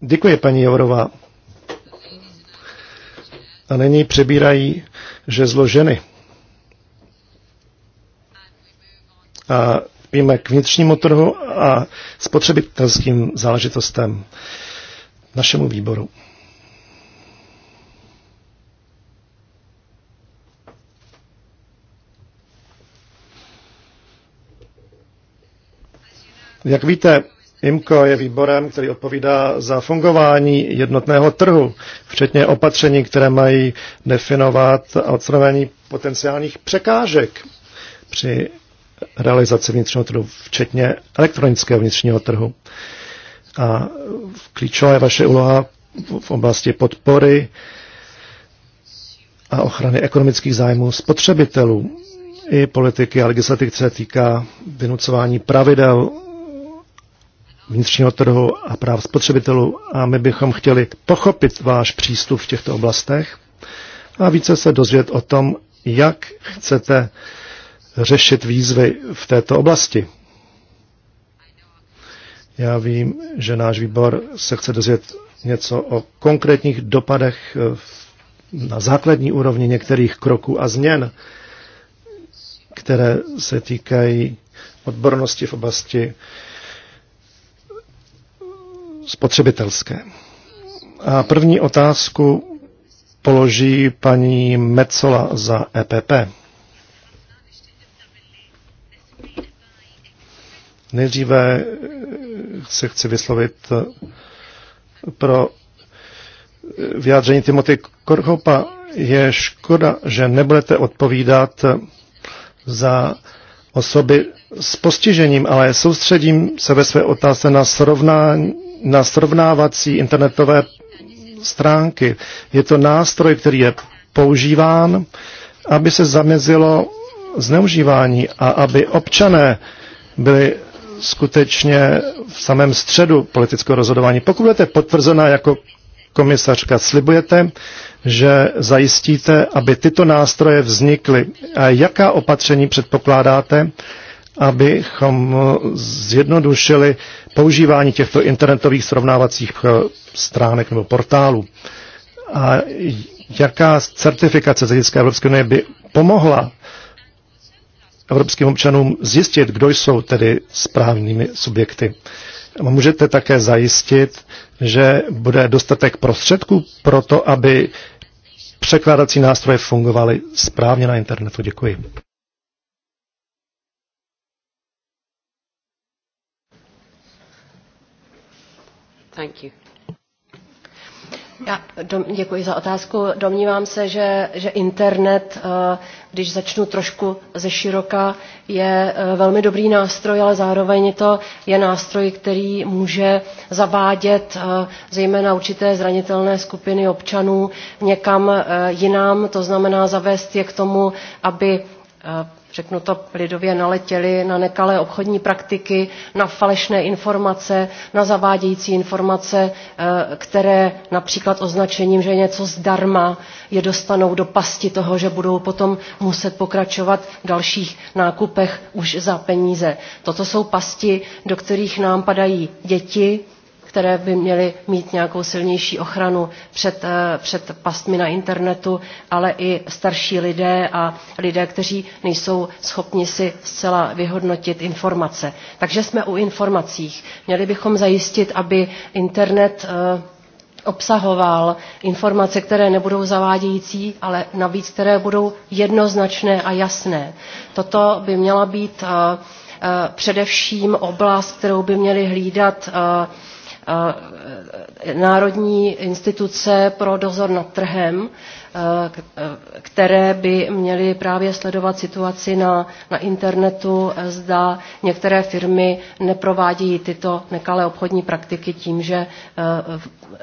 Děkuji, paní Jourová. A nyní přebírají žezlo ženy. A víme k vnitřnímu trhu a spotřebitelským záležitostem našemu výboru. Jak víte, IMCO je výborem, který odpovídá za fungování jednotného trhu, včetně opatření, které mají definovat a odstranění potenciálních překážek při realizaci vnitřního trhu, včetně elektronického vnitřního trhu. A klíčová je vaše úloha v oblasti podpory a ochrany ekonomických zájmů spotřebitelů i politiky a legislativy, se týká vynucování pravidel vnitřního trhu a práv spotřebitelů a my bychom chtěli pochopit váš přístup v těchto oblastech a více se dozvědět o tom, jak chcete řešit výzvy v této oblasti. Já vím, že náš výbor se chce dozvědět něco o konkrétních dopadech eh, na základní úrovni některých kroků a změn, které se týkají odbornosti v oblasti spotřebitelské. A první otázku položí paní Mecola za EPP. Nejdříve se chci vyslovit pro vyjádření Timothy Korchopa. Je škoda, že nebudete odpovídat za osoby s postižením, ale soustředím se ve své otázce na, srovná, na srovnávací internetové stránky. Je to nástroj, který je používán, aby se zamezilo zneužívání a aby občané byli skutečně v samém středu politického rozhodování. Pokud budete potvrzena jako komisařka, slibujete, že zajistíte, aby tyto nástroje vznikly. A jaká opatření předpokládáte, abychom zjednodušili používání těchto internetových srovnávacích eh, stránek nebo portálů? A jaká certifikace z hlediska Evropské unie by pomohla evropským občanům zjistit, kdo jsou tedy správnými subjekty. Můžete také zajistit, že bude dostatek prostředků pro to, aby překládací nástroje fungovaly správně na internetu. Děkuji. Thank you. Já děkuji za otázku. Domnívám se, že, že internet, eh, když začnu trošku ze široka, je eh, velmi dobrý nástroj, ale zároveň to je nástroj, který může zavádět eh, zejména určité zranitelné skupiny občanů někam jinam, to znamená zavést je k tomu, aby řeknu to lidově, naletěli na nekalé obchodní praktiky, na falešné informace, na zavádějící informace, eh, které například označením, že je něco zdarma, je dostanou do pasti toho, že budou potom muset pokračovat v dalších nákupech už za peníze. Toto jsou pasti, do kterých nám padají děti, které by měly mít nějakou silnější ochranu před, eh, před pastmi na internetu, ale i starší lidé a lidé, kteří nejsou schopni si zcela vyhodnotit informace. Takže jsme u informacích. Měli bychom zajistit, aby internet eh, obsahoval informace, které nebudou zavádějící, ale navíc, které budou jednoznačné a jasné. Toto by měla být eh, především oblast, kterou by měly hlídat uh, Eh, národní instituce pro dozor nad trhem, eh, eh, které by měly právě sledovat situaci na, na internetu, zda některé firmy neprovádějí tyto nekalé obchodní praktiky tím, že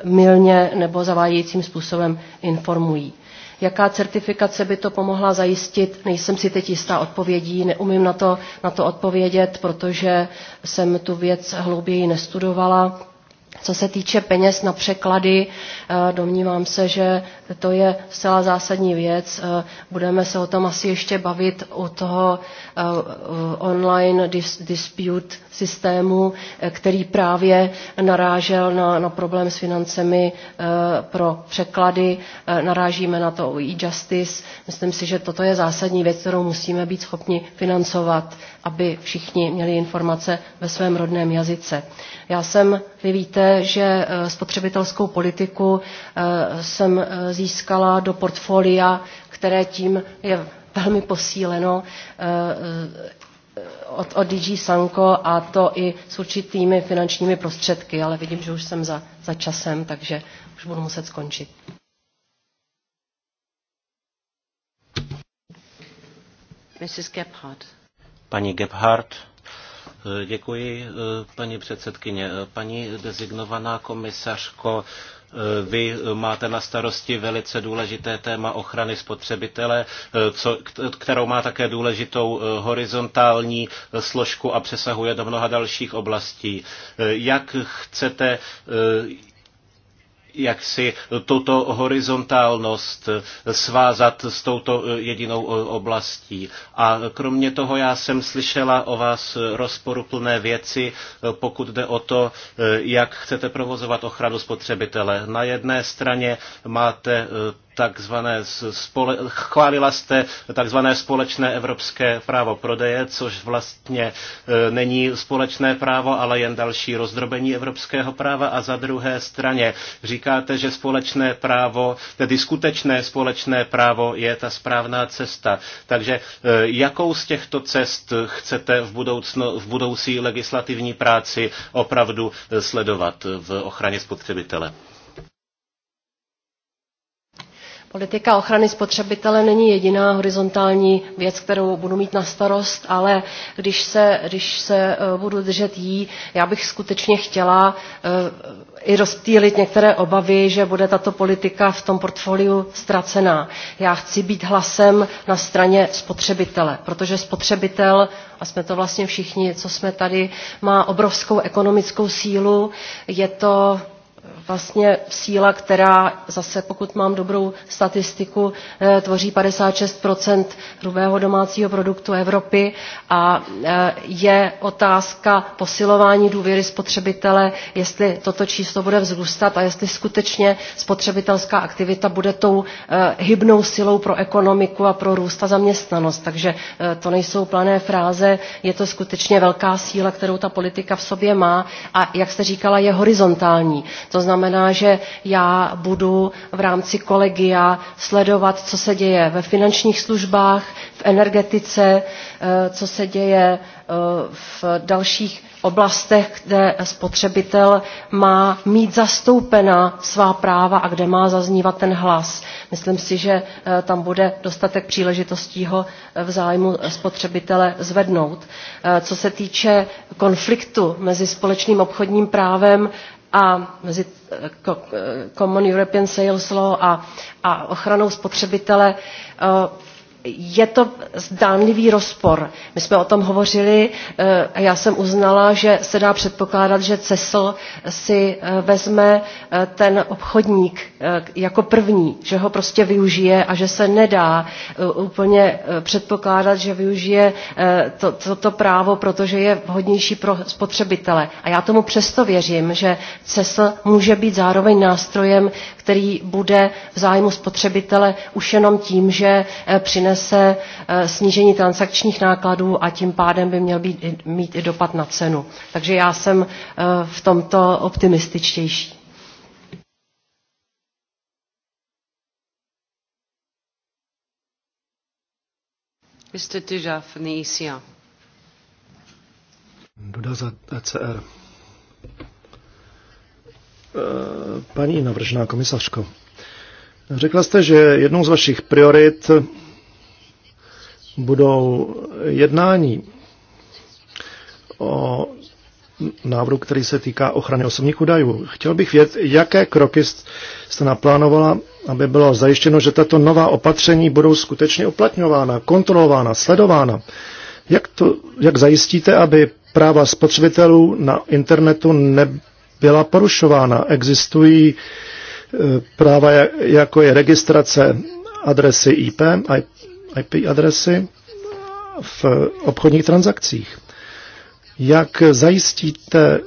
milně nebo zavádějícím způsobem informují. Jaká certifikace by to pomohla zajistit? Nejsem si teď jistá odpovědí, neumím na to, na to odpovědět, protože jsem tu věc hlouběji nestudovala co se týče peněz na překlady, eh, domnívám se, že to je zcela zásadní věc. Eh, budeme se o tom asi ještě bavit u toho eh, online dis- dispute systému, který právě narážel na, na problém s financemi pro překlady. Narážíme na to u e-justice. Myslím si, že toto je zásadní věc, kterou musíme být schopni financovat, aby všichni měli informace ve svém rodném jazyce. Já jsem, vy víte, že eh, spotřebitelskou politiku eh, jsem eh, získala do portfolia, které tím je velmi posíleno od, od DG Sanko a to i s určitými finančními prostředky, ale vidím, že už jsem za, za časem, takže už budu muset skončit. Mrs. Gebhardt. Pani Gebhardt. Eh, děkuji, eh, paní předsedkyně. Eh, paní designovaná komisařko, vy máte na starosti velice důležité téma ochrany spotřebitele, co, kterou má také důležitou horizontální složku a přesahuje do mnoha dalších oblastí. Jak chcete jak si tuto horizontálnost svázat s touto jedinou oblastí. A kromě toho já jsem slyšela o vás rozporuplné věci, pokud jde o to, jak chcete provozovat ochranu spotřebitele. Na jedné straně máte takzvané spole, chválila jste takzvané společné evropské právo prodeje, což vlastně e, není společné právo, ale jen další rozdrobení evropského práva a za druhé straně říkáte, že společné právo, tedy skutečné společné právo je ta správná cesta. Takže e, jakou z těchto cest chcete v, budoucno, v budoucí legislativní práci opravdu e, sledovat v ochraně spotřebitele? Politika ochrany spotřebitele není jediná horizontální věc, kterou budu mít na starost, ale když se, když se eh, budu držet jí, já bych skutečně chtěla eh, i rozptýlit některé obavy, že bude tato politika v tom portfoliu ztracená. Já chci být hlasem na straně spotřebitele, protože spotřebitel, a jsme to vlastně všichni, co jsme tady, má obrovskou ekonomickou sílu, je to vlastně síla, která zase, pokud mám dobrou statistiku, eh, tvoří 56 hrubého domácího produktu Evropy a eh, je otázka posilování důvěry spotřebitele, jestli toto číslo bude vzrůstat a jestli skutečně spotřebitelská aktivita bude tou eh, hybnou silou pro ekonomiku a pro růst a zaměstnanost. Takže to nejsou plané fráze, je to skutečně velká síla, kterou ta politika v sobě má a, jak jste říkala, je horizontální. To znamená, že já budu v rámci kolegia sledovat, co se děje ve finančních službách, v energetice, eh, co se děje eh, v dalších oblastech, kde spotřebitel má mít zastoupena svá práva a kde má zaznívat ten hlas. Myslím si, že eh, tam bude dostatek příležitostí ho v zájmu spotřebitele zvednout. Co se týče konfliktu mezi společným obchodním právem a mezi eh, eh, Common European Sales Law a, a ochranou spotřebitele eh, je to zdánlivý rozpor. My jsme o tom hovořili eh, a já jsem uznala, že se dá předpokládat, že CESL si eh, vezme eh, ten obchodník jako první, že ho prostě využije a že se nedá úplně předpokládat, že využije toto to, právo, protože je vhodnější pro spotřebitele. A já tomu přesto věřím, že CESL může být zároveň nástrojem, který bude v zájmu spotřebitele už jenom tím, že eh, přinese eh, snížení transakčních nákladů a tím pádem by měl být, mít i dopad na cenu. Takže já jsem eh, v tomto optimističtější. Mr. Duda ECR. Eh, paní navržená komisařko, řekla jste, že jednou z vašich priorit budou jednání o návrhu, který se týká ochrany osobních údajů. Chtěl bych vědět, jaké kroky jste naplánovala, aby bylo zajištěno, že tato nová opatření budou skutečně uplatňována, kontrolována, sledována. Jak, to, jak zajistíte, aby práva spotřebitelů na internetu ne, byla porušována. Existují e, práva, jako je registrace adresy IP, IP adresy v obchodních transakcích. Jak zajistíte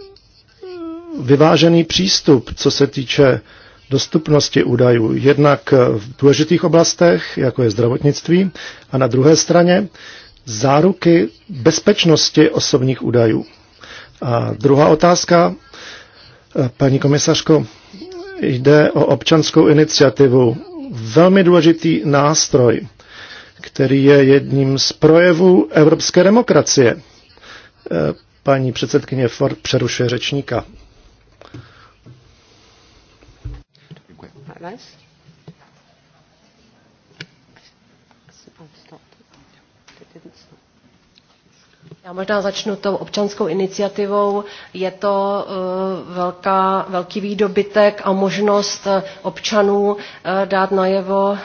vyvážený přístup, co se týče dostupnosti údajů, jednak v důležitých oblastech, jako je zdravotnictví, a na druhé straně záruky bezpečnosti osobních údajů. A druhá otázka Paní komisařko, jde o občanskou iniciativu. Velmi důležitý nástroj, který je jedním z projevů evropské demokracie. Paní předsedkyně Ford přerušuje řečníka. Děkuji. Já možná začnu tou občanskou iniciativou. Je to eh, velká, velký výdobytek a možnost eh, občanů eh, dát najevo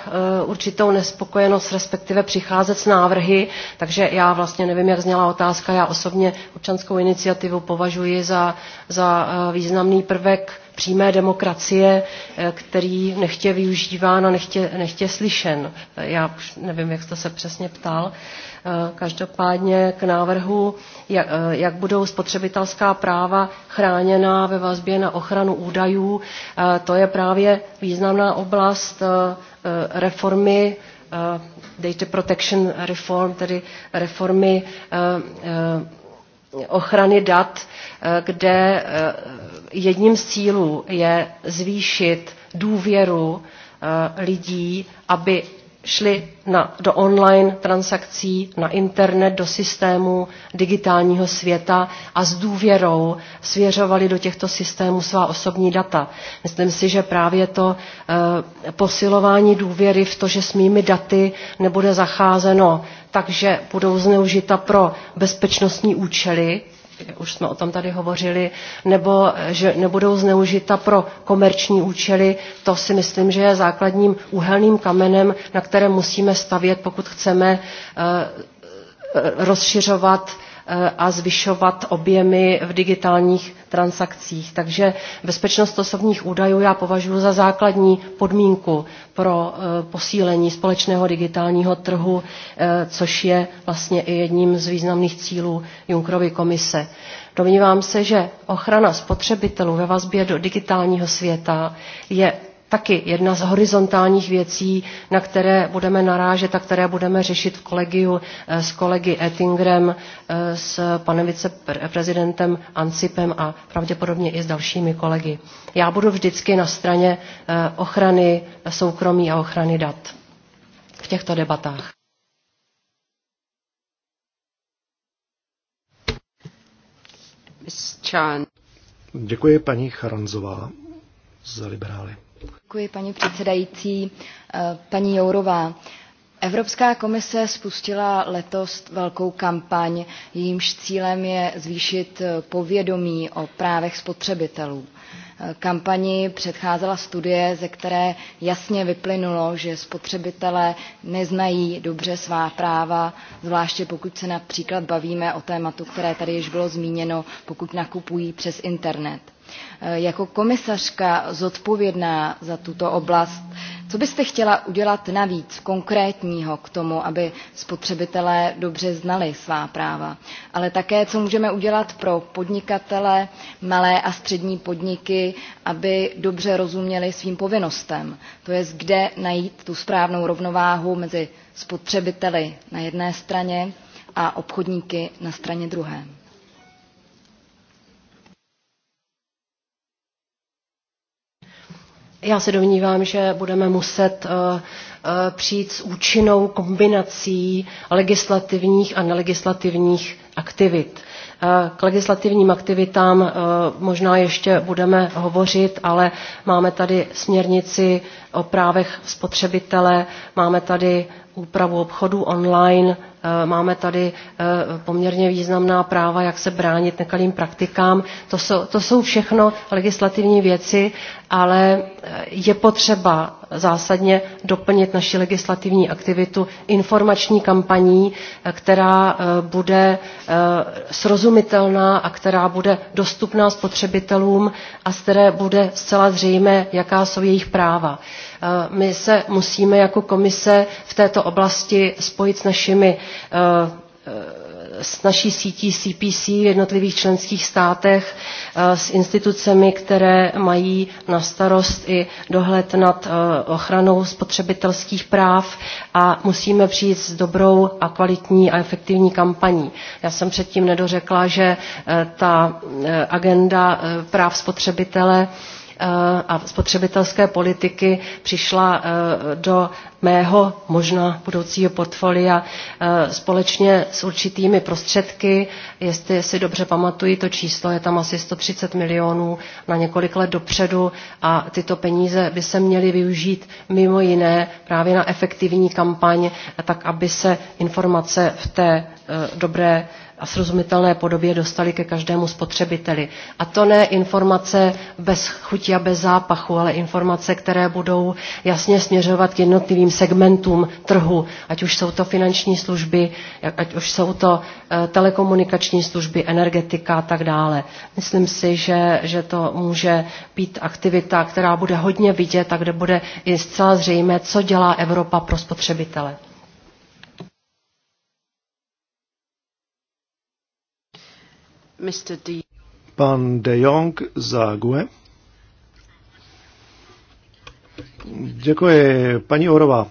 určitou nespokojenost, respektive přicházet s návrhy. Takže já vlastně nevím, jak zněla otázka. Já osobně občanskou iniciativu považuji za, za významný prvek přímé demokracie, eh, který nechtě využíván no, a nechtě, nechtě slyšen. Eh, já už nevím, jak jste se přesně ptal. Eh, každopádně k návrhu, jak, jak budou spotřebitelská práva chráněna ve vazbě na ochranu údajů, to je právě významná oblast reformy data protection reform, tedy reformy ochrany dat, kde jedním z cílů je zvýšit důvěru eh, lidí, aby šli na, do online transakcí, na internet, do systému digitálního světa a s důvěrou svěřovali do těchto systémů svá osobní data. Myslím si, že právě to e, posilování důvěry v to, že s mými daty nebude zacházeno, takže budou zneužita pro bezpečnostní účely, už jsme o tom tady hovořili, nebo že nebudou zneužita pro komerční účely, to si myslím, že je základním úhelným kamenem, na kterém musíme stavět, pokud chceme eh, rozšiřovat Eh, a zvyšovat objemy v digitálních transakcích. Takže bezpečnost osobních údajů já považuji za základní podmínku pro eh, posílení společného digitálního trhu, eh, což je vlastně i jedním z významných cílů Junckerovy komise. Domnívám se, že ochrana spotřebitelů ve vazbě do digitálního světa je taky jedna z horizontálních věcí, na které budeme narážet a které budeme řešit v kolegiu eh, s kolegy Ettingrem, eh, s panem viceprezidentem Ancipem a pravděpodobně i s dalšími kolegy. Já budu vždycky na straně eh, ochrany soukromí a ochrany dat v těchto debatách. Děkuji paní Charanzová za liberály. Děkuji, paní předsedající. Eh, paní Jourová, Evropská komise spustila letos velkou kampaň, jejímž cílem je zvýšit povědomí o právech spotřebitelů. Eh, kampani předcházela studie, ze které jasně vyplynulo, že spotřebitelé neznají dobře svá práva, zvláště pokud se například bavíme o tématu, které tady již bylo zmíněno, pokud nakupují přes internet Eh, jako komisařka zodpovědná za tuto oblast, co byste chtěla udělat navíc konkrétního k tomu, aby spotřebitelé dobře znali svá práva? Ale také, co můžeme udělat pro podnikatele, malé a střední podniky, aby dobře rozuměli svým povinnostem? To je, kde najít tu správnou rovnováhu mezi spotřebiteli na jedné straně a obchodníky na straně druhé. Já se domnívám, že budeme muset eh, eh, přijít s účinnou kombinací legislativních a nelegislativních aktivit. Eh, k legislativním aktivitám možná ještě budeme hovořit, ale máme tady směrnici o právech spotřebitele, máme tady úpravu obchodu online, Eh, máme tady eh, poměrně významná práva, jak se bránit nekalým praktikám. To jsou, to jsou všechno legislativní věci, ale eh, je potřeba zásadně doplnit naši legislativní aktivitu informační kampaní, která bude srozumitelná a která bude dostupná spotřebitelům a z které bude zcela zřejmé, jaká jsou jejich práva. Eh, my se musíme jako komise v této oblasti spojit s našimi eh, eh, s naší sítí CPC v jednotlivých členských státech, s institucemi, které mají na starost i dohled nad ochranou spotřebitelských práv a musíme přijít s dobrou a kvalitní a efektivní kampaní. Já jsem předtím nedořekla, že ta agenda práv spotřebitele Eh, a spotřebitelské politiky přišla eh, do mého možná budoucího portfolia eh, společně s určitými prostředky. Jestli si dobře pamatuji, to číslo je tam asi 130 milionů na několik let dopředu a tyto peníze by se měly využít mimo jiné právě na efektivní kampaň, tak aby se informace v té dobré a srozumitelné podobě dostali ke každému spotřebiteli. A to ne informace bez chuti a bez zápachu, ale informace, které budou jasně směřovat k jednotlivým segmentům trhu, ať už jsou to finanční služby, ať už jsou to eh, telekomunikační služby, energetika a tak dále. Myslím si, že, že to může být aktivita, která bude hodně vidět a kde bude i zcela zřejmé, co dělá Evropa pro spotřebitele. Pan De Jong za GUE. Děkuji, paní Jourová.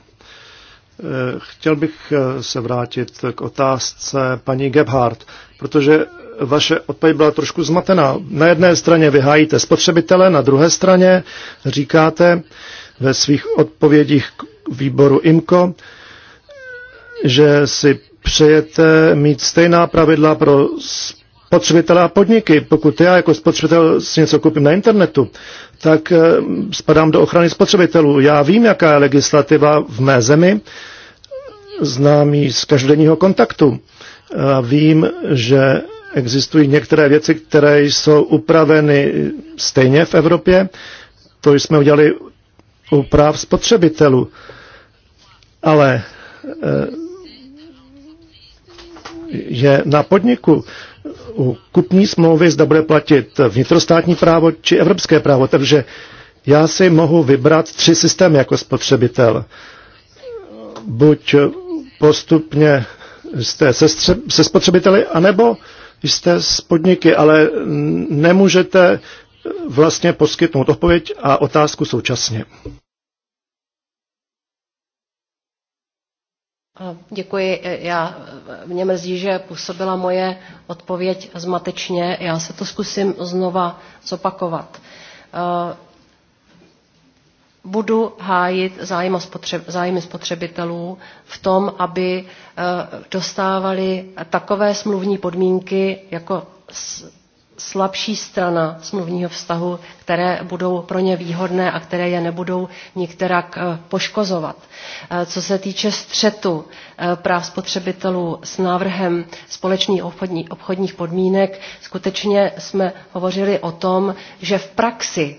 Eh, chtěl bych eh, se vrátit k otázce paní Gebhardt, protože vaše odpověď byla trošku zmatená. Na jedné straně vyhájíte spotřebitele, na druhé straně říkáte ve svých odpovědích k výboru IMCO, že si přejete mít stejná pravidla pro spotřebitele a podniky. Pokud já jako spotřebitel si něco koupím na internetu, tak eh, spadám do ochrany spotřebitelů. Já vím, jaká je legislativa v mé zemi, znám ji z každodenního kontaktu. A vím, že existují některé věci, které jsou upraveny stejně v Evropě. To jsme udělali u práv spotřebitelů. Ale eh, je na podniku, u kupní smlouvy, zda bude platit vnitrostátní právo či evropské právo. Takže já si mohu vybrat tři systémy jako spotřebitel. Buď postupně jste se, stře- se spotřebiteli, anebo jste s podniky, ale nemůžete vlastně poskytnout odpověď a otázku současně. Děkuji. Já, mě mrzí, že působila moje odpověď zmatečně. Já se to zkusím znova zopakovat. E, budu hájit zájmy, spotřebitelů v tom, aby e, dostávali takové smluvní podmínky, jako slabší strana smluvního vztahu, které budou pro ně výhodné a které je nebudou nikterak eh, poškozovat. Eh, co se týče střetu eh, práv spotřebitelů s návrhem společných obchodní, obchodních podmínek, skutečně jsme hovořili o tom, že v praxi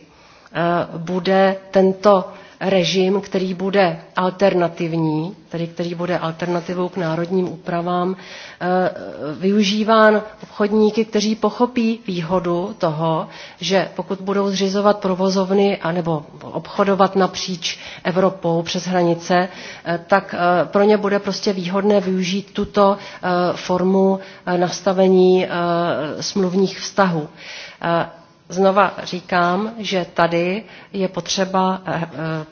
bude tento režim, který bude alternativní, tedy který bude alternativou k národním úpravám, eh, využíván obchodníky, kteří pochopí výhodu toho, že pokud budou zřizovat provozovny anebo obchodovat napříč Evropou přes hranice, eh, tak eh, pro ně bude prostě výhodné využít tuto formu nastavení smluvních vztahů znova říkám, že tady je potřeba eh, eh,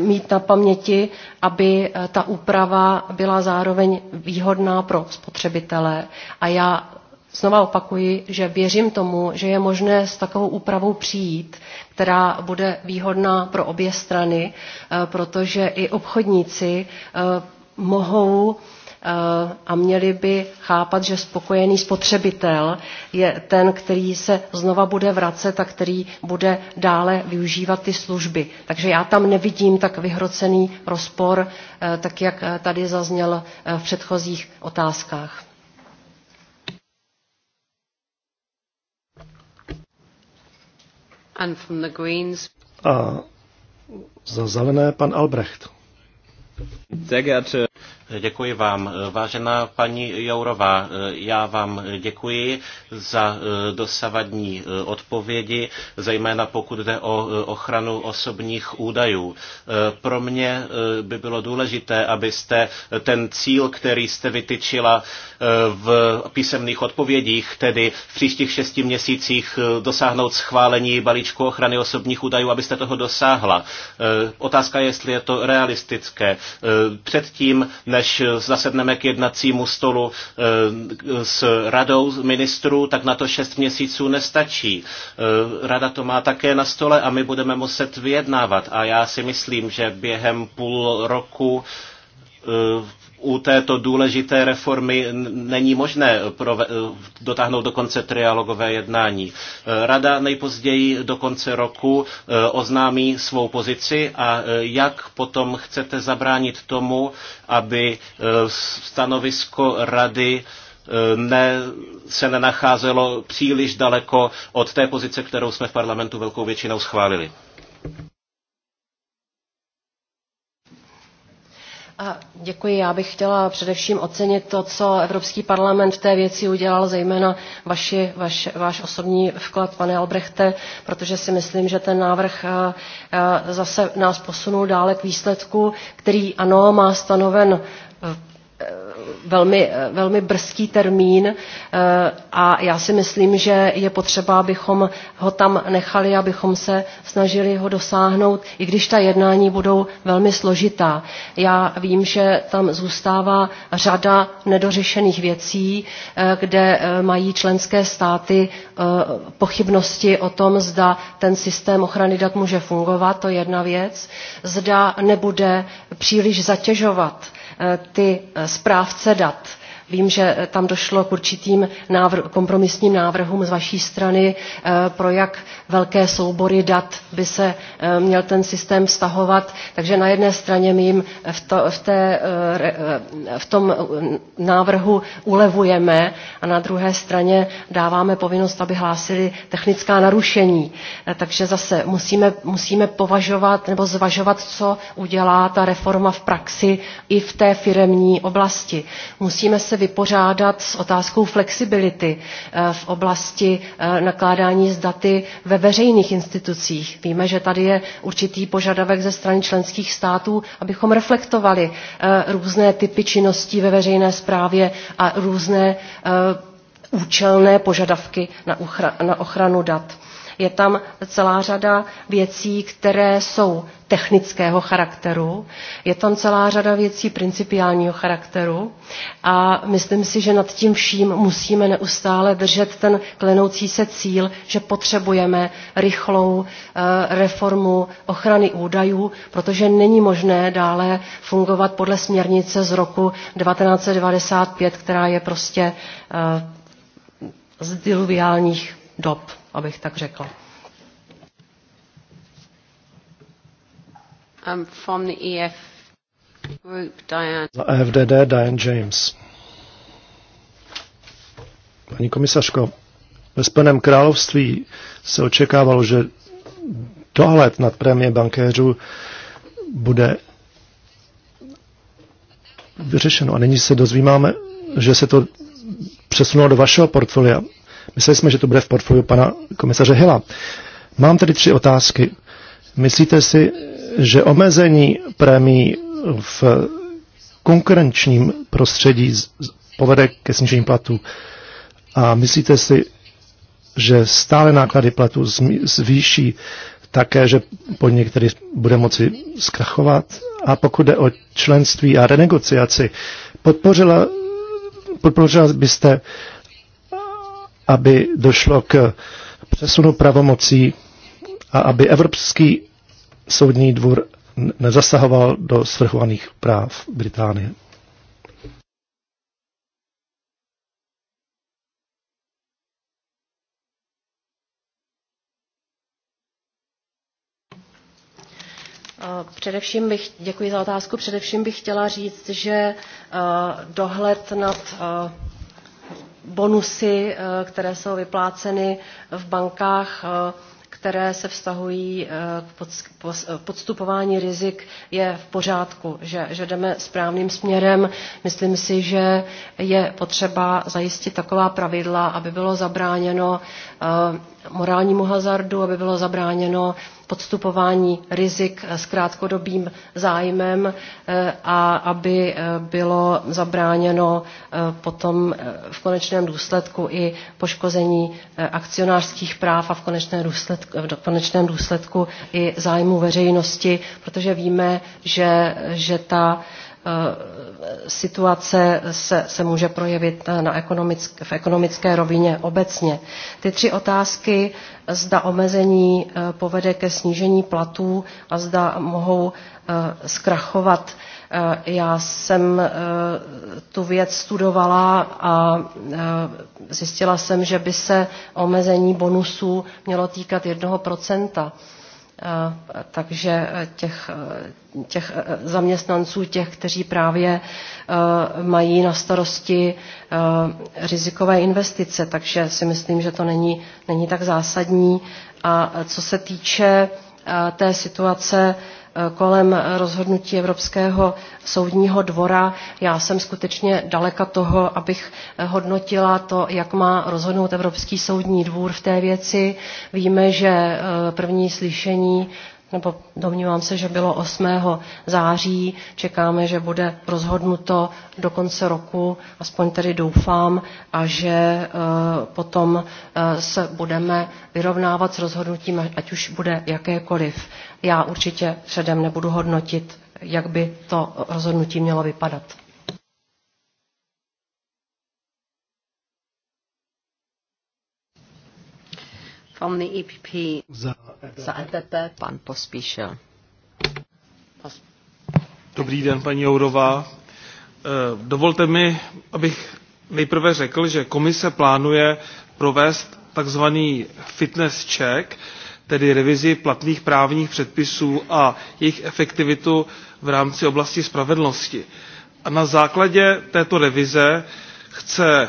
mít na paměti, aby eh, ta úprava byla zároveň výhodná pro spotřebitele. A já znova opakuji, že věřím tomu, že je možné s takovou úpravou přijít, která bude výhodná pro obě strany, protože i obchodníci mohou Eh, a měli by chápat, že spokojený spotřebitel je ten, který se znova bude vracet a který bude dále využívat ty služby. Takže já tam nevidím tak vyhrocený rozpor, eh, tak jak eh, tady zazněl v předchozích otázkách. And from the Greens. A za zelené pan Albrecht. Sehr geehrte Děkuji vám. Vážená paní Jourová, já vám děkuji za e, dosavadní e, odpovědi, zejména pokud jde o e, ochranu osobních údajů. Pro mě by bylo důležité, abyste ten cíl, který jste vytyčila, v písemných odpovědích, tedy v příštích šesti měsících eh, dosáhnout schválení balíčku ochrany osobních údajů, abyste toho dosáhla. Eh, otázka je, jestli je to realistické. Eh, předtím, než zasedneme k jednacímu stolu s radou ministrů, tak na to šest měsíců nestačí. Rada to má také na stole a my budeme muset vyjednávat. A já si myslím, že během půl roku u této důležité reformy není možné dotáhnout do konce trialogové jednání. Rada nejpozději do konce roku eh, oznámí svou pozici a eh, jak potom chcete zabránit tomu, aby eh, stanovisko rady ne, se nenacházelo příliš daleko od té pozice, kterou jsme v parlamentu velkou většinou schválili. A děkuji. Já bych chtěla především ocenit to, co Evropský parlament v té věci udělal, zejména vaši, vaš, váš osobní vklad, pane Albrechte, protože si myslím, že ten návrh eh, eh, zase nás posunul dále k výsledku, který ano, má stanoven eh, velmi, eh, velmi brzký termín eh, a já si myslím, že je potřeba, abychom ho tam nechali, abychom se snažili ho dosáhnout, i když ta jednání budou velmi složitá. Já vím, že tam zůstává řada nedořešených věcí, eh, kde mají členské státy pochybnosti o tom, zda ten systém ochrany dat může fungovat, to je jedna věc, zda nebude příliš zatěžovat Eh, ty eh, správce dat. Vím, že eh, tam došlo k určitým návr- kompromisním návrhům z vaší strany, eh, pro jak velké soubory dat by se eh, měl ten systém vztahovat. Takže na jedné straně my jim v, to, v, té, v tom návrhu ulevujeme a na druhé straně dáváme povinnost, aby hlásili technická narušení. Takže zase musíme, musíme považovat nebo zvažovat, co udělá ta reforma v praxi i v té firemní oblasti. Musíme se se vypořádat s otázkou flexibility eh, v oblasti eh, nakládání s daty ve veřejných institucích. Víme, že tady je určitý požadavek ze strany členských států, abychom reflektovali eh, různé typy činností ve veřejné správě a různé účelné požadavky na ochranu dat. Je tam celá řada věcí, které jsou technického charakteru, je tam celá řada věcí principiálního charakteru a myslím si, že nad tím vším musíme neustále držet ten klenoucí se cíl, že potřebujeme rychlou eh, reformu ochrany údajů, protože není možné dále fungovat podle směrnice z roku 1995, která je prostě eh, z diluviálních dob abych tak řekla. I'm um, from the EF group, Diane. Za EFDD Diane James. Paní komisařko, ve Spojeném království se očekávalo, že dohled nad prémie bankéřů bude vyřešeno. A nyní se dozvímáme, že se to přesunulo do vašeho portfolia. Mysleli jsme, že to bude v portfoliu pana komisaře Hila. Mám tedy tři otázky. Myslíte si, že omezení prémí v konkurenčním prostředí povede ke snížení platů? A myslíte si, že stále náklady platů zvýší také, že podnik který bude moci zkrachovat? A pokud jde o členství a renegociaci, podpořila, podpořila byste aby došlo k přesunu pravomocí a aby Evropský soudní dvůr nezasahoval do svrchovaných práv Británie. Eh, především bych, děkuji za otázku, především bych chtěla říct, že eh, dohled nad eh, bonusy, eh, které jsou vypláceny v bankách, eh, které se vztahují eh, k podstupování rizik, je v pořádku, že, že jdeme správným směrem. Myslím si, že je potřeba zajistit taková pravidla, aby bylo zabráněno morálnímu hazardu, aby bylo zabráněno podstupování rizik eh, s krátkodobým zájmem eh, a aby eh, bylo zabráněno potom v konečném důsledku i poškození akcionářských práv a v konečném důsledku, v konečném důsledku i zájmu veřejnosti, protože víme, že, že ta Eh, situace se, se může projevit eh, na ekonomick, v ekonomické rovině obecně. Ty tři otázky, zda omezení eh, povede ke snížení platů a zda mohou zkrachovat. Já jsem tu věc studovala a zjistila jsem, že by se omezení bonusů mělo týkat jednoho procenta Eh, takže eh, těch, eh, těch zaměstnanců, těch, kteří právě mají na starosti rizikové investice, takže si myslím, že to není, není tak zásadní. A co se týče té situace kolem rozhodnutí Evropského soudního dvora. Já jsem skutečně daleka toho, abych hodnotila to, jak má rozhodnout Evropský soudní dvůr v té věci. Víme, že eh, první slyšení nebo domnívám se, že bylo 8. září. Čekáme, že bude rozhodnuto do konce roku, aspoň tedy doufám, a že e, potom e, se budeme vyrovnávat s rozhodnutím, ať už bude jakékoliv. Já určitě předem nebudu hodnotit, jak by to rozhodnutí mělo vypadat. From the EPP. Za za EPP pan Pospíšil. Dobrý den, paní Jourová. Eh, dovolte mi, abych nejprve řekl, že komise plánuje provést takzvaný fitness check, tedy revizi platných právních předpisů a jejich efektivitu v rámci oblasti spravedlnosti. A na základě této revize chce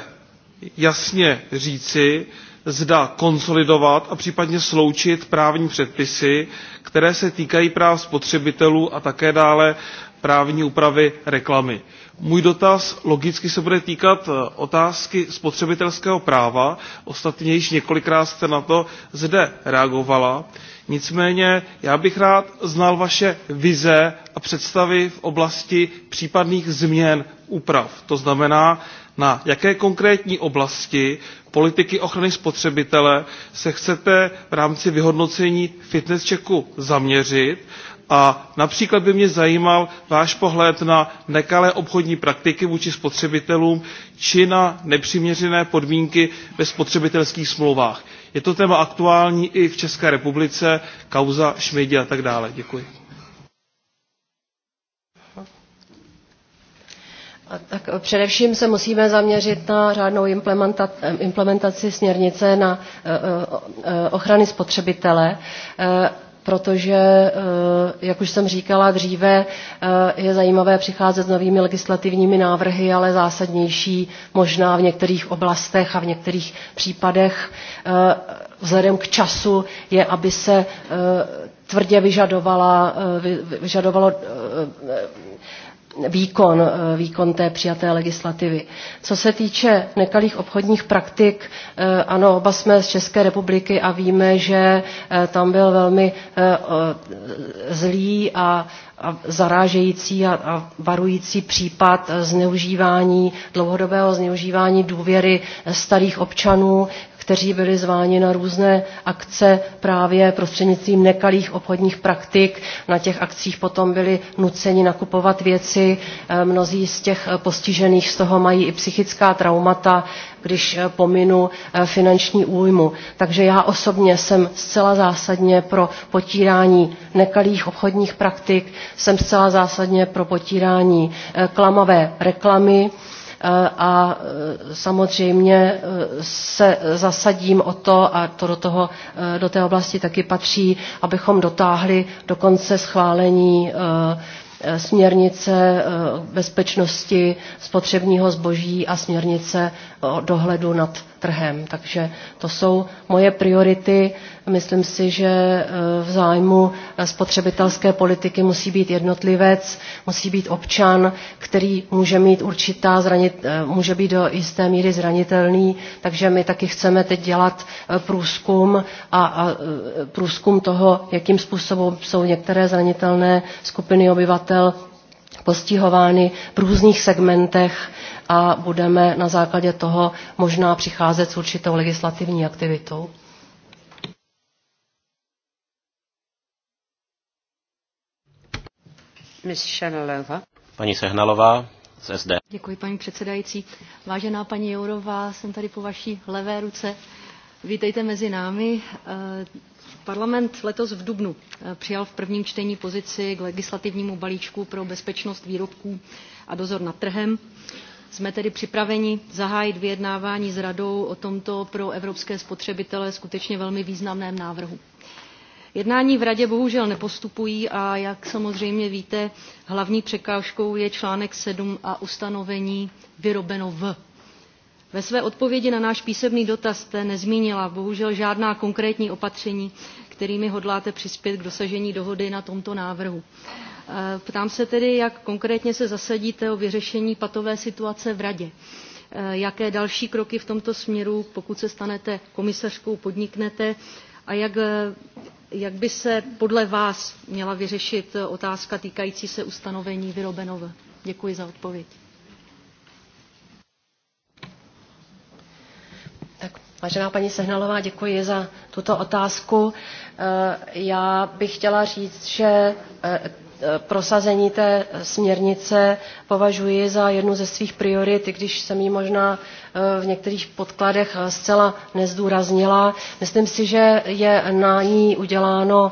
jasně říci, zda konsolidovat a případně sloučit právní předpisy, které se týkají práv spotřebitelů a také dále právní úpravy reklamy. Můj dotaz logicky se bude týkat eh, otázky spotřebitelského práva, ostatně již několikrát jste na to zde reagovala. Nicméně já bych rád znal vaše vize a představy v oblasti případných změn úprav. To znamená, na jaké konkrétní oblasti politiky ochrany spotřebitele se chcete v rámci vyhodnocení fitness checku zaměřit a například by mě zajímal váš pohled na nekalé obchodní praktiky vůči spotřebitelům či na nepřiměřené podmínky ve spotřebitelských smlouvách. Je to téma aktuální i v České republice, kauza Šmejdi a tak dále. Děkuji. Tak především se musíme zaměřit na řádnou implementaci směrnice na e, e, e, ochrany spotřebitele, protože, jak už jsem říkala dříve, je zajímavé přicházet s novými legislativními návrhy, ale zásadnější možná v některých oblastech a v některých případech vzhledem k času je, aby se tvrdě vyžadovala, vyžadovalo výkon, eh, výkon té přijaté legislativy. Co se týče nekalých obchodních praktik, eh, ano, oba jsme z České republiky a víme, že eh, tam byl velmi zlý a a zarážející a, a varující případ zneužívání, dlouhodobého zneužívání důvěry starých občanů kteří byli zváni na různé akce právě prostřednictvím nekalých obchodních praktik. Na těch akcích potom byli nuceni nakupovat věci. Eh, mnozí z těch eh, postižených z toho mají i psychická traumata, když eh, pominu finanční újmu. Takže já osobně jsem zcela zásadně pro potírání nekalých obchodních praktik, jsem zcela zásadně pro potírání klamavé reklamy. Eh, a eh, samozřejmě eh, se zasadím o to, a to do, toho, do té oblasti taky patří, abychom dotáhli do konce schválení směrnice bezpečnosti spotřebního zboží a směrnice Eh, dohledu nad trhem. Takže to jsou moje priority. Myslím si, že eh, v zájmu spotřebitelské politiky musí být jednotlivec, musí být občan, který může mít určitá zranit, eh, může být do jisté míry zranitelný, takže my taky chceme teď dělat průzkum a, a průzkum toho, jakým způsobem jsou některé zranitelné skupiny obyvatel postihovány v různých segmentech a budeme na základě toho možná přicházet s určitou legislativní aktivitou. Paní Sehnalová z SD. Děkuji, paní předsedající. Vážená paní Jourová, jsem tady po vaší levé ruce. Vítejte mezi námi. Eh, parlament letos v Dubnu eh, přijal v prvním čtení pozici k legislativnímu balíčku pro bezpečnost výrobků a dozor nad trhem jsme tedy připraveni zahájit vyjednávání s radou o tomto pro evropské spotřebitele skutečně velmi významném návrhu. Jednání v radě bohužel nepostupují a jak samozřejmě víte, hlavní překážkou je článek 7 a ustanovení vyrobeno v. Ve své odpovědi na náš písemný dotaz jste nezmínila bohužel žádná konkrétní opatření, kterými hodláte přispět k dosažení dohody na tomto návrhu. Eh, ptám se tedy, jak konkrétně se zasadíte o vyřešení patové situace v Radě. Eh, jaké další kroky v tomto směru, pokud se stanete komisařkou, podniknete a jak, eh, jak by se podle vás měla vyřešit otázka týkající se ustanovení Vyrobenova? Děkuji za odpověď. Vážená paní Sehnalová, děkuji za tuto otázku. Já bych chtěla říct, že Eh, prosazení té směrnice považuji za jednu ze svých priorit, i když jsem ji možná eh, v některých podkladech eh, zcela nezdůraznila. Myslím si, že je na ní uděláno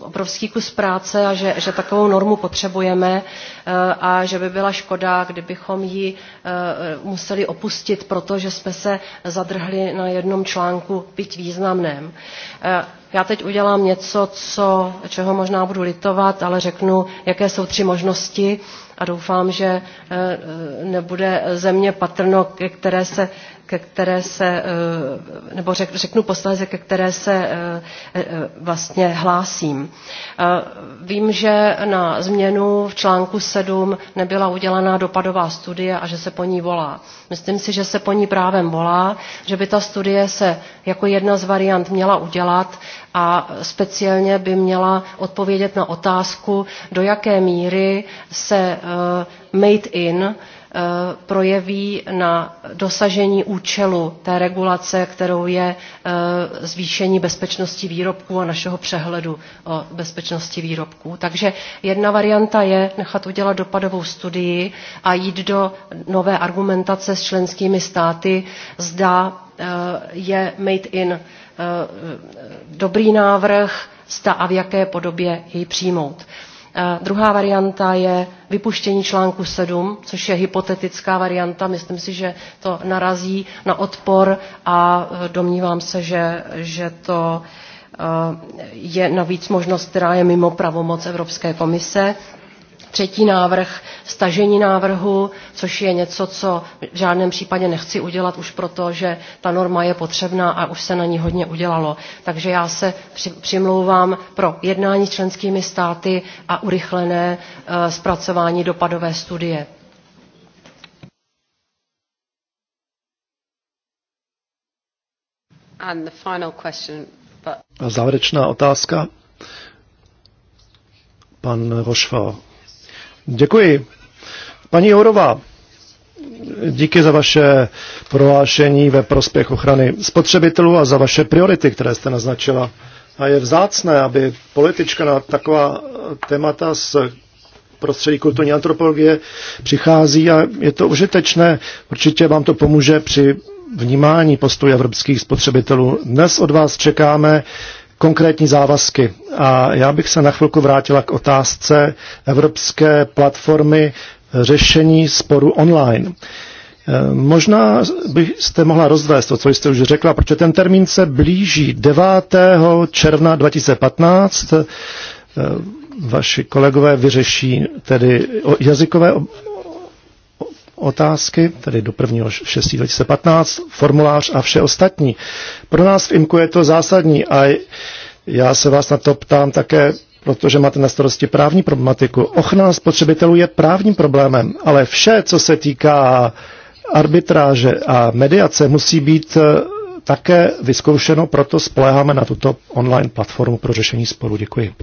obrovský kus práce a že, že takovou normu potřebujeme a že by byla škoda, kdybychom ji museli opustit, protože jsme se zadrhli na jednom článku, byť významném. Já teď udělám něco, co, čeho možná budu litovat, ale řeknu, jaké jsou tři možnosti a doufám, že eh, eh, nebude země patrno, které se ke které se, eh, nebo řeknu posléze, ke které se eh, eh, vlastně hlásím. Vím, že na změnu v článku 7 nebyla udělaná dopadová studie a že se po ní volá. Myslím si, že se po ní právem volá, že by ta studie se jako jedna z variant měla udělat a speciálně by měla odpovědět na otázku, do jaké míry se made in Eh, projeví na dosažení účelu té regulace, kterou je eh, zvýšení bezpečnosti výrobků a našeho přehledu o bezpečnosti výrobků. Takže jedna varianta je nechat udělat dopadovou studii a jít do nové argumentace s členskými státy, zda eh, je made in dobrý návrh, zda a v jaké podobě jej přijmout. Eh, druhá varianta je vypuštění článku 7, což je hypotetická varianta. Myslím si, že to narazí na odpor a eh, domnívám se, že, že to eh, je navíc možnost, která je mimo pravomoc Evropské komise třetí návrh stažení návrhu, což je něco, co v žádném případě nechci udělat už proto, že ta norma je potřebná a už se na ní hodně udělalo. Takže já se přimlouvám pro jednání s členskými státy a urychlené eh, zpracování dopadové studie. And the final question, but... A závěrečná otázka. Pan Rochefort. Děkuji. Paní Jourová, díky za vaše prohlášení ve prospěch ochrany spotřebitelů a za vaše priority, které jste naznačila. A je vzácné, aby politička na taková témata z prostředí kulturní antropologie přichází a je to užitečné. Určitě vám to pomůže při vnímání postoje evropských spotřebitelů. Dnes od vás čekáme konkrétní závazky. A já bych se na chvilku vrátila k otázce Evropské platformy řešení sporu online. Eh, možná byste mohla rozvést to, co jste už řekla, protože ten termín se blíží 9. června 2015. Eh, vaši kolegové vyřeší tedy jazykové otázky, tedy do 1. 6. 2015, formulář a vše ostatní. Pro nás v IMKU je to zásadní a já se vás na to ptám také, protože máte na starosti právní problematiku. Ochrana spotřebitelů je právním problémem, ale vše, co se týká arbitráže a mediace, musí být eh, také vyzkoušeno, proto spoléháme na tuto online platformu pro řešení sporu. Děkuji.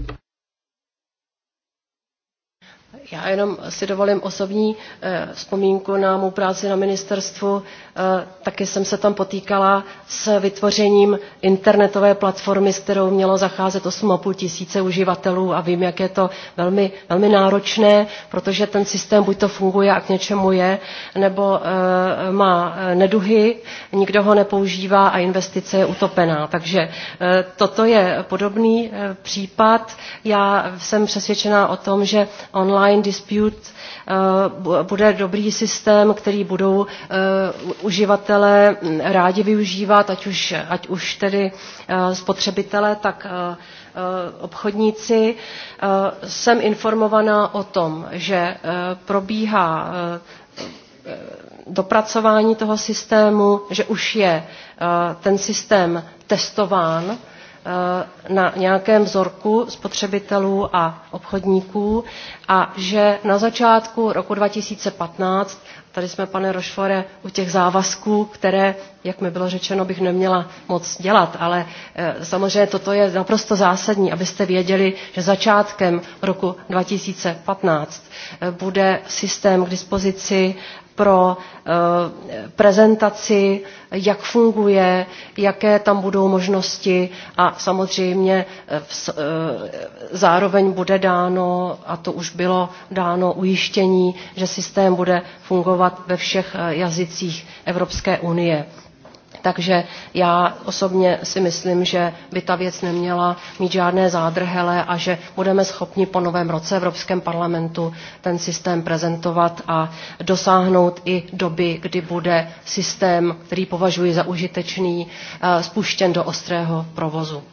Já jenom si dovolím osobní eh, vzpomínku na mou práci na ministerstvu. Eh, taky jsem se tam potýkala s vytvořením internetové platformy, s kterou mělo zacházet 8,5 tisíce uživatelů a vím, jak je to velmi, velmi náročné, protože ten systém buď to funguje a k něčemu je, nebo eh, má neduhy, nikdo ho nepoužívá a investice je utopená. Takže toto je podobný případ. Já jsem přesvědčená o tom, že online online dispute eh, bude dobrý systém, který budou eh, uživatelé hm, rádi využívat, ať už, ať už tedy eh, spotřebitelé, tak obchodníci. Jsem informovaná o tom, že probíhá dopracování toho systému, že už je ten systém testován Eh, na nějakém vzorku spotřebitelů a obchodníků a že na začátku roku 2015, tady jsme, pane Rošfore, u těch závazků, které, jak mi bylo řečeno, bych neměla moc dělat, ale eh, samozřejmě toto je naprosto zásadní, abyste věděli, že začátkem roku 2015 eh, bude systém k dispozici pro eh, prezentaci, jak funguje, jaké tam budou možnosti a samozřejmě eh, eh, zároveň bude dáno, a to už bylo dáno ujištění, že systém bude fungovat ve všech jazycích Evropské unie. Takže já osobně si myslím, že by ta věc neměla mít žádné zádrhele a že budeme schopni po novém roce v Evropském parlamentu ten systém prezentovat a dosáhnout i doby, kdy bude systém, který považuji za užitečný, eh, spuštěn do ostrého provozu.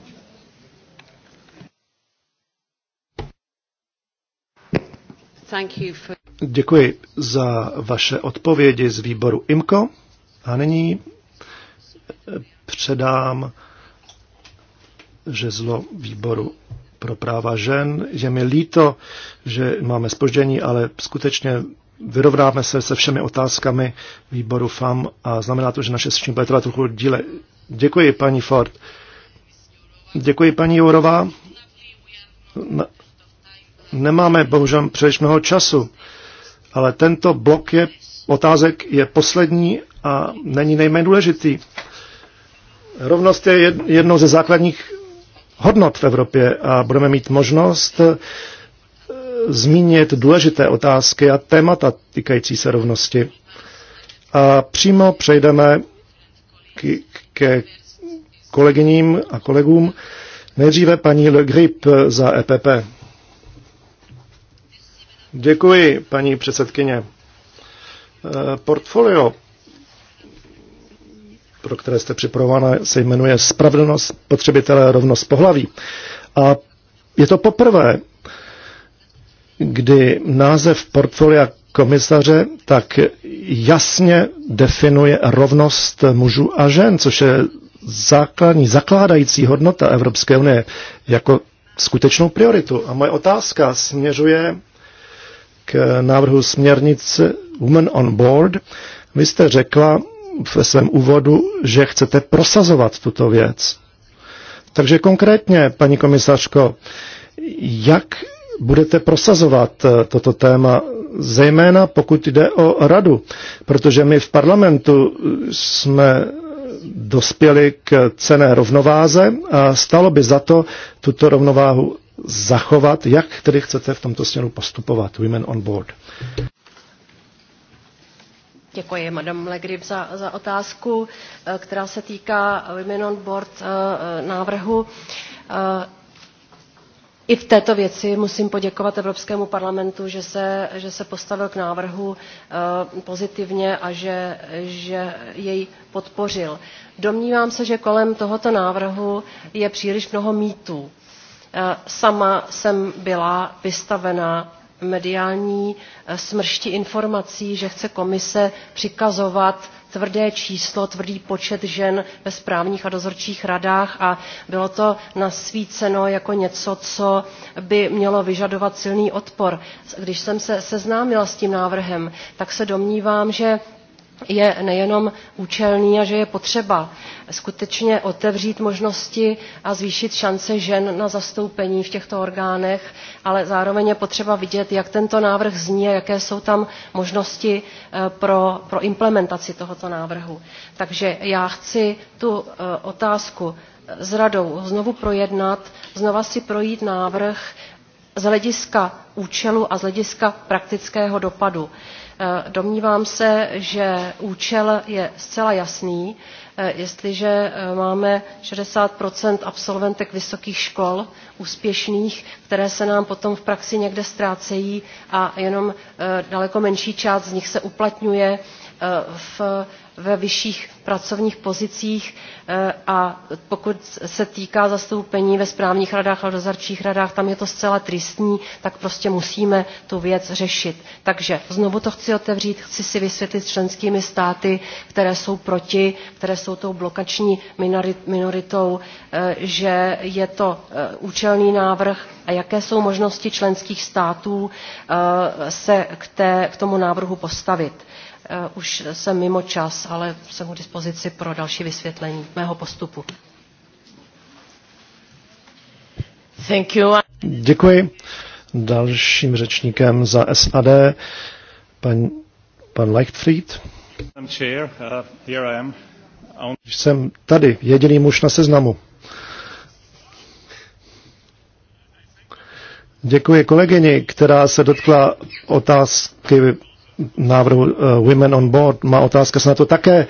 For... Děkuji za vaše odpovědi z výboru IMCO. A nyní předám žezlo výboru pro práva žen. Je mi líto, že máme spoždění, ale skutečně vyrovnáme se se všemi otázkami výboru FAM a znamená to, že naše sešení bude trvat trochu díle. Děkuji, paní Ford. Děkuji, paní Jourová. Nemáme bohužel příliš mnoho času, ale tento blok je, otázek je poslední a není nejméně důležitý. Rovnost je jednou ze základních hodnot v Evropě a budeme mít možnost eh, zmínit důležité otázky a témata týkající se rovnosti. A přímo přejdeme k, ke kolegyním a kolegům. Nejdříve paní Le Grip za EPP. Děkuji, paní předsedkyně. Eh, portfolio pro které jste připravována, se jmenuje Spravedlnost potřebitele rovnost pohlaví. A je to poprvé, kdy název portfolia komisaře tak jasně definuje rovnost mužů a žen, což je základní, zakládající hodnota Evropské unie jako skutečnou prioritu. A moje otázka směřuje k návrhu směrnice Women on Board. Vy jste řekla, ve svém úvodu, že chcete prosazovat tuto věc. Takže konkrétně, paní komisařko, jak budete prosazovat eh, toto téma, zejména pokud jde o radu, protože my v parlamentu eh, jsme dospěli k cené rovnováze a stalo by za to tuto rovnováhu zachovat, jak tedy chcete v tomto směru postupovat, Women on Board. Děkuji, madam Legrib, za, za otázku, eh, která se týká Women on Board eh, eh, návrhu. I v této věci musím poděkovat Evropskému parlamentu, že se, že se postavil k návrhu pozitivně a že, že jej podpořil. Domnívám se, že kolem tohoto návrhu je příliš mnoho mýtů. Sama jsem byla vystavena mediální eh, smršti informací, že chce komise přikazovat tvrdé číslo, tvrdý počet žen ve správních a dozorčích radách a bylo to nasvíceno jako něco, co by mělo vyžadovat silný odpor. Když jsem se seznámila s tím návrhem, tak se domnívám, že je nejenom účelný a že je potřeba skutečně otevřít možnosti a zvýšit šance žen na zastoupení v těchto orgánech ale zároveň je potřeba vidět jak tento návrh zní a jaké jsou tam možnosti eh, pro, pro implementaci tohoto návrhu. takže já chci tu eh, otázku eh, s radou znovu projednat znova si projít návrh z hlediska účelu a z hlediska praktického dopadu Eh, domnívám se, že účel je zcela jasný. Eh, jestliže eh, máme 60 absolventek vysokých škol úspěšných, které se nám potom v praxi někde ztrácejí a jenom daleko menší část z nich se uplatňuje v ve vyšších pracovních pozicích eh, a pokud se týká zastoupení ve správních radách a dozorčích radách, tam je to zcela tristní, tak prostě musíme tu věc řešit. Takže znovu to chci otevřít, chci si vysvětlit s členskými státy, které jsou proti, které jsou tou blokační minoritou, eh, že je to eh, účelný návrh a jaké jsou možnosti členských států se k, té, k tomu návrhu postavit. Eh, už jsem mimo čas, ale jsem u dispozici pro další vysvětlení mého postupu. Thank you. Děkuji. Dalším řečníkem za SAD pan, pan Leichtfried. Uh, jsem tady, jediný muž na seznamu. Děkuji kolegyni, která se dotkla otázky návrhu eh, Women on Board. Má otázka se na to také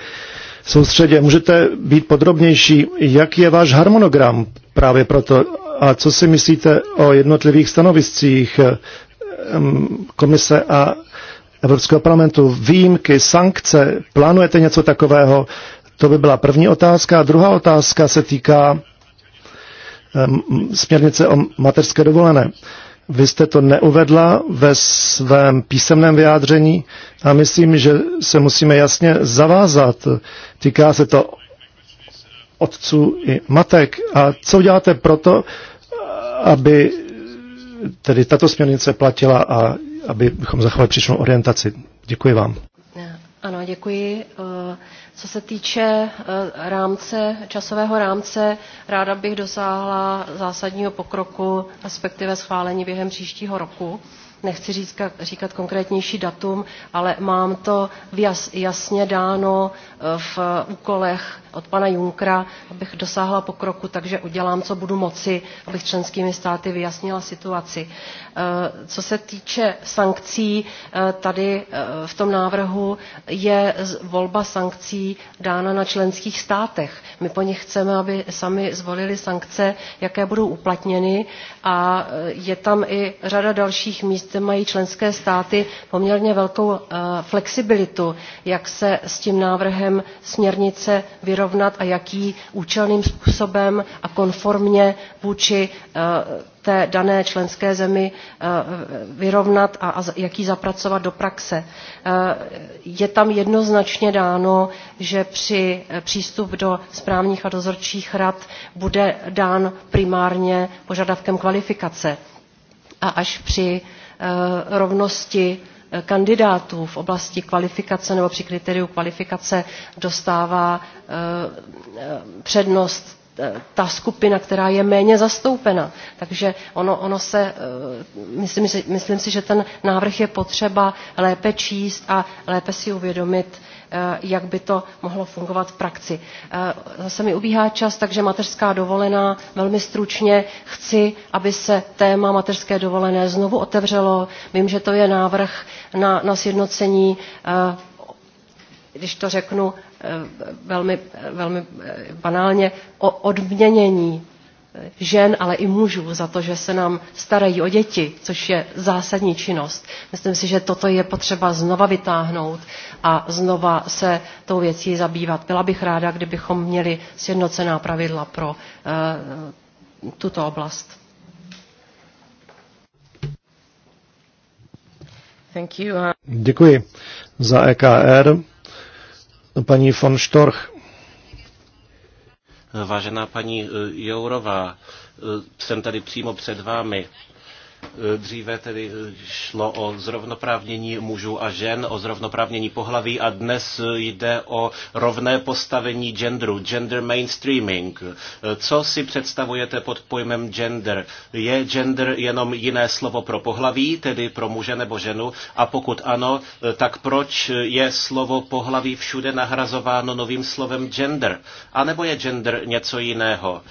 soustředě. Můžete být podrobnější, jaký je váš harmonogram právě proto a co si myslíte o jednotlivých stanoviscích eh, komise a Evropského parlamentu, výjimky, sankce, plánujete něco takového? To by byla první otázka. A druhá otázka se týká směrnice o mateřské dovolené. Vy jste to neuvedla ve svém písemném vyjádření a myslím, že se musíme jasně zavázat. Týká se to otců i matek. A co uděláte proto, aby tedy tato směrnice platila a abychom zachovali příčnou orientaci? Děkuji vám. Ano, děkuji. Co se týče eh, rámce, časového rámce, ráda bych dosáhla zásadního pokroku, respektive schválení během příštího roku. Nechci říkat, říkat konkrétnější datum, ale mám to jasně dáno eh, v úkolech od pana Junkra, abych dosáhla pokroku, takže udělám, co budu moci, abych členskými státy vyjasnila situaci. E, co se týče sankcí, e, tady e, v tom návrhu je volba sankcí dána na členských státech. My po nich chceme, aby sami zvolili sankce, jaké budou uplatněny a je tam i řada dalších míst, kde mají členské státy poměrně velkou flexibilitu, jak se s tím návrhem směrnice vyrovnat vyrovnat a jaký účelným způsobem a konformně vůči eh, té dané členské zemi eh, vyrovnat a jak ji zapracovat do praxe. Eh, je tam jednoznačně dáno, že při přístup do správních a dozorčích rad bude dán primárně požadavkem kvalifikace a až při rovnosti Eh, kandidátů v oblasti kvalifikace nebo při kritériu kvalifikace dostává eh, eh, přednost ta skupina, která je méně zastoupena. Takže ono, ono se, myslím si, myslím si, že ten návrh je potřeba lépe číst a lépe si uvědomit, Eh, jak by to mohlo fungovat v praxi. Eh, zase mi ubíhá čas, takže mateřská dovolená velmi stručně chci, aby se téma mateřské dovolené znovu otevřelo. Vím, že to je návrh na, na sjednocení eh, když to řeknu velmi, velmi banálně, o odměnění žen, ale i mužů za to, že se nám starají o děti, což je zásadní činnost. Myslím si, že toto je potřeba znova vytáhnout a znova se tou věcí zabývat. Byla bych ráda, kdybychom měli sjednocená pravidla pro uh, tuto oblast. Děkuji za EKR. Paní von Storch. Vážená paní eh, Jourová, eh, jsem tady přímo před vámi. Dříve tedy šlo o zrovnoprávnění mužů a žen, o zrovnoprávnění pohlaví a dnes jde o rovné postavení genderu, gender mainstreaming. Co si představujete pod pojmem gender? Je gender jenom jiné slovo pro pohlaví, tedy pro muže nebo ženu? A pokud ano, tak proč je slovo pohlaví všude nahrazováno novým slovem gender? A nebo je gender něco jiného?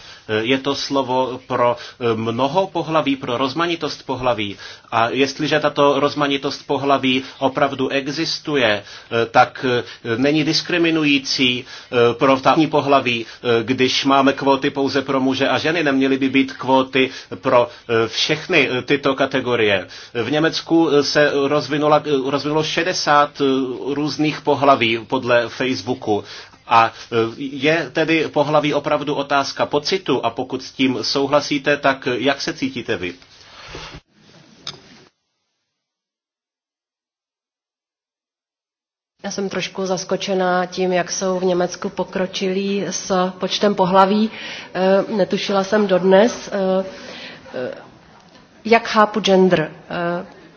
Je to slovo pro mnoho pohlaví, pro rozmanitost rozmanitost pohlaví. A jestliže tato rozmanitost pohlaví opravdu existuje, eh, tak eh, není diskriminující eh, pro vtávní pohlaví, když máme kvóty pouze pro muže a ženy, neměly by být kvóty pro všechny tyto kategorie. V Německu se rozvinulo 60 různých pohlaví podle Facebooku. A je tedy pohlaví opravdu otázka pocitu a pokud s tím souhlasíte, tak jak se cítíte vy? Já jsem trošku zaskočená tím, jak jsou v Německu pokročilí s počtem pohlaví. Eh, netušila jsem dodnes. Eh, eh, jak chápu gender?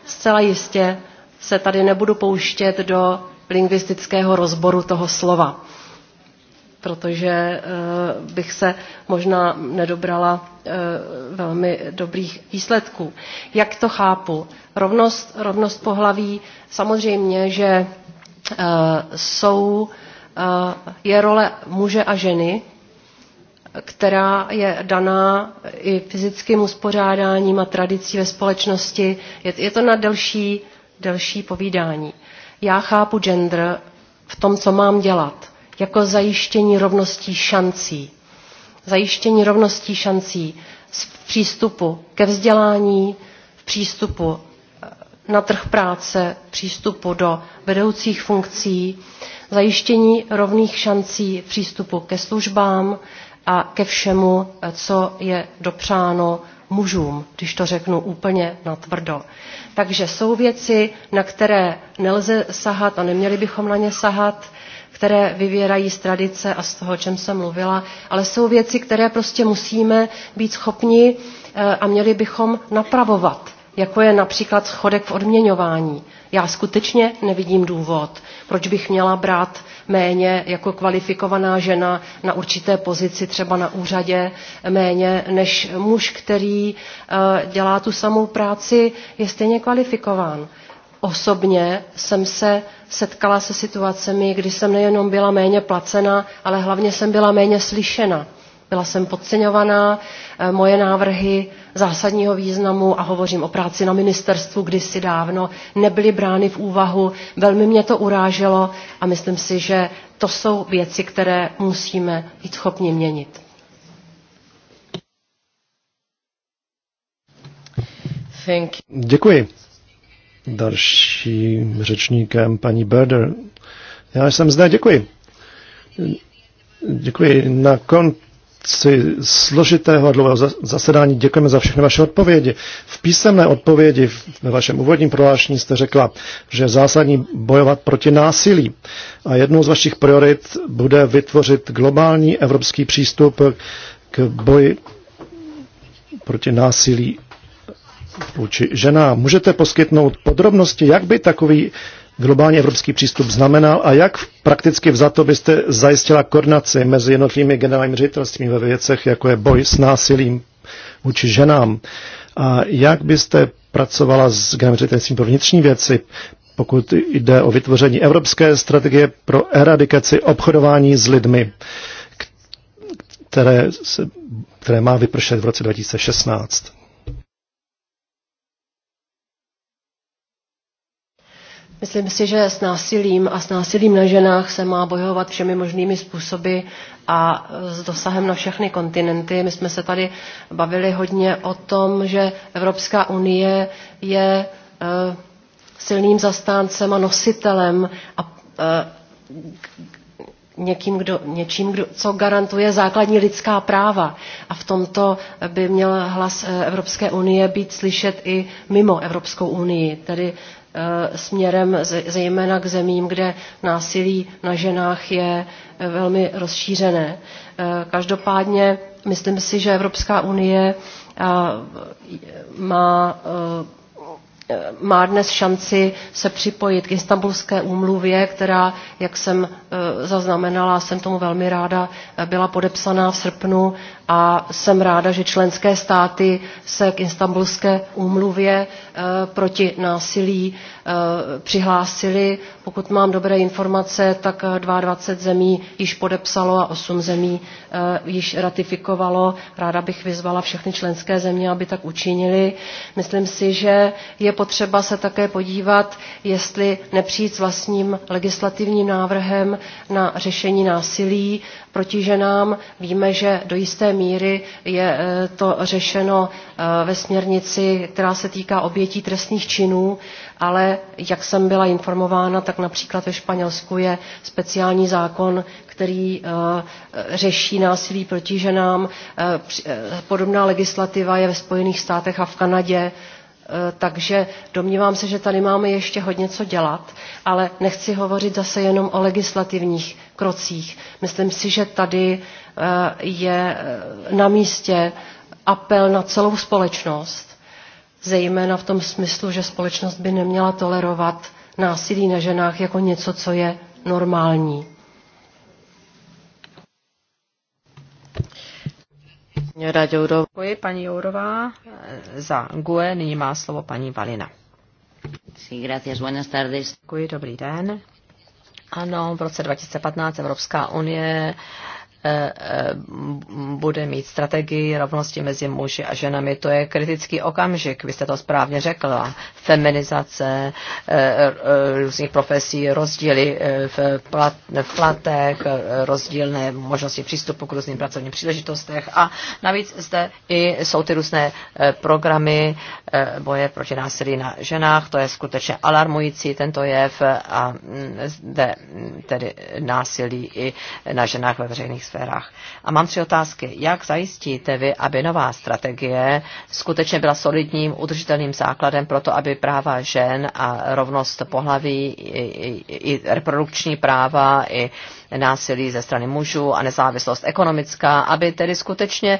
Zcela jistě se tady nebudu pouštět do lingvistického rozboru toho slova protože eh, bych se možná nedobrala eh, velmi dobrých výsledků. Jak to chápu? Rovnost, rovnost pohlaví, samozřejmě, že eh, jsou, je role muže a ženy, která je daná i fyzickým uspořádáním a tradicí ve společnosti. Je, to na delší, delší povídání. Já chápu gender v tom, co mám dělat jako zajištění rovností šancí. Zajištění rovností šancí v přístupu ke vzdělání, v přístupu eh, na trh práce, přístupu do vedoucích funkcí, zajištění rovných šancí přístupu ke službám a ke všemu, eh, co je dopřáno mužům, když to řeknu úplně natvrdo. Takže jsou věci, na které nelze sahat a neměli bychom na ně sahat které vyvěrají z tradice a z toho, o čem jsem mluvila, ale jsou věci, které prostě musíme být schopni eh, a měli bychom napravovat, jako je například schodek v odměňování. Já skutečně nevidím důvod, proč bych měla brát méně jako kvalifikovaná žena na určité pozici, třeba na úřadě, méně než muž, který eh, dělá tu samou práci, je stejně kvalifikován. Osobně jsem se setkala se situacemi, kdy jsem nejenom byla méně placena, ale hlavně jsem byla méně slyšena. Byla jsem podceňovaná, eh, moje návrhy zásadního významu, a hovořím o práci na ministerstvu kdysi dávno, nebyly brány v úvahu, velmi mě to uráželo a myslím si, že to jsou věci, které musíme být schopni měnit. Děkuji dalším řečníkem, paní Berder. Já jsem zde, děkuji. Děkuji. Na konci složitého a dlouhého zasedání děkujeme za všechny vaše odpovědi. V písemné odpovědi ve vašem úvodním prohlášení jste řekla, že je zásadní bojovat proti násilí. A jednou z vašich priorit bude vytvořit globální evropský přístup k boji proti násilí vůči ženám. Můžete poskytnout podrobnosti, jak by takový globální evropský přístup znamenal a jak prakticky vzato byste zajistila koordinaci mezi jednotlivými generálními ředitelstvími ve věcech, jako je boj s násilím vůči ženám. A jak byste pracovala s generálním ředitelstvím pro vnitřní věci, pokud jde o vytvoření evropské strategie pro eradikaci obchodování s lidmi, které, se, které má vypršet v roce 2016. Myslím si, že s násilím a s násilím na ženách se má bojovat všemi možnými způsoby a e, s dosahem na všechny kontinenty. My jsme se tady bavili hodně o tom, že Evropská unie je e, silným zastáncem a nositelem a e, někým, kdo, něčím, kdo, co garantuje základní lidská práva. A v tomto by měl hlas Evropské unie být slyšet i mimo Evropskou unii, tedy Eh, směrem zejména k zemím, kde násilí na ženách je eh, velmi rozšířené. Eh, každopádně myslím si, že Evropská unie má má dnes šanci se připojit k Istanbulské úmluvě, která, jak jsem zaznamenala, jsem tomu velmi ráda, byla podepsaná v srpnu a jsem ráda, že členské státy se k Istanbulské úmluvě eh, proti násilí eh, přihlásily. Pokud mám dobré informace, tak 22 eh, zemí již podepsalo a 8 zemí již ratifikovalo. Ráda bych vyzvala všechny členské země, aby tak učinili. Myslím si, že je potřeba se také podívat, jestli nepřijít s vlastním legislativním návrhem na řešení násilí proti ženám. Víme, že do jisté míry míry je eh, to řešeno eh, ve směrnici, která se týká obětí trestných činů, ale jak jsem byla informována, tak například ve Španělsku je speciální zákon, který eh, řeší násilí proti ženám. Podobná legislativa je ve Spojených státech a v Kanadě Eh, takže domnívám se, že tady máme ještě hodně co dělat, ale nechci hovořit zase jenom o legislativních krocích. Myslím si, že tady eh, je eh, na místě apel na celou společnost, zejména v tom smyslu, že společnost by neměla tolerovat násilí na ženách jako něco, co je normální. Radě Jourov. Děkuji paní Jourová za GUE. Nyní má slovo paní Valina. Sí, gracias. Buenas tardes. Děkuji, dobrý den. Ano, v roce 2015 Evropská unie Eh, eh, bude mít strategii rovnosti mezi muži a ženami. To je kritický okamžik, vy jste to správně řekla. Feminizace eh, různých profesí, rozdíly v, plat, v platech, rozdílné možnosti přístupu k různým pracovním příležitostech a navíc zde i jsou ty různé programy boje proti násilí na ženách. To je skutečně alarmující tento jev a mm, zde mm, tedy násilí i na ženách ve veřejných sférách. A mám tři otázky. Jak zajistíte vy, aby nová strategie skutečně byla solidním, udržitelným základem pro to, aby práva žen a rovnost pohlaví i, i, i reprodukční práva i násilí ze strany mužů a nezávislost ekonomická, aby tedy skutečně,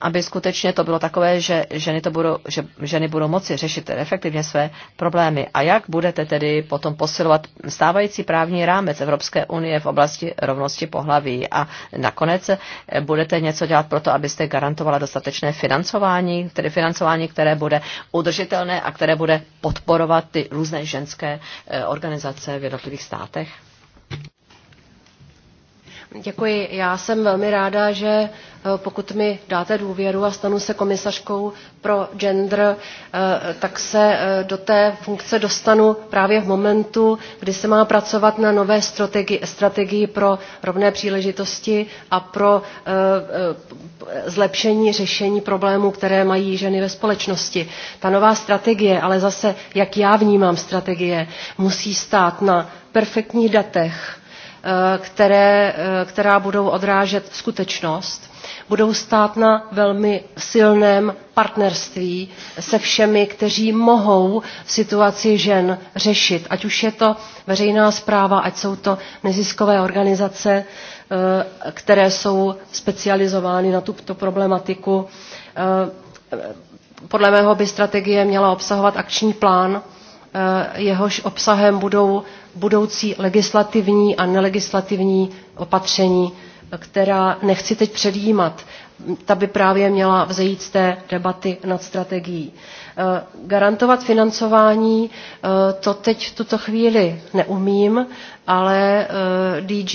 aby skutečně to bylo takové, že ženy, to budou, že ženy budou moci řešit efektivně své problémy. A jak budete tedy potom posilovat stávající právní rámec Evropské unie v oblasti rovnosti pohlaví a nakonec eh, budete něco dělat pro to, abyste garantovala dostatečné financování, tedy financování, které bude udržitelné a které bude podporovat ty různé ženské eh, organizace v jednotlivých státech? Děkuji. Já jsem velmi ráda, že eh, pokud mi dáte důvěru a stanu se komisařkou pro gender, eh, tak se eh, do té funkce dostanu právě v momentu, kdy se má pracovat na nové strategii, strategii pro rovné příležitosti a pro zlepšení řešení problémů, které mají ženy ve společnosti. Ta nová strategie, ale zase, jak já vnímám strategie, musí stát na perfektních datech, Eh, které, eh, která budou odrážet skutečnost, budou stát na velmi silném partnerství se všemi, kteří mohou situaci žen řešit. Ať už je to veřejná zpráva, ať jsou to neziskové organizace, eh, které jsou specializovány na tuto problematiku. Podle mého by strategie měla obsahovat akční plán, jehož obsahem budou budoucí legislativní a nelegislativní opatření, která nechci teď předjímat, ta by právě měla vzejít z té debaty nad strategií. Eh, garantovat financování eh, to teď v tuto chvíli neumím, ale eh, DG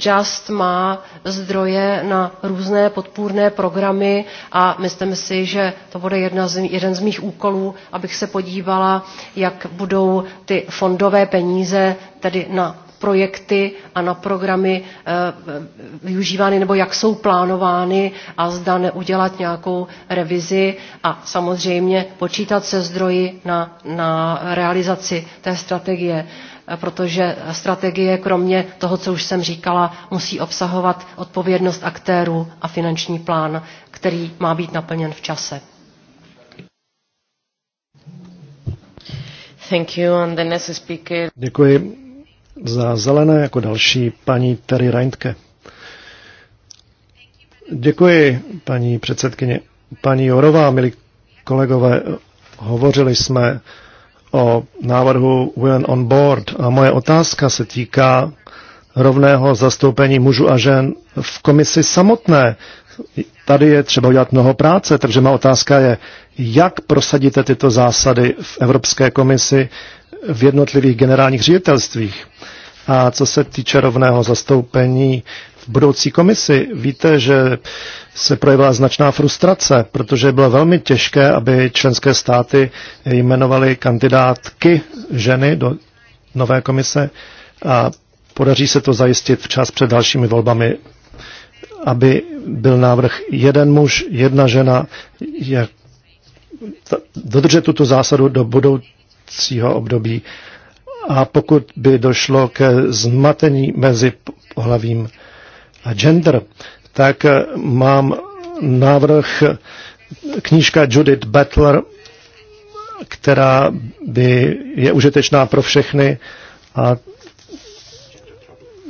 Just má zdroje na různé podpůrné programy a myslím si, že to bude jedna z, jeden z mých úkolů, abych se podívala, jak budou ty fondové peníze tedy na projekty a na programy eh, využívány nebo jak jsou plánovány a zda neudělat nějakou revizi a samozřejmě počítat se zdroji na, na realizaci té strategie protože strategie kromě toho, co už jsem říkala, musí obsahovat odpovědnost aktérů a finanční plán, který má být naplněn v čase. Thank you. And the next speaker. Děkuji za zelené jako další paní Terry Reintke. Děkuji, paní předsedkyně. Paní Jorová, milí kolegové, hovořili jsme o návrhu Women on Board. A moje otázka se týká rovného zastoupení mužů a žen v komisi samotné. Tady je třeba udělat mnoho práce, takže má otázka je, jak prosadíte tyto zásady v Evropské komisi v jednotlivých generálních ředitelstvích. A co se týče rovného zastoupení v budoucí komisi. Víte, že se projevila značná frustrace, protože bylo velmi těžké, aby členské státy jmenovaly kandidátky ženy do nové komise a podaří se to zajistit včas před dalšími volbami, aby byl návrh jeden muž, jedna žena, jak dodržet tuto zásadu do budoucího období. A pokud by došlo ke zmatení mezi pohlavím, a gender, tak eh, mám návrh knížka Judith Butler, která by je užitečná pro všechny a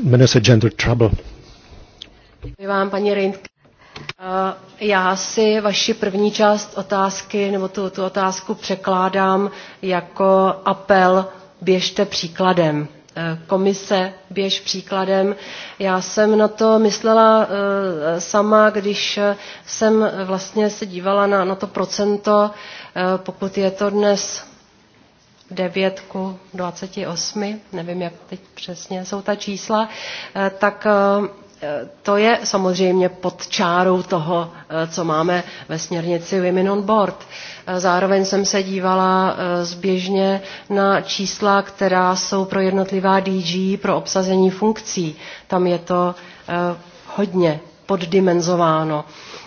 jmenuje se Gender Trouble. Děkuji vám, paní Rindke. Eh, já si vaši první část otázky, nebo tu, tu otázku překládám jako apel běžte příkladem Eh, komise běž příkladem. Já jsem na to myslela eh, sama, když jsem vlastně se dívala na, na to procento, eh, pokud je to dnes 9 ku 28, nevím, jak teď přesně jsou ta čísla, tak Eh, to je samozřejmě pod čárou toho, eh, co máme ve směrnici Women on Board. Eh, zároveň jsem se dívala zběžně na čísla, která jsou pro jednotlivá DG pro obsazení funkcí. Tam je to hodně poddimenzováno.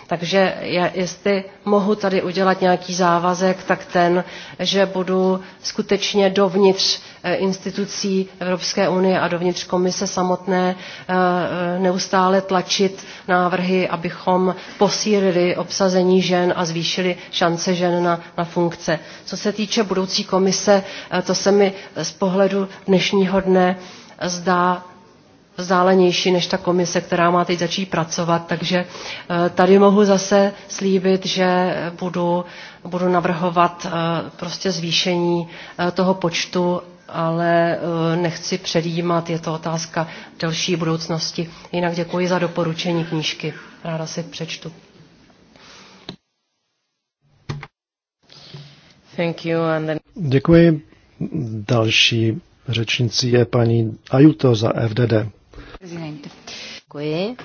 Takže já, jestli mohu tady udělat nějaký závazek, tak ten, že budu skutečně dovnitř eh, institucí Evropské unie a dovnitř komise samotné eh, eh, neustále tlačit návrhy, abychom posílili obsazení žen a zvýšili šance žen na, na funkce. Co se týče budoucí komise, to se mi z pohledu dnešního dne zdá vzdálenější než ta komise, která má teď začít pracovat, takže eh, tady mohu zase slíbit, že budu, budu navrhovat eh, prostě zvýšení eh, toho počtu, ale nechci předjímat, je to otázka delší budoucnosti. Jinak děkuji za doporučení knížky, ráda si přečtu. Thank you, and then... Děkuji. Další řečnicí je paní Ajuto za FDD. Děkuji.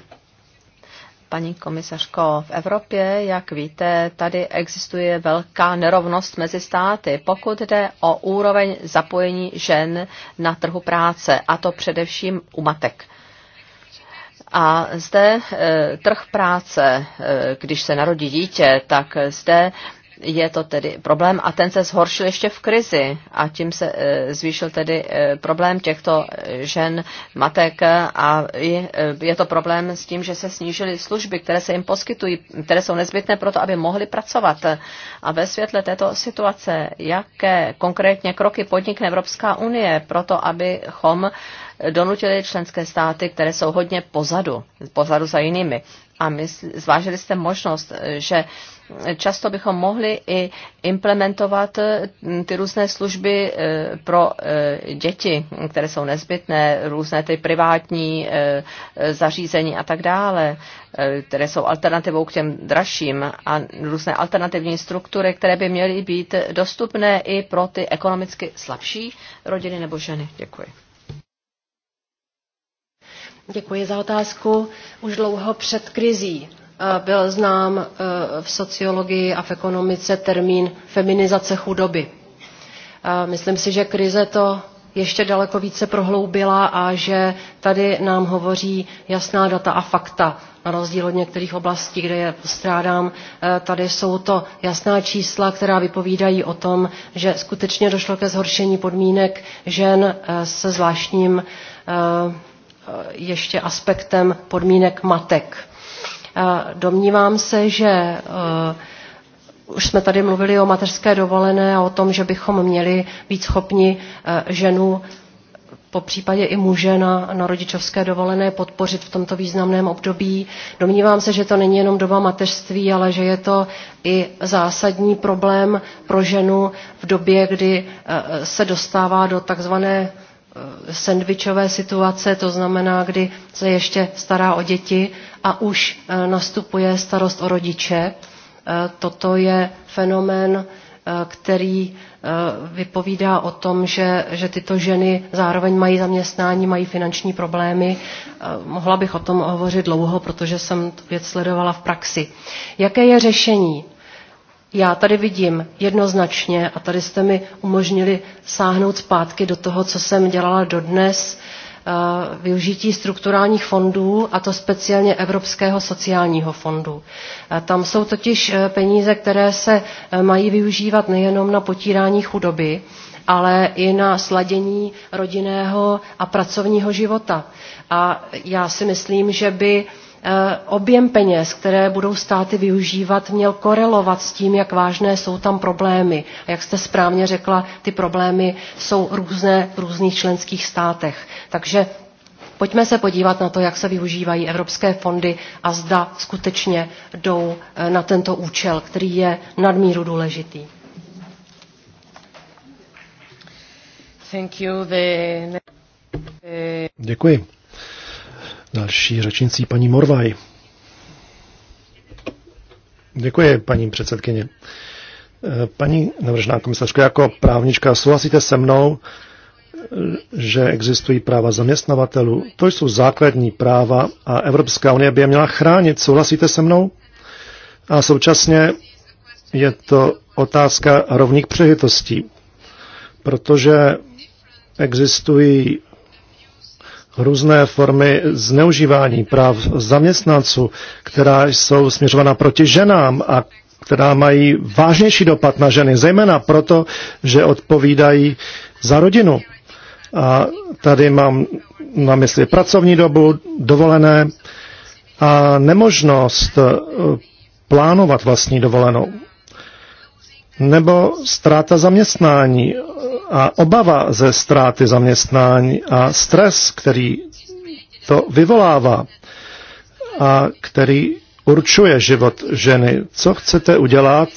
Paní komisařko, v Evropě, jak víte, tady existuje velká nerovnost mezi státy, pokud jde o úroveň zapojení žen na trhu práce, a to především u matek. A zde eh, trh práce, eh, když se narodí dítě, tak zde je to tedy problém a ten se zhoršil ještě v krizi a tím se eh, zvýšil tedy eh, problém těchto eh, žen, matek a je to problém s tím, že se snížily služby, které se jim poskytují, které jsou nezbytné pro to, aby mohly pracovat. A ve světle této situace, jaké konkrétně kroky podnikne Evropská unie pro to, abychom donutili členské státy, které jsou hodně pozadu, pozadu za jinými. A my zvážili jste možnost, že často bychom mohli i implementovat eh, ty různé služby eh, pro eh, děti, které jsou nezbytné, různé ty privátní zařízení a tak dále, které jsou alternativou k těm dražším a různé alternativní struktury, které by měly být dostupné i pro ty ekonomicky slabší rodiny nebo ženy. Děkuji. Děkuji za otázku. Už dlouho před krizí byl znám eh, v sociologii a v ekonomice termín feminizace chudoby. Myslím si, že krize to ještě daleko více prohloubila a že tady nám hovoří jasná data a fakta. Na rozdíl od některých oblastí, kde je strádám, eh, tady jsou to jasná čísla, která vypovídají o tom, že skutečně došlo ke zhoršení podmínek žen eh, se zvláštním ještě aspektem podmínek matek Eh, domnívám se, že eh, už jsme tady mluvili o mateřské dovolené a o tom, že bychom měli být schopni eh, ženu po případě i muže na, na rodičovské dovolené podpořit v tomto významném období. Domnívám se, že to není jenom doba mateřství, ale že je to i zásadní problém pro ženu v době, kdy se dostává do takzvané sendvičové situace, to znamená, kdy se ještě stará o děti a už eh, nastupuje starost o rodiče. Eh, toto je fenomén, eh, který vypovídá o tom, že, že tyto ženy zároveň mají zaměstnání, mají finanční problémy. Mohla bych o tom hovořit dlouho, protože jsem tu věc sledovala v praxi. Jaké je řešení? Já tady vidím jednoznačně, a tady jste mi umožnili sáhnout zpátky do toho, co jsem dělala dodnes, Eh, využití strukturálních fondů, a to speciálně Evropského sociálního fondu. Eh, tam jsou totiž eh, peníze, které se mají využívat nejenom na potírání chudoby, ale i na sladění rodinného a pracovního života. A já si myslím, že by Eh, objem peněz, které budou státy využívat, měl korelovat s tím, jak vážné jsou tam problémy. A jak jste správně řekla, ty problémy jsou různé v různých členských státech. Takže pojďme se podívat na to, jak se využívají evropské fondy a zda skutečně jdou eh, na tento účel, který je nadmíru důležitý. Děkuji. Další řečnicí paní Morvaj. Děkuji, paní předsedkyně. Eh, paní navržená komisařko, jako právnička souhlasíte se mnou, eh, že existují práva zaměstnavatelů. To jsou základní práva a Evropská unie by je měla chránit. Souhlasíte se mnou? A současně je to otázka rovných příležitostí, protože existují různé formy zneužívání práv zaměstnanců, která jsou směřována proti ženám a která mají vážnější dopad na ženy, zejména proto, že odpovídají za rodinu. A tady mám na mysli pracovní dobu, dovolené a nemožnost eh, plánovat vlastní dovolenou. Nebo ztráta zaměstnání a obava ze ztráty zaměstnání a stres, který to vyvolává a který určuje život ženy. Co chcete udělat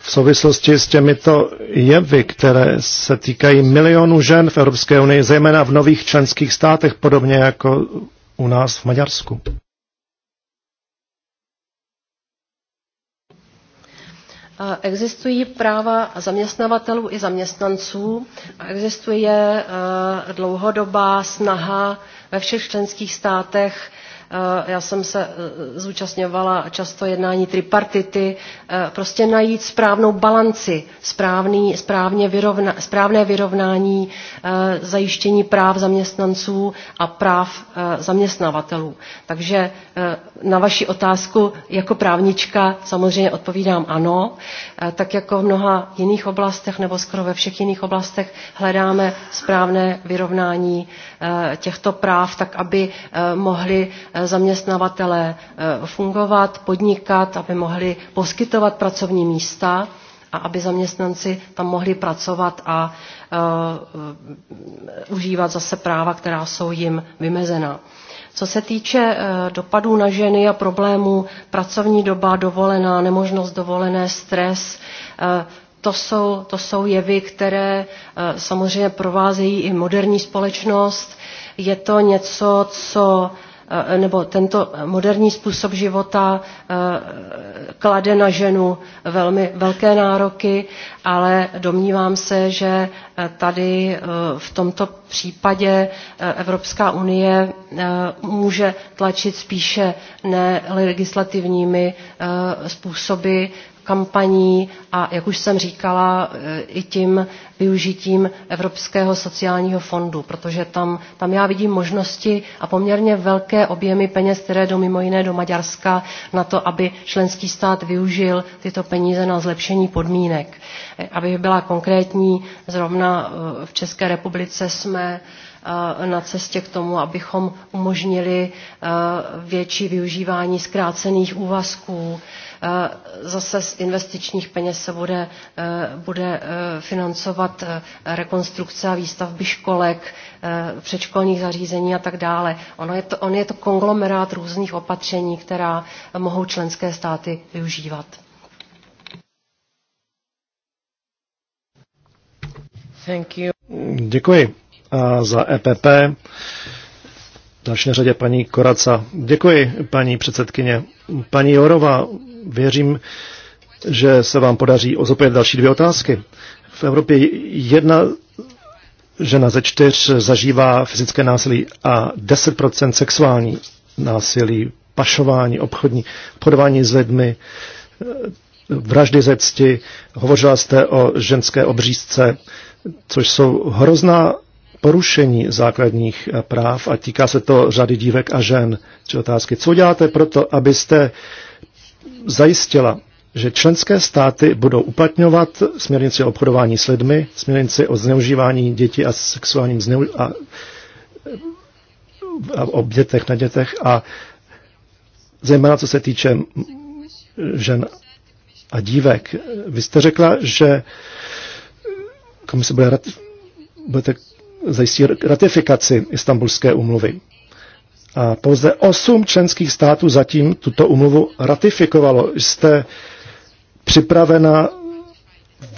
v souvislosti s těmito jevy, které se týkají milionů žen v Evropské unii, zejména v nových členských státech, podobně jako u nás v Maďarsku? Existují práva zaměstnavatelů i zaměstnanců a existuje eh, dlouhodobá snaha ve všech členských státech Eh, já jsem se eh, zúčastňovala často jednání tripartity, eh, prostě najít správnou balanci, správný, správně vyrovna, správné vyrovnání zajištění práv zaměstnanců a práv zaměstnavatelů. Takže na vaši otázku jako právnička samozřejmě odpovídám ano, tak jako v mnoha jiných oblastech nebo skoro ve všech jiných oblastech hledáme správné vyrovnání těchto práv, tak aby mohli zaměstnavatelé eh, fungovat, podnikat, aby mohli poskytovat pracovní místa a aby zaměstnanci tam mohli pracovat a eh, užívat zase práva, která jsou jim vymezena. Co se týče eh, dopadů na ženy a problémů pracovní doba, dovolená, nemožnost dovolené, stres, to jsou, to jsou jevy, které samozřejmě provázejí i moderní společnost. Je to něco, co Eh, nebo tento moderní způsob života eh, klade na ženu velmi velké nároky, ale domnívám se, že eh, tady v tomto případě Evropská unie může tlačit spíše ne legislativními způsoby kampaní a, jak už jsem říkala, eh, i tím využitím Evropského sociálního fondu, protože tam, tam já vidím možnosti a poměrně velké objemy peněz, které jdou mimo jiné do Maďarska, na to, aby členský stát využil tyto peníze na zlepšení podmínek. Eh, aby byla konkrétní, zrovna eh, v České republice jsme na cestě k tomu, abychom umožnili větší využívání zkrácených úvazků, Eh, zase z investičních peněz se bude, eh, bude eh, financovat rekonstrukce a výstavby školek, předškolních zařízení a tak dále. Ono je to, on je to konglomerát různých opatření, která mohou členské státy využívat. Thank you. Děkuji. za EPP Další na řadě paní Koraca. Děkuji, paní předsedkyně. Paní Jorova, věřím, že se vám podaří ozopět další dvě otázky. V Evropě jedna žena ze čtyř zažívá fyzické násilí a 10% sexuální násilí, pašování, obchodní, podování s lidmi, vraždy ze cti. Hovořila jste o ženské obřízce, což jsou hrozná porušení základních eh, práv a týká se to řady dívek a žen. Tři otázky. Co děláte proto, abyste zajistila, že členské státy budou uplatňovat směrnici o obchodování s lidmi, směrnici o zneužívání dětí a sexuálním zneu... a, eh, a o dětech na dětech a zejména co se týče žen a dívek. Vy jste řekla, že komise bude rad... budete zajistí ratifikaci Istanbulské umluvy. A pouze osm členských států zatím tuto umluvu ratifikovalo. Jste připravena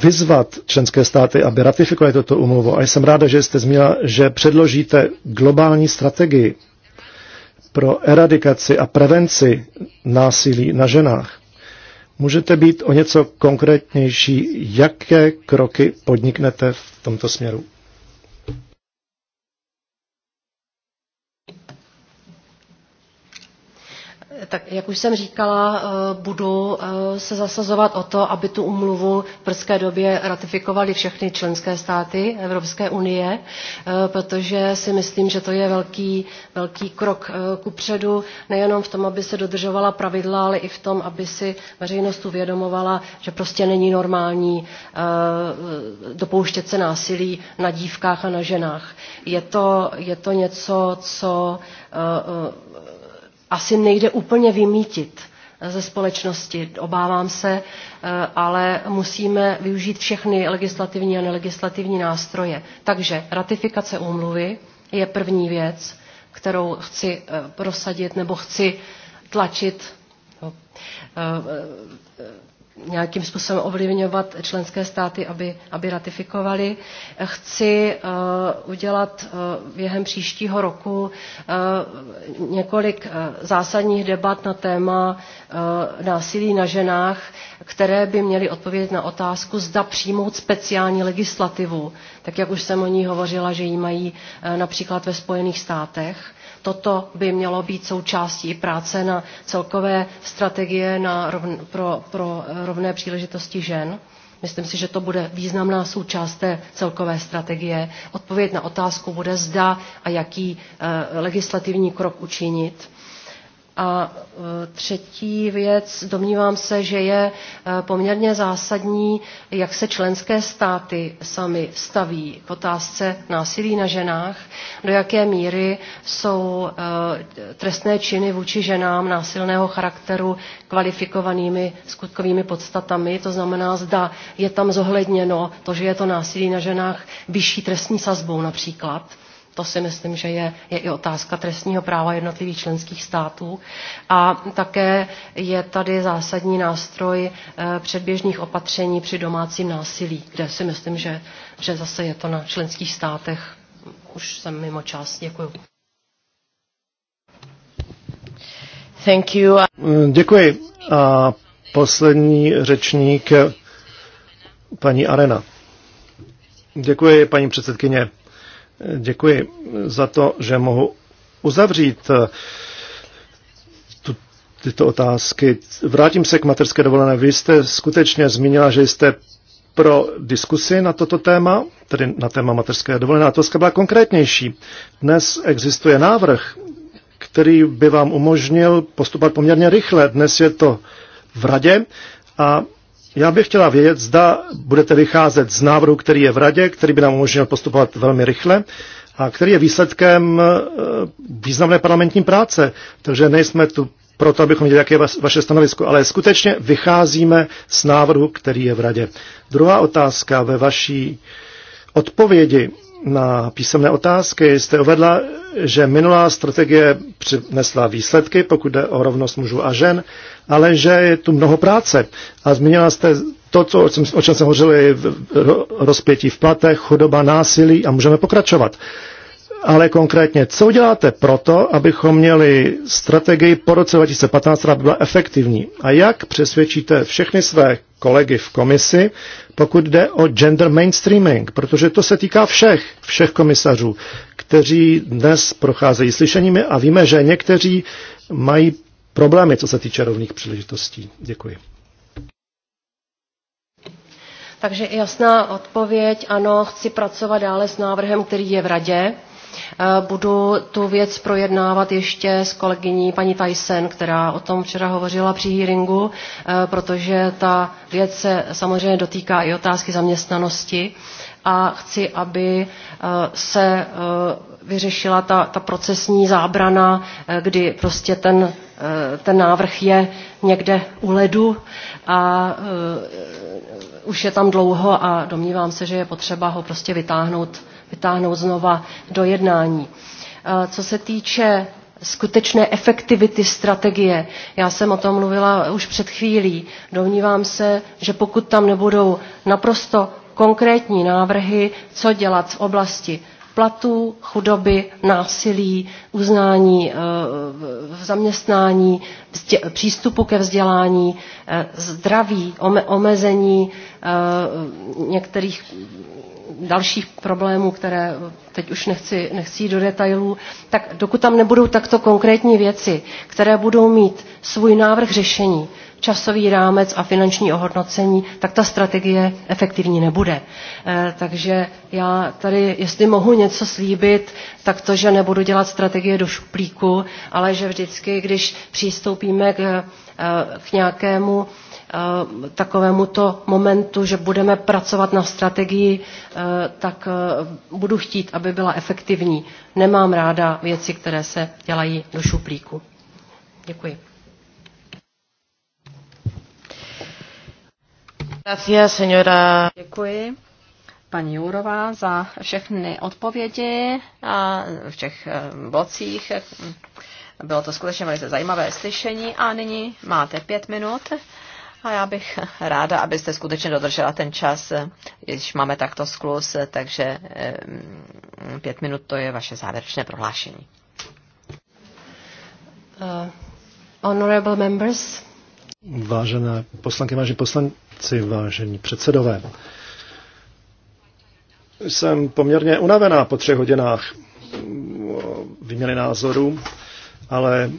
vyzvat členské státy, aby ratifikovali tuto umluvu. A jsem ráda, že jste zmínila, že předložíte globální strategii pro eradikaci a prevenci násilí na ženách. Můžete být o něco konkrétnější, jaké kroky podniknete v tomto směru? tak jak už jsem říkala, eh, budu eh, se zasazovat o to, aby tu umluvu v brzké době ratifikovaly všechny členské státy Evropské unie, eh, protože si myslím, že to je velký, velký krok předu, nejenom v tom, aby se dodržovala pravidla, ale i v tom, aby si veřejnost uvědomovala, že prostě není normální dopouštět se násilí na dívkách a na ženách. Je to, je to něco, co asi nejde úplně vymítit ze společnosti, obávám se, eh, ale musíme využít všechny legislativní a nelegislativní nástroje. Takže ratifikace úmluvy je první věc, kterou chci eh, prosadit nebo chci tlačit eh, nějakým způsobem ovlivňovat členské státy, aby, aby ratifikovali. Chci uh, udělat uh, během příštího roku uh, několik uh, zásadních debat na téma uh, násilí na ženách, které by měly odpovědět na otázku, zda přijmout speciální legislativu, tak jak už jsem o ní hovořila, že ji mají uh, například ve Spojených státech toto by mělo být součástí práce na celkové strategie na rovn, pro, pro eh, rovné příležitosti žen. Myslím si, že to bude významná součást té celkové strategie. Odpověď na otázku bude zda a jaký eh, legislativní krok učinit a e, třetí věc, domnívám se, že je e, poměrně zásadní, jak se členské státy sami staví k otázce násilí na ženách, do jaké míry jsou e, trestné činy vůči ženám násilného charakteru kvalifikovanými skutkovými podstatami, to znamená, zda je tam zohledněno to, že je to násilí na ženách vyšší trestní sazbou například to si myslím, že je, je i otázka trestního práva jednotlivých členských států. A také je tady zásadní nástroj eh, předběžných opatření při domácím násilí, kde si myslím, že, že zase je to na členských státech. Už jsem mimo čas. Děkuji. Thank you. Eh, děkuji. A poslední řečník, paní Arena. Děkuji, paní předsedkyně. Děkuji za to, že mohu uzavřít eh, tu, tyto otázky. Vrátím se k materské dovolené. Vy jste skutečně zmínila, že jste pro diskusi na toto téma, tedy na téma materské dovolené. A to byla konkrétnější. Dnes existuje návrh, který by vám umožnil postupovat poměrně rychle. Dnes je to v radě a já bych chtěla vědět, zda budete vycházet z návrhu, který je v radě, který by nám umožnil postupovat velmi rychle a který je výsledkem eh, významné parlamentní práce. Takže nejsme tu proto, abychom měli jaké je vaše stanovisko, ale skutečně vycházíme z návrhu, který je v radě. Druhá otázka ve vaší odpovědi na písemné otázky jste uvedla, že minulá strategie přinesla výsledky, pokud jde o rovnost mužů a žen, ale že je tu mnoho práce. A zmínila jste to, co, o čem jsme hořili, rozpětí v platech, chudoba, násilí a můžeme pokračovat ale konkrétně, co uděláte proto, abychom měli strategii po roce 2015, která by byla efektivní? A jak přesvědčíte všechny své kolegy v komisi, pokud jde o gender mainstreaming? Protože to se týká všech, všech komisařů, kteří dnes procházejí slyšeními a víme, že někteří mají problémy, co se týče rovných příležitostí. Děkuji. Takže jasná odpověď, ano, chci pracovat dále s návrhem, který je v radě Eh, budu tu věc projednávat ještě s kolegyní paní Tyson, která o tom včera hovořila při hearingu, eh, protože ta věc se samozřejmě dotýká i otázky zaměstnanosti a chci, aby eh, se vyřešila ta, ta procesní zábrana, kdy prostě ten, ten návrh je někde u ledu a už je tam dlouho a domnívám se, že je potřeba ho prostě vytáhnout vytáhnout znova do jednání. Eh, co se týče skutečné efektivity strategie. Já jsem o tom mluvila už před chvílí. Domnívám se, že pokud tam nebudou naprosto konkrétní návrhy, co dělat v oblasti platů, chudoby, násilí, uznání eh, v zaměstnání, přístupu ke vzdělání, eh, zdraví, omezení některých dalších problémů, které teď už nechci, nechci jít do detailů, tak dokud tam nebudou takto konkrétní věci, které budou mít svůj návrh řešení, časový rámec a finanční ohodnocení, tak ta strategie efektivní nebude. Eh, takže já tady, jestli mohu něco slíbit, tak to, že nebudu dělat strategie do šuplíku, ale že vždycky, když přistoupíme k, eh, k nějakému Eh, takovémuto momentu, že budeme pracovat na strategii, eh, tak eh, budu chtít, aby byla efektivní. Nemám ráda věci, které se dělají do šuplíku. Děkuji. Děkuji paní Jourová za všechny odpovědi a v těch bocích. Bylo to skutečně velice zajímavé slyšení a nyní máte pět minut a já bych ráda, abyste skutečně dodržela ten čas, když máme takto sklus, takže eh, pět minut to je vaše závěrečné prohlášení. Uh, honorable members. Vážené poslanky, vážení poslanci, vážení předsedové. Jsem poměrně unavená po třech hodinách výměny názorů, ale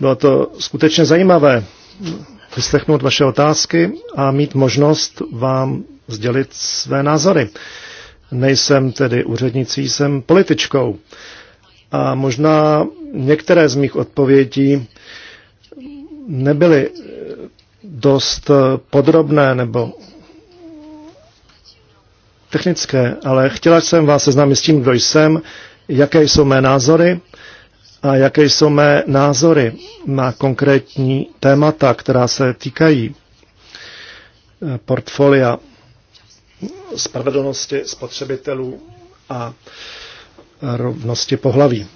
bylo to skutečně zajímavé vyslechnout vaše otázky a mít možnost vám sdělit své názory. Nejsem tedy úřednicí, jsem političkou. A možná některé z mých odpovědí nebyly dost podrobné nebo technické, ale chtěla jsem vás seznámit s tím, kdo jsem, jaké jsou mé názory a jaké jsou mé názory na konkrétní témata, která se týkají eh, portfolia spravedlnosti spotřebitelů a rovnosti pohlaví.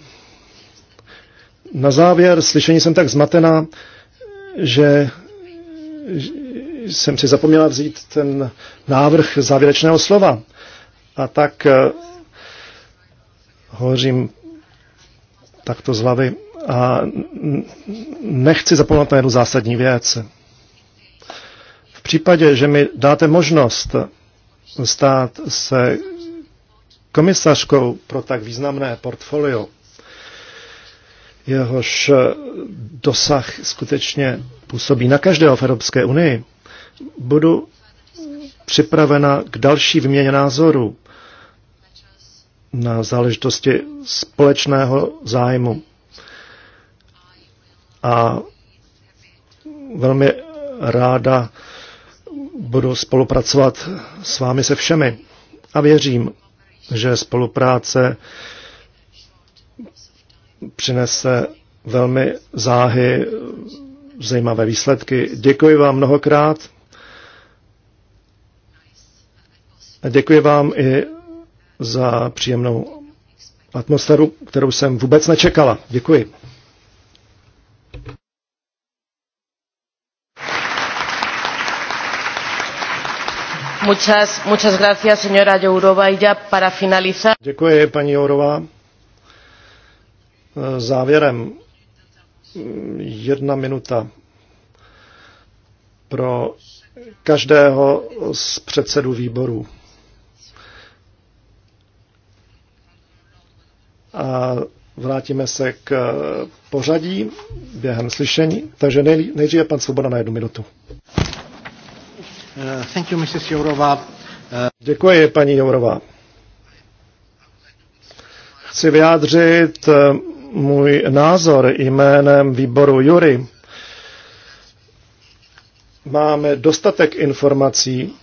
Na závěr slyšení jsem tak zmatená, že jsem si zapomněla vzít ten návrh závěrečného slova. A tak eh, hovořím takto z hlavy. A nechci zapomenout na jednu zásadní věc. V případě, že mi dáte možnost stát se komisařkou pro tak významné portfolio, jehož dosah skutečně působí na každého v Evropské unii, budu připravena k další výměně názorů na záležitosti společného zájmu. A velmi ráda budu spolupracovat s vámi se všemi. A věřím, že spolupráce přinese velmi záhy zajímavé výsledky. Děkuji vám mnohokrát. A děkuji vám i za příjemnou atmosféru, kterou jsem vůbec nečekala. Děkuji. Muchas, muchas gracias, señora Jourova. Y ya para finalizar... Děkuji, paní Jourova. Závěrem jedna minuta pro každého z předsedů výboru. a vrátíme se k pořadí během slyšení. Takže nej, nejdříve pan Svoboda na jednu minutu. Uh, thank you, Mrs. Jourová. Uh... Eh, Děkuji, paní Jourová. Chci vyjádřit eh, můj názor jménem výboru Jury. Máme dostatek informací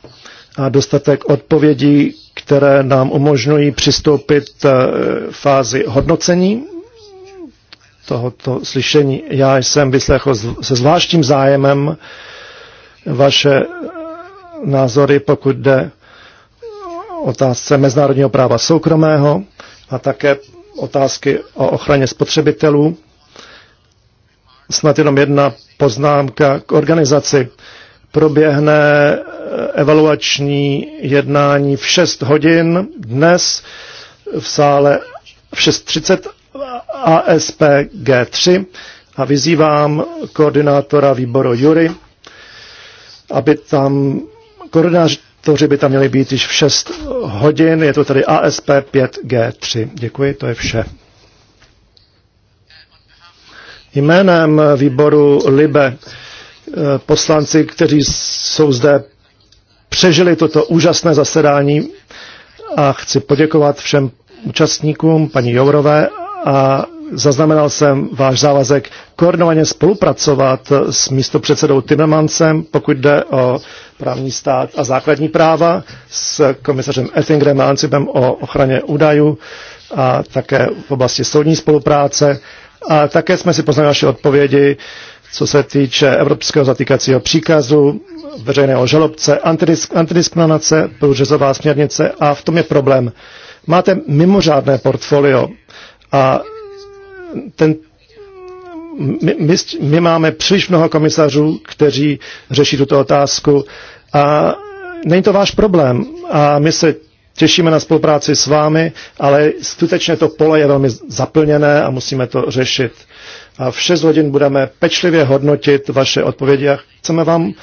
a dostatek odpovědí, které nám umožňují přistoupit eh, fázi hodnocení tohoto slyšení. Já jsem vyslechl se zvláštním zájemem vaše eh, názory, pokud jde otázce mezinárodního práva soukromého a také otázky o ochraně spotřebitelů. Snad jenom jedna poznámka k organizaci proběhne eh, evaluační jednání v 6 hodin dnes v sále v 6.30 ASP G3 a vyzývám koordinátora výboru Jury, aby tam koordinátoři by tam měli být již v 6 hodin, je to tedy ASP 5G3. Děkuji, to je vše. Jménem výboru Libe Eh, poslanci, kteří jsou zde, přežili toto úžasné zasedání a chci poděkovat všem účastníkům, paní Jourové a zaznamenal jsem váš závazek koordinovaně spolupracovat s místopředsedou Timmermansem, pokud jde o právní stát a základní práva, s komisařem Ettingrem a Ancibem o ochraně údajů a také v oblasti soudní spolupráce. A také jsme si poznali naše odpovědi co se týče evropského zatýkacího příkazu, veřejného žalobce, antidisk, antidiskriminace, průřezová směrnice a v tom je problém. Máte mimořádné portfolio a ten, my, my, my máme příliš mnoho komisařů, kteří řeší tuto otázku a není to váš problém a my se těšíme na spolupráci s vámi, ale skutečně to pole je velmi zaplněné a musíme to řešit a v 6 hodin budeme pečlivě hodnotit vaše odpovědi a chceme vám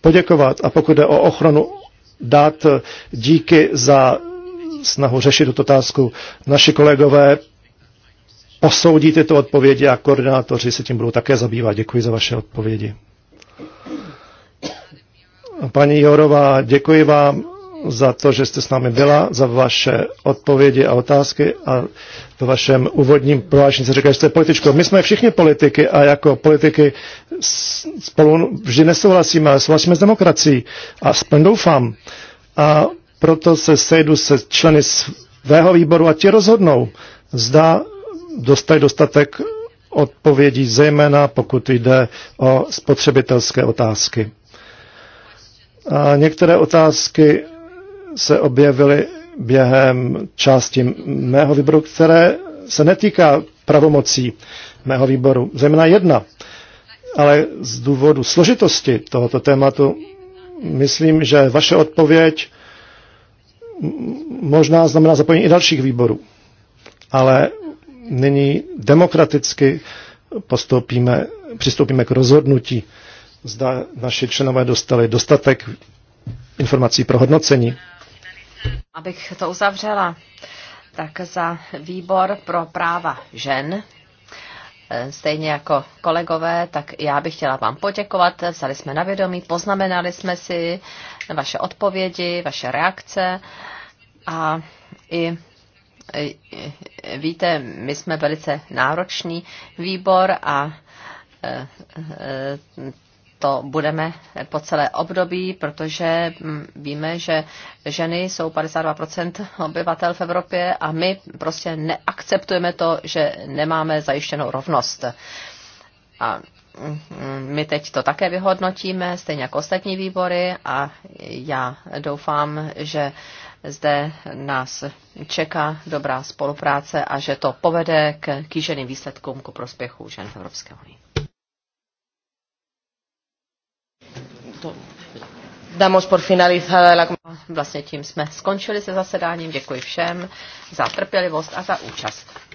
poděkovat. A pokud jde o ochranu dát eh, díky za snahu řešit tuto otázku. Naši kolegové posoudí tyto odpovědi a koordinátoři se tím budou také zabývat. Děkuji za vaše odpovědi. Paní Jorová, děkuji vám za to, že jste s námi byla, za vaše odpovědi a otázky a v vašem úvodním prohlášení se říkali, že jste političko. My jsme všichni politiky a jako politiky spolu vždy nesouhlasíme, ale souhlasíme s demokracií a splně doufám. A proto se sejdu se členy svého výboru a ti rozhodnou, zda dostají dostatek odpovědí, zejména pokud jde o spotřebitelské otázky. A některé otázky se objevily během části mého výboru, které se netýká pravomocí mého výboru, zejména jedna. Ale z důvodu složitosti tohoto tématu myslím, že vaše odpověď možná znamená zapojení i dalších výborů. Ale nyní demokraticky postoupíme, přistoupíme k rozhodnutí, zda naši členové dostali dostatek informací pro hodnocení. Abych to uzavřela, tak za výbor pro práva žen eh, stejně jako kolegové, tak já bych chtěla vám poděkovat. Vzali jsme na vědomí, poznamenali jsme si vaše odpovědi, vaše reakce a i víte, my jsme velice náročný výbor a eh, eh, to budeme po celé období, protože mm, víme, že ženy jsou 52% obyvatel v Evropě a my prostě neakceptujeme to, že nemáme zajištěnou rovnost. A mm, my teď to také vyhodnotíme, stejně jako ostatní výbory a já doufám, že zde nás čeká dobrá spolupráce a že to povede k kýženým výsledkům ku prospěchu žen v Evropské unii. punto damos por finalizada la... Vlastně tím jsme skončili se zasedáním. Děkuji všem za trpělivost a za účast.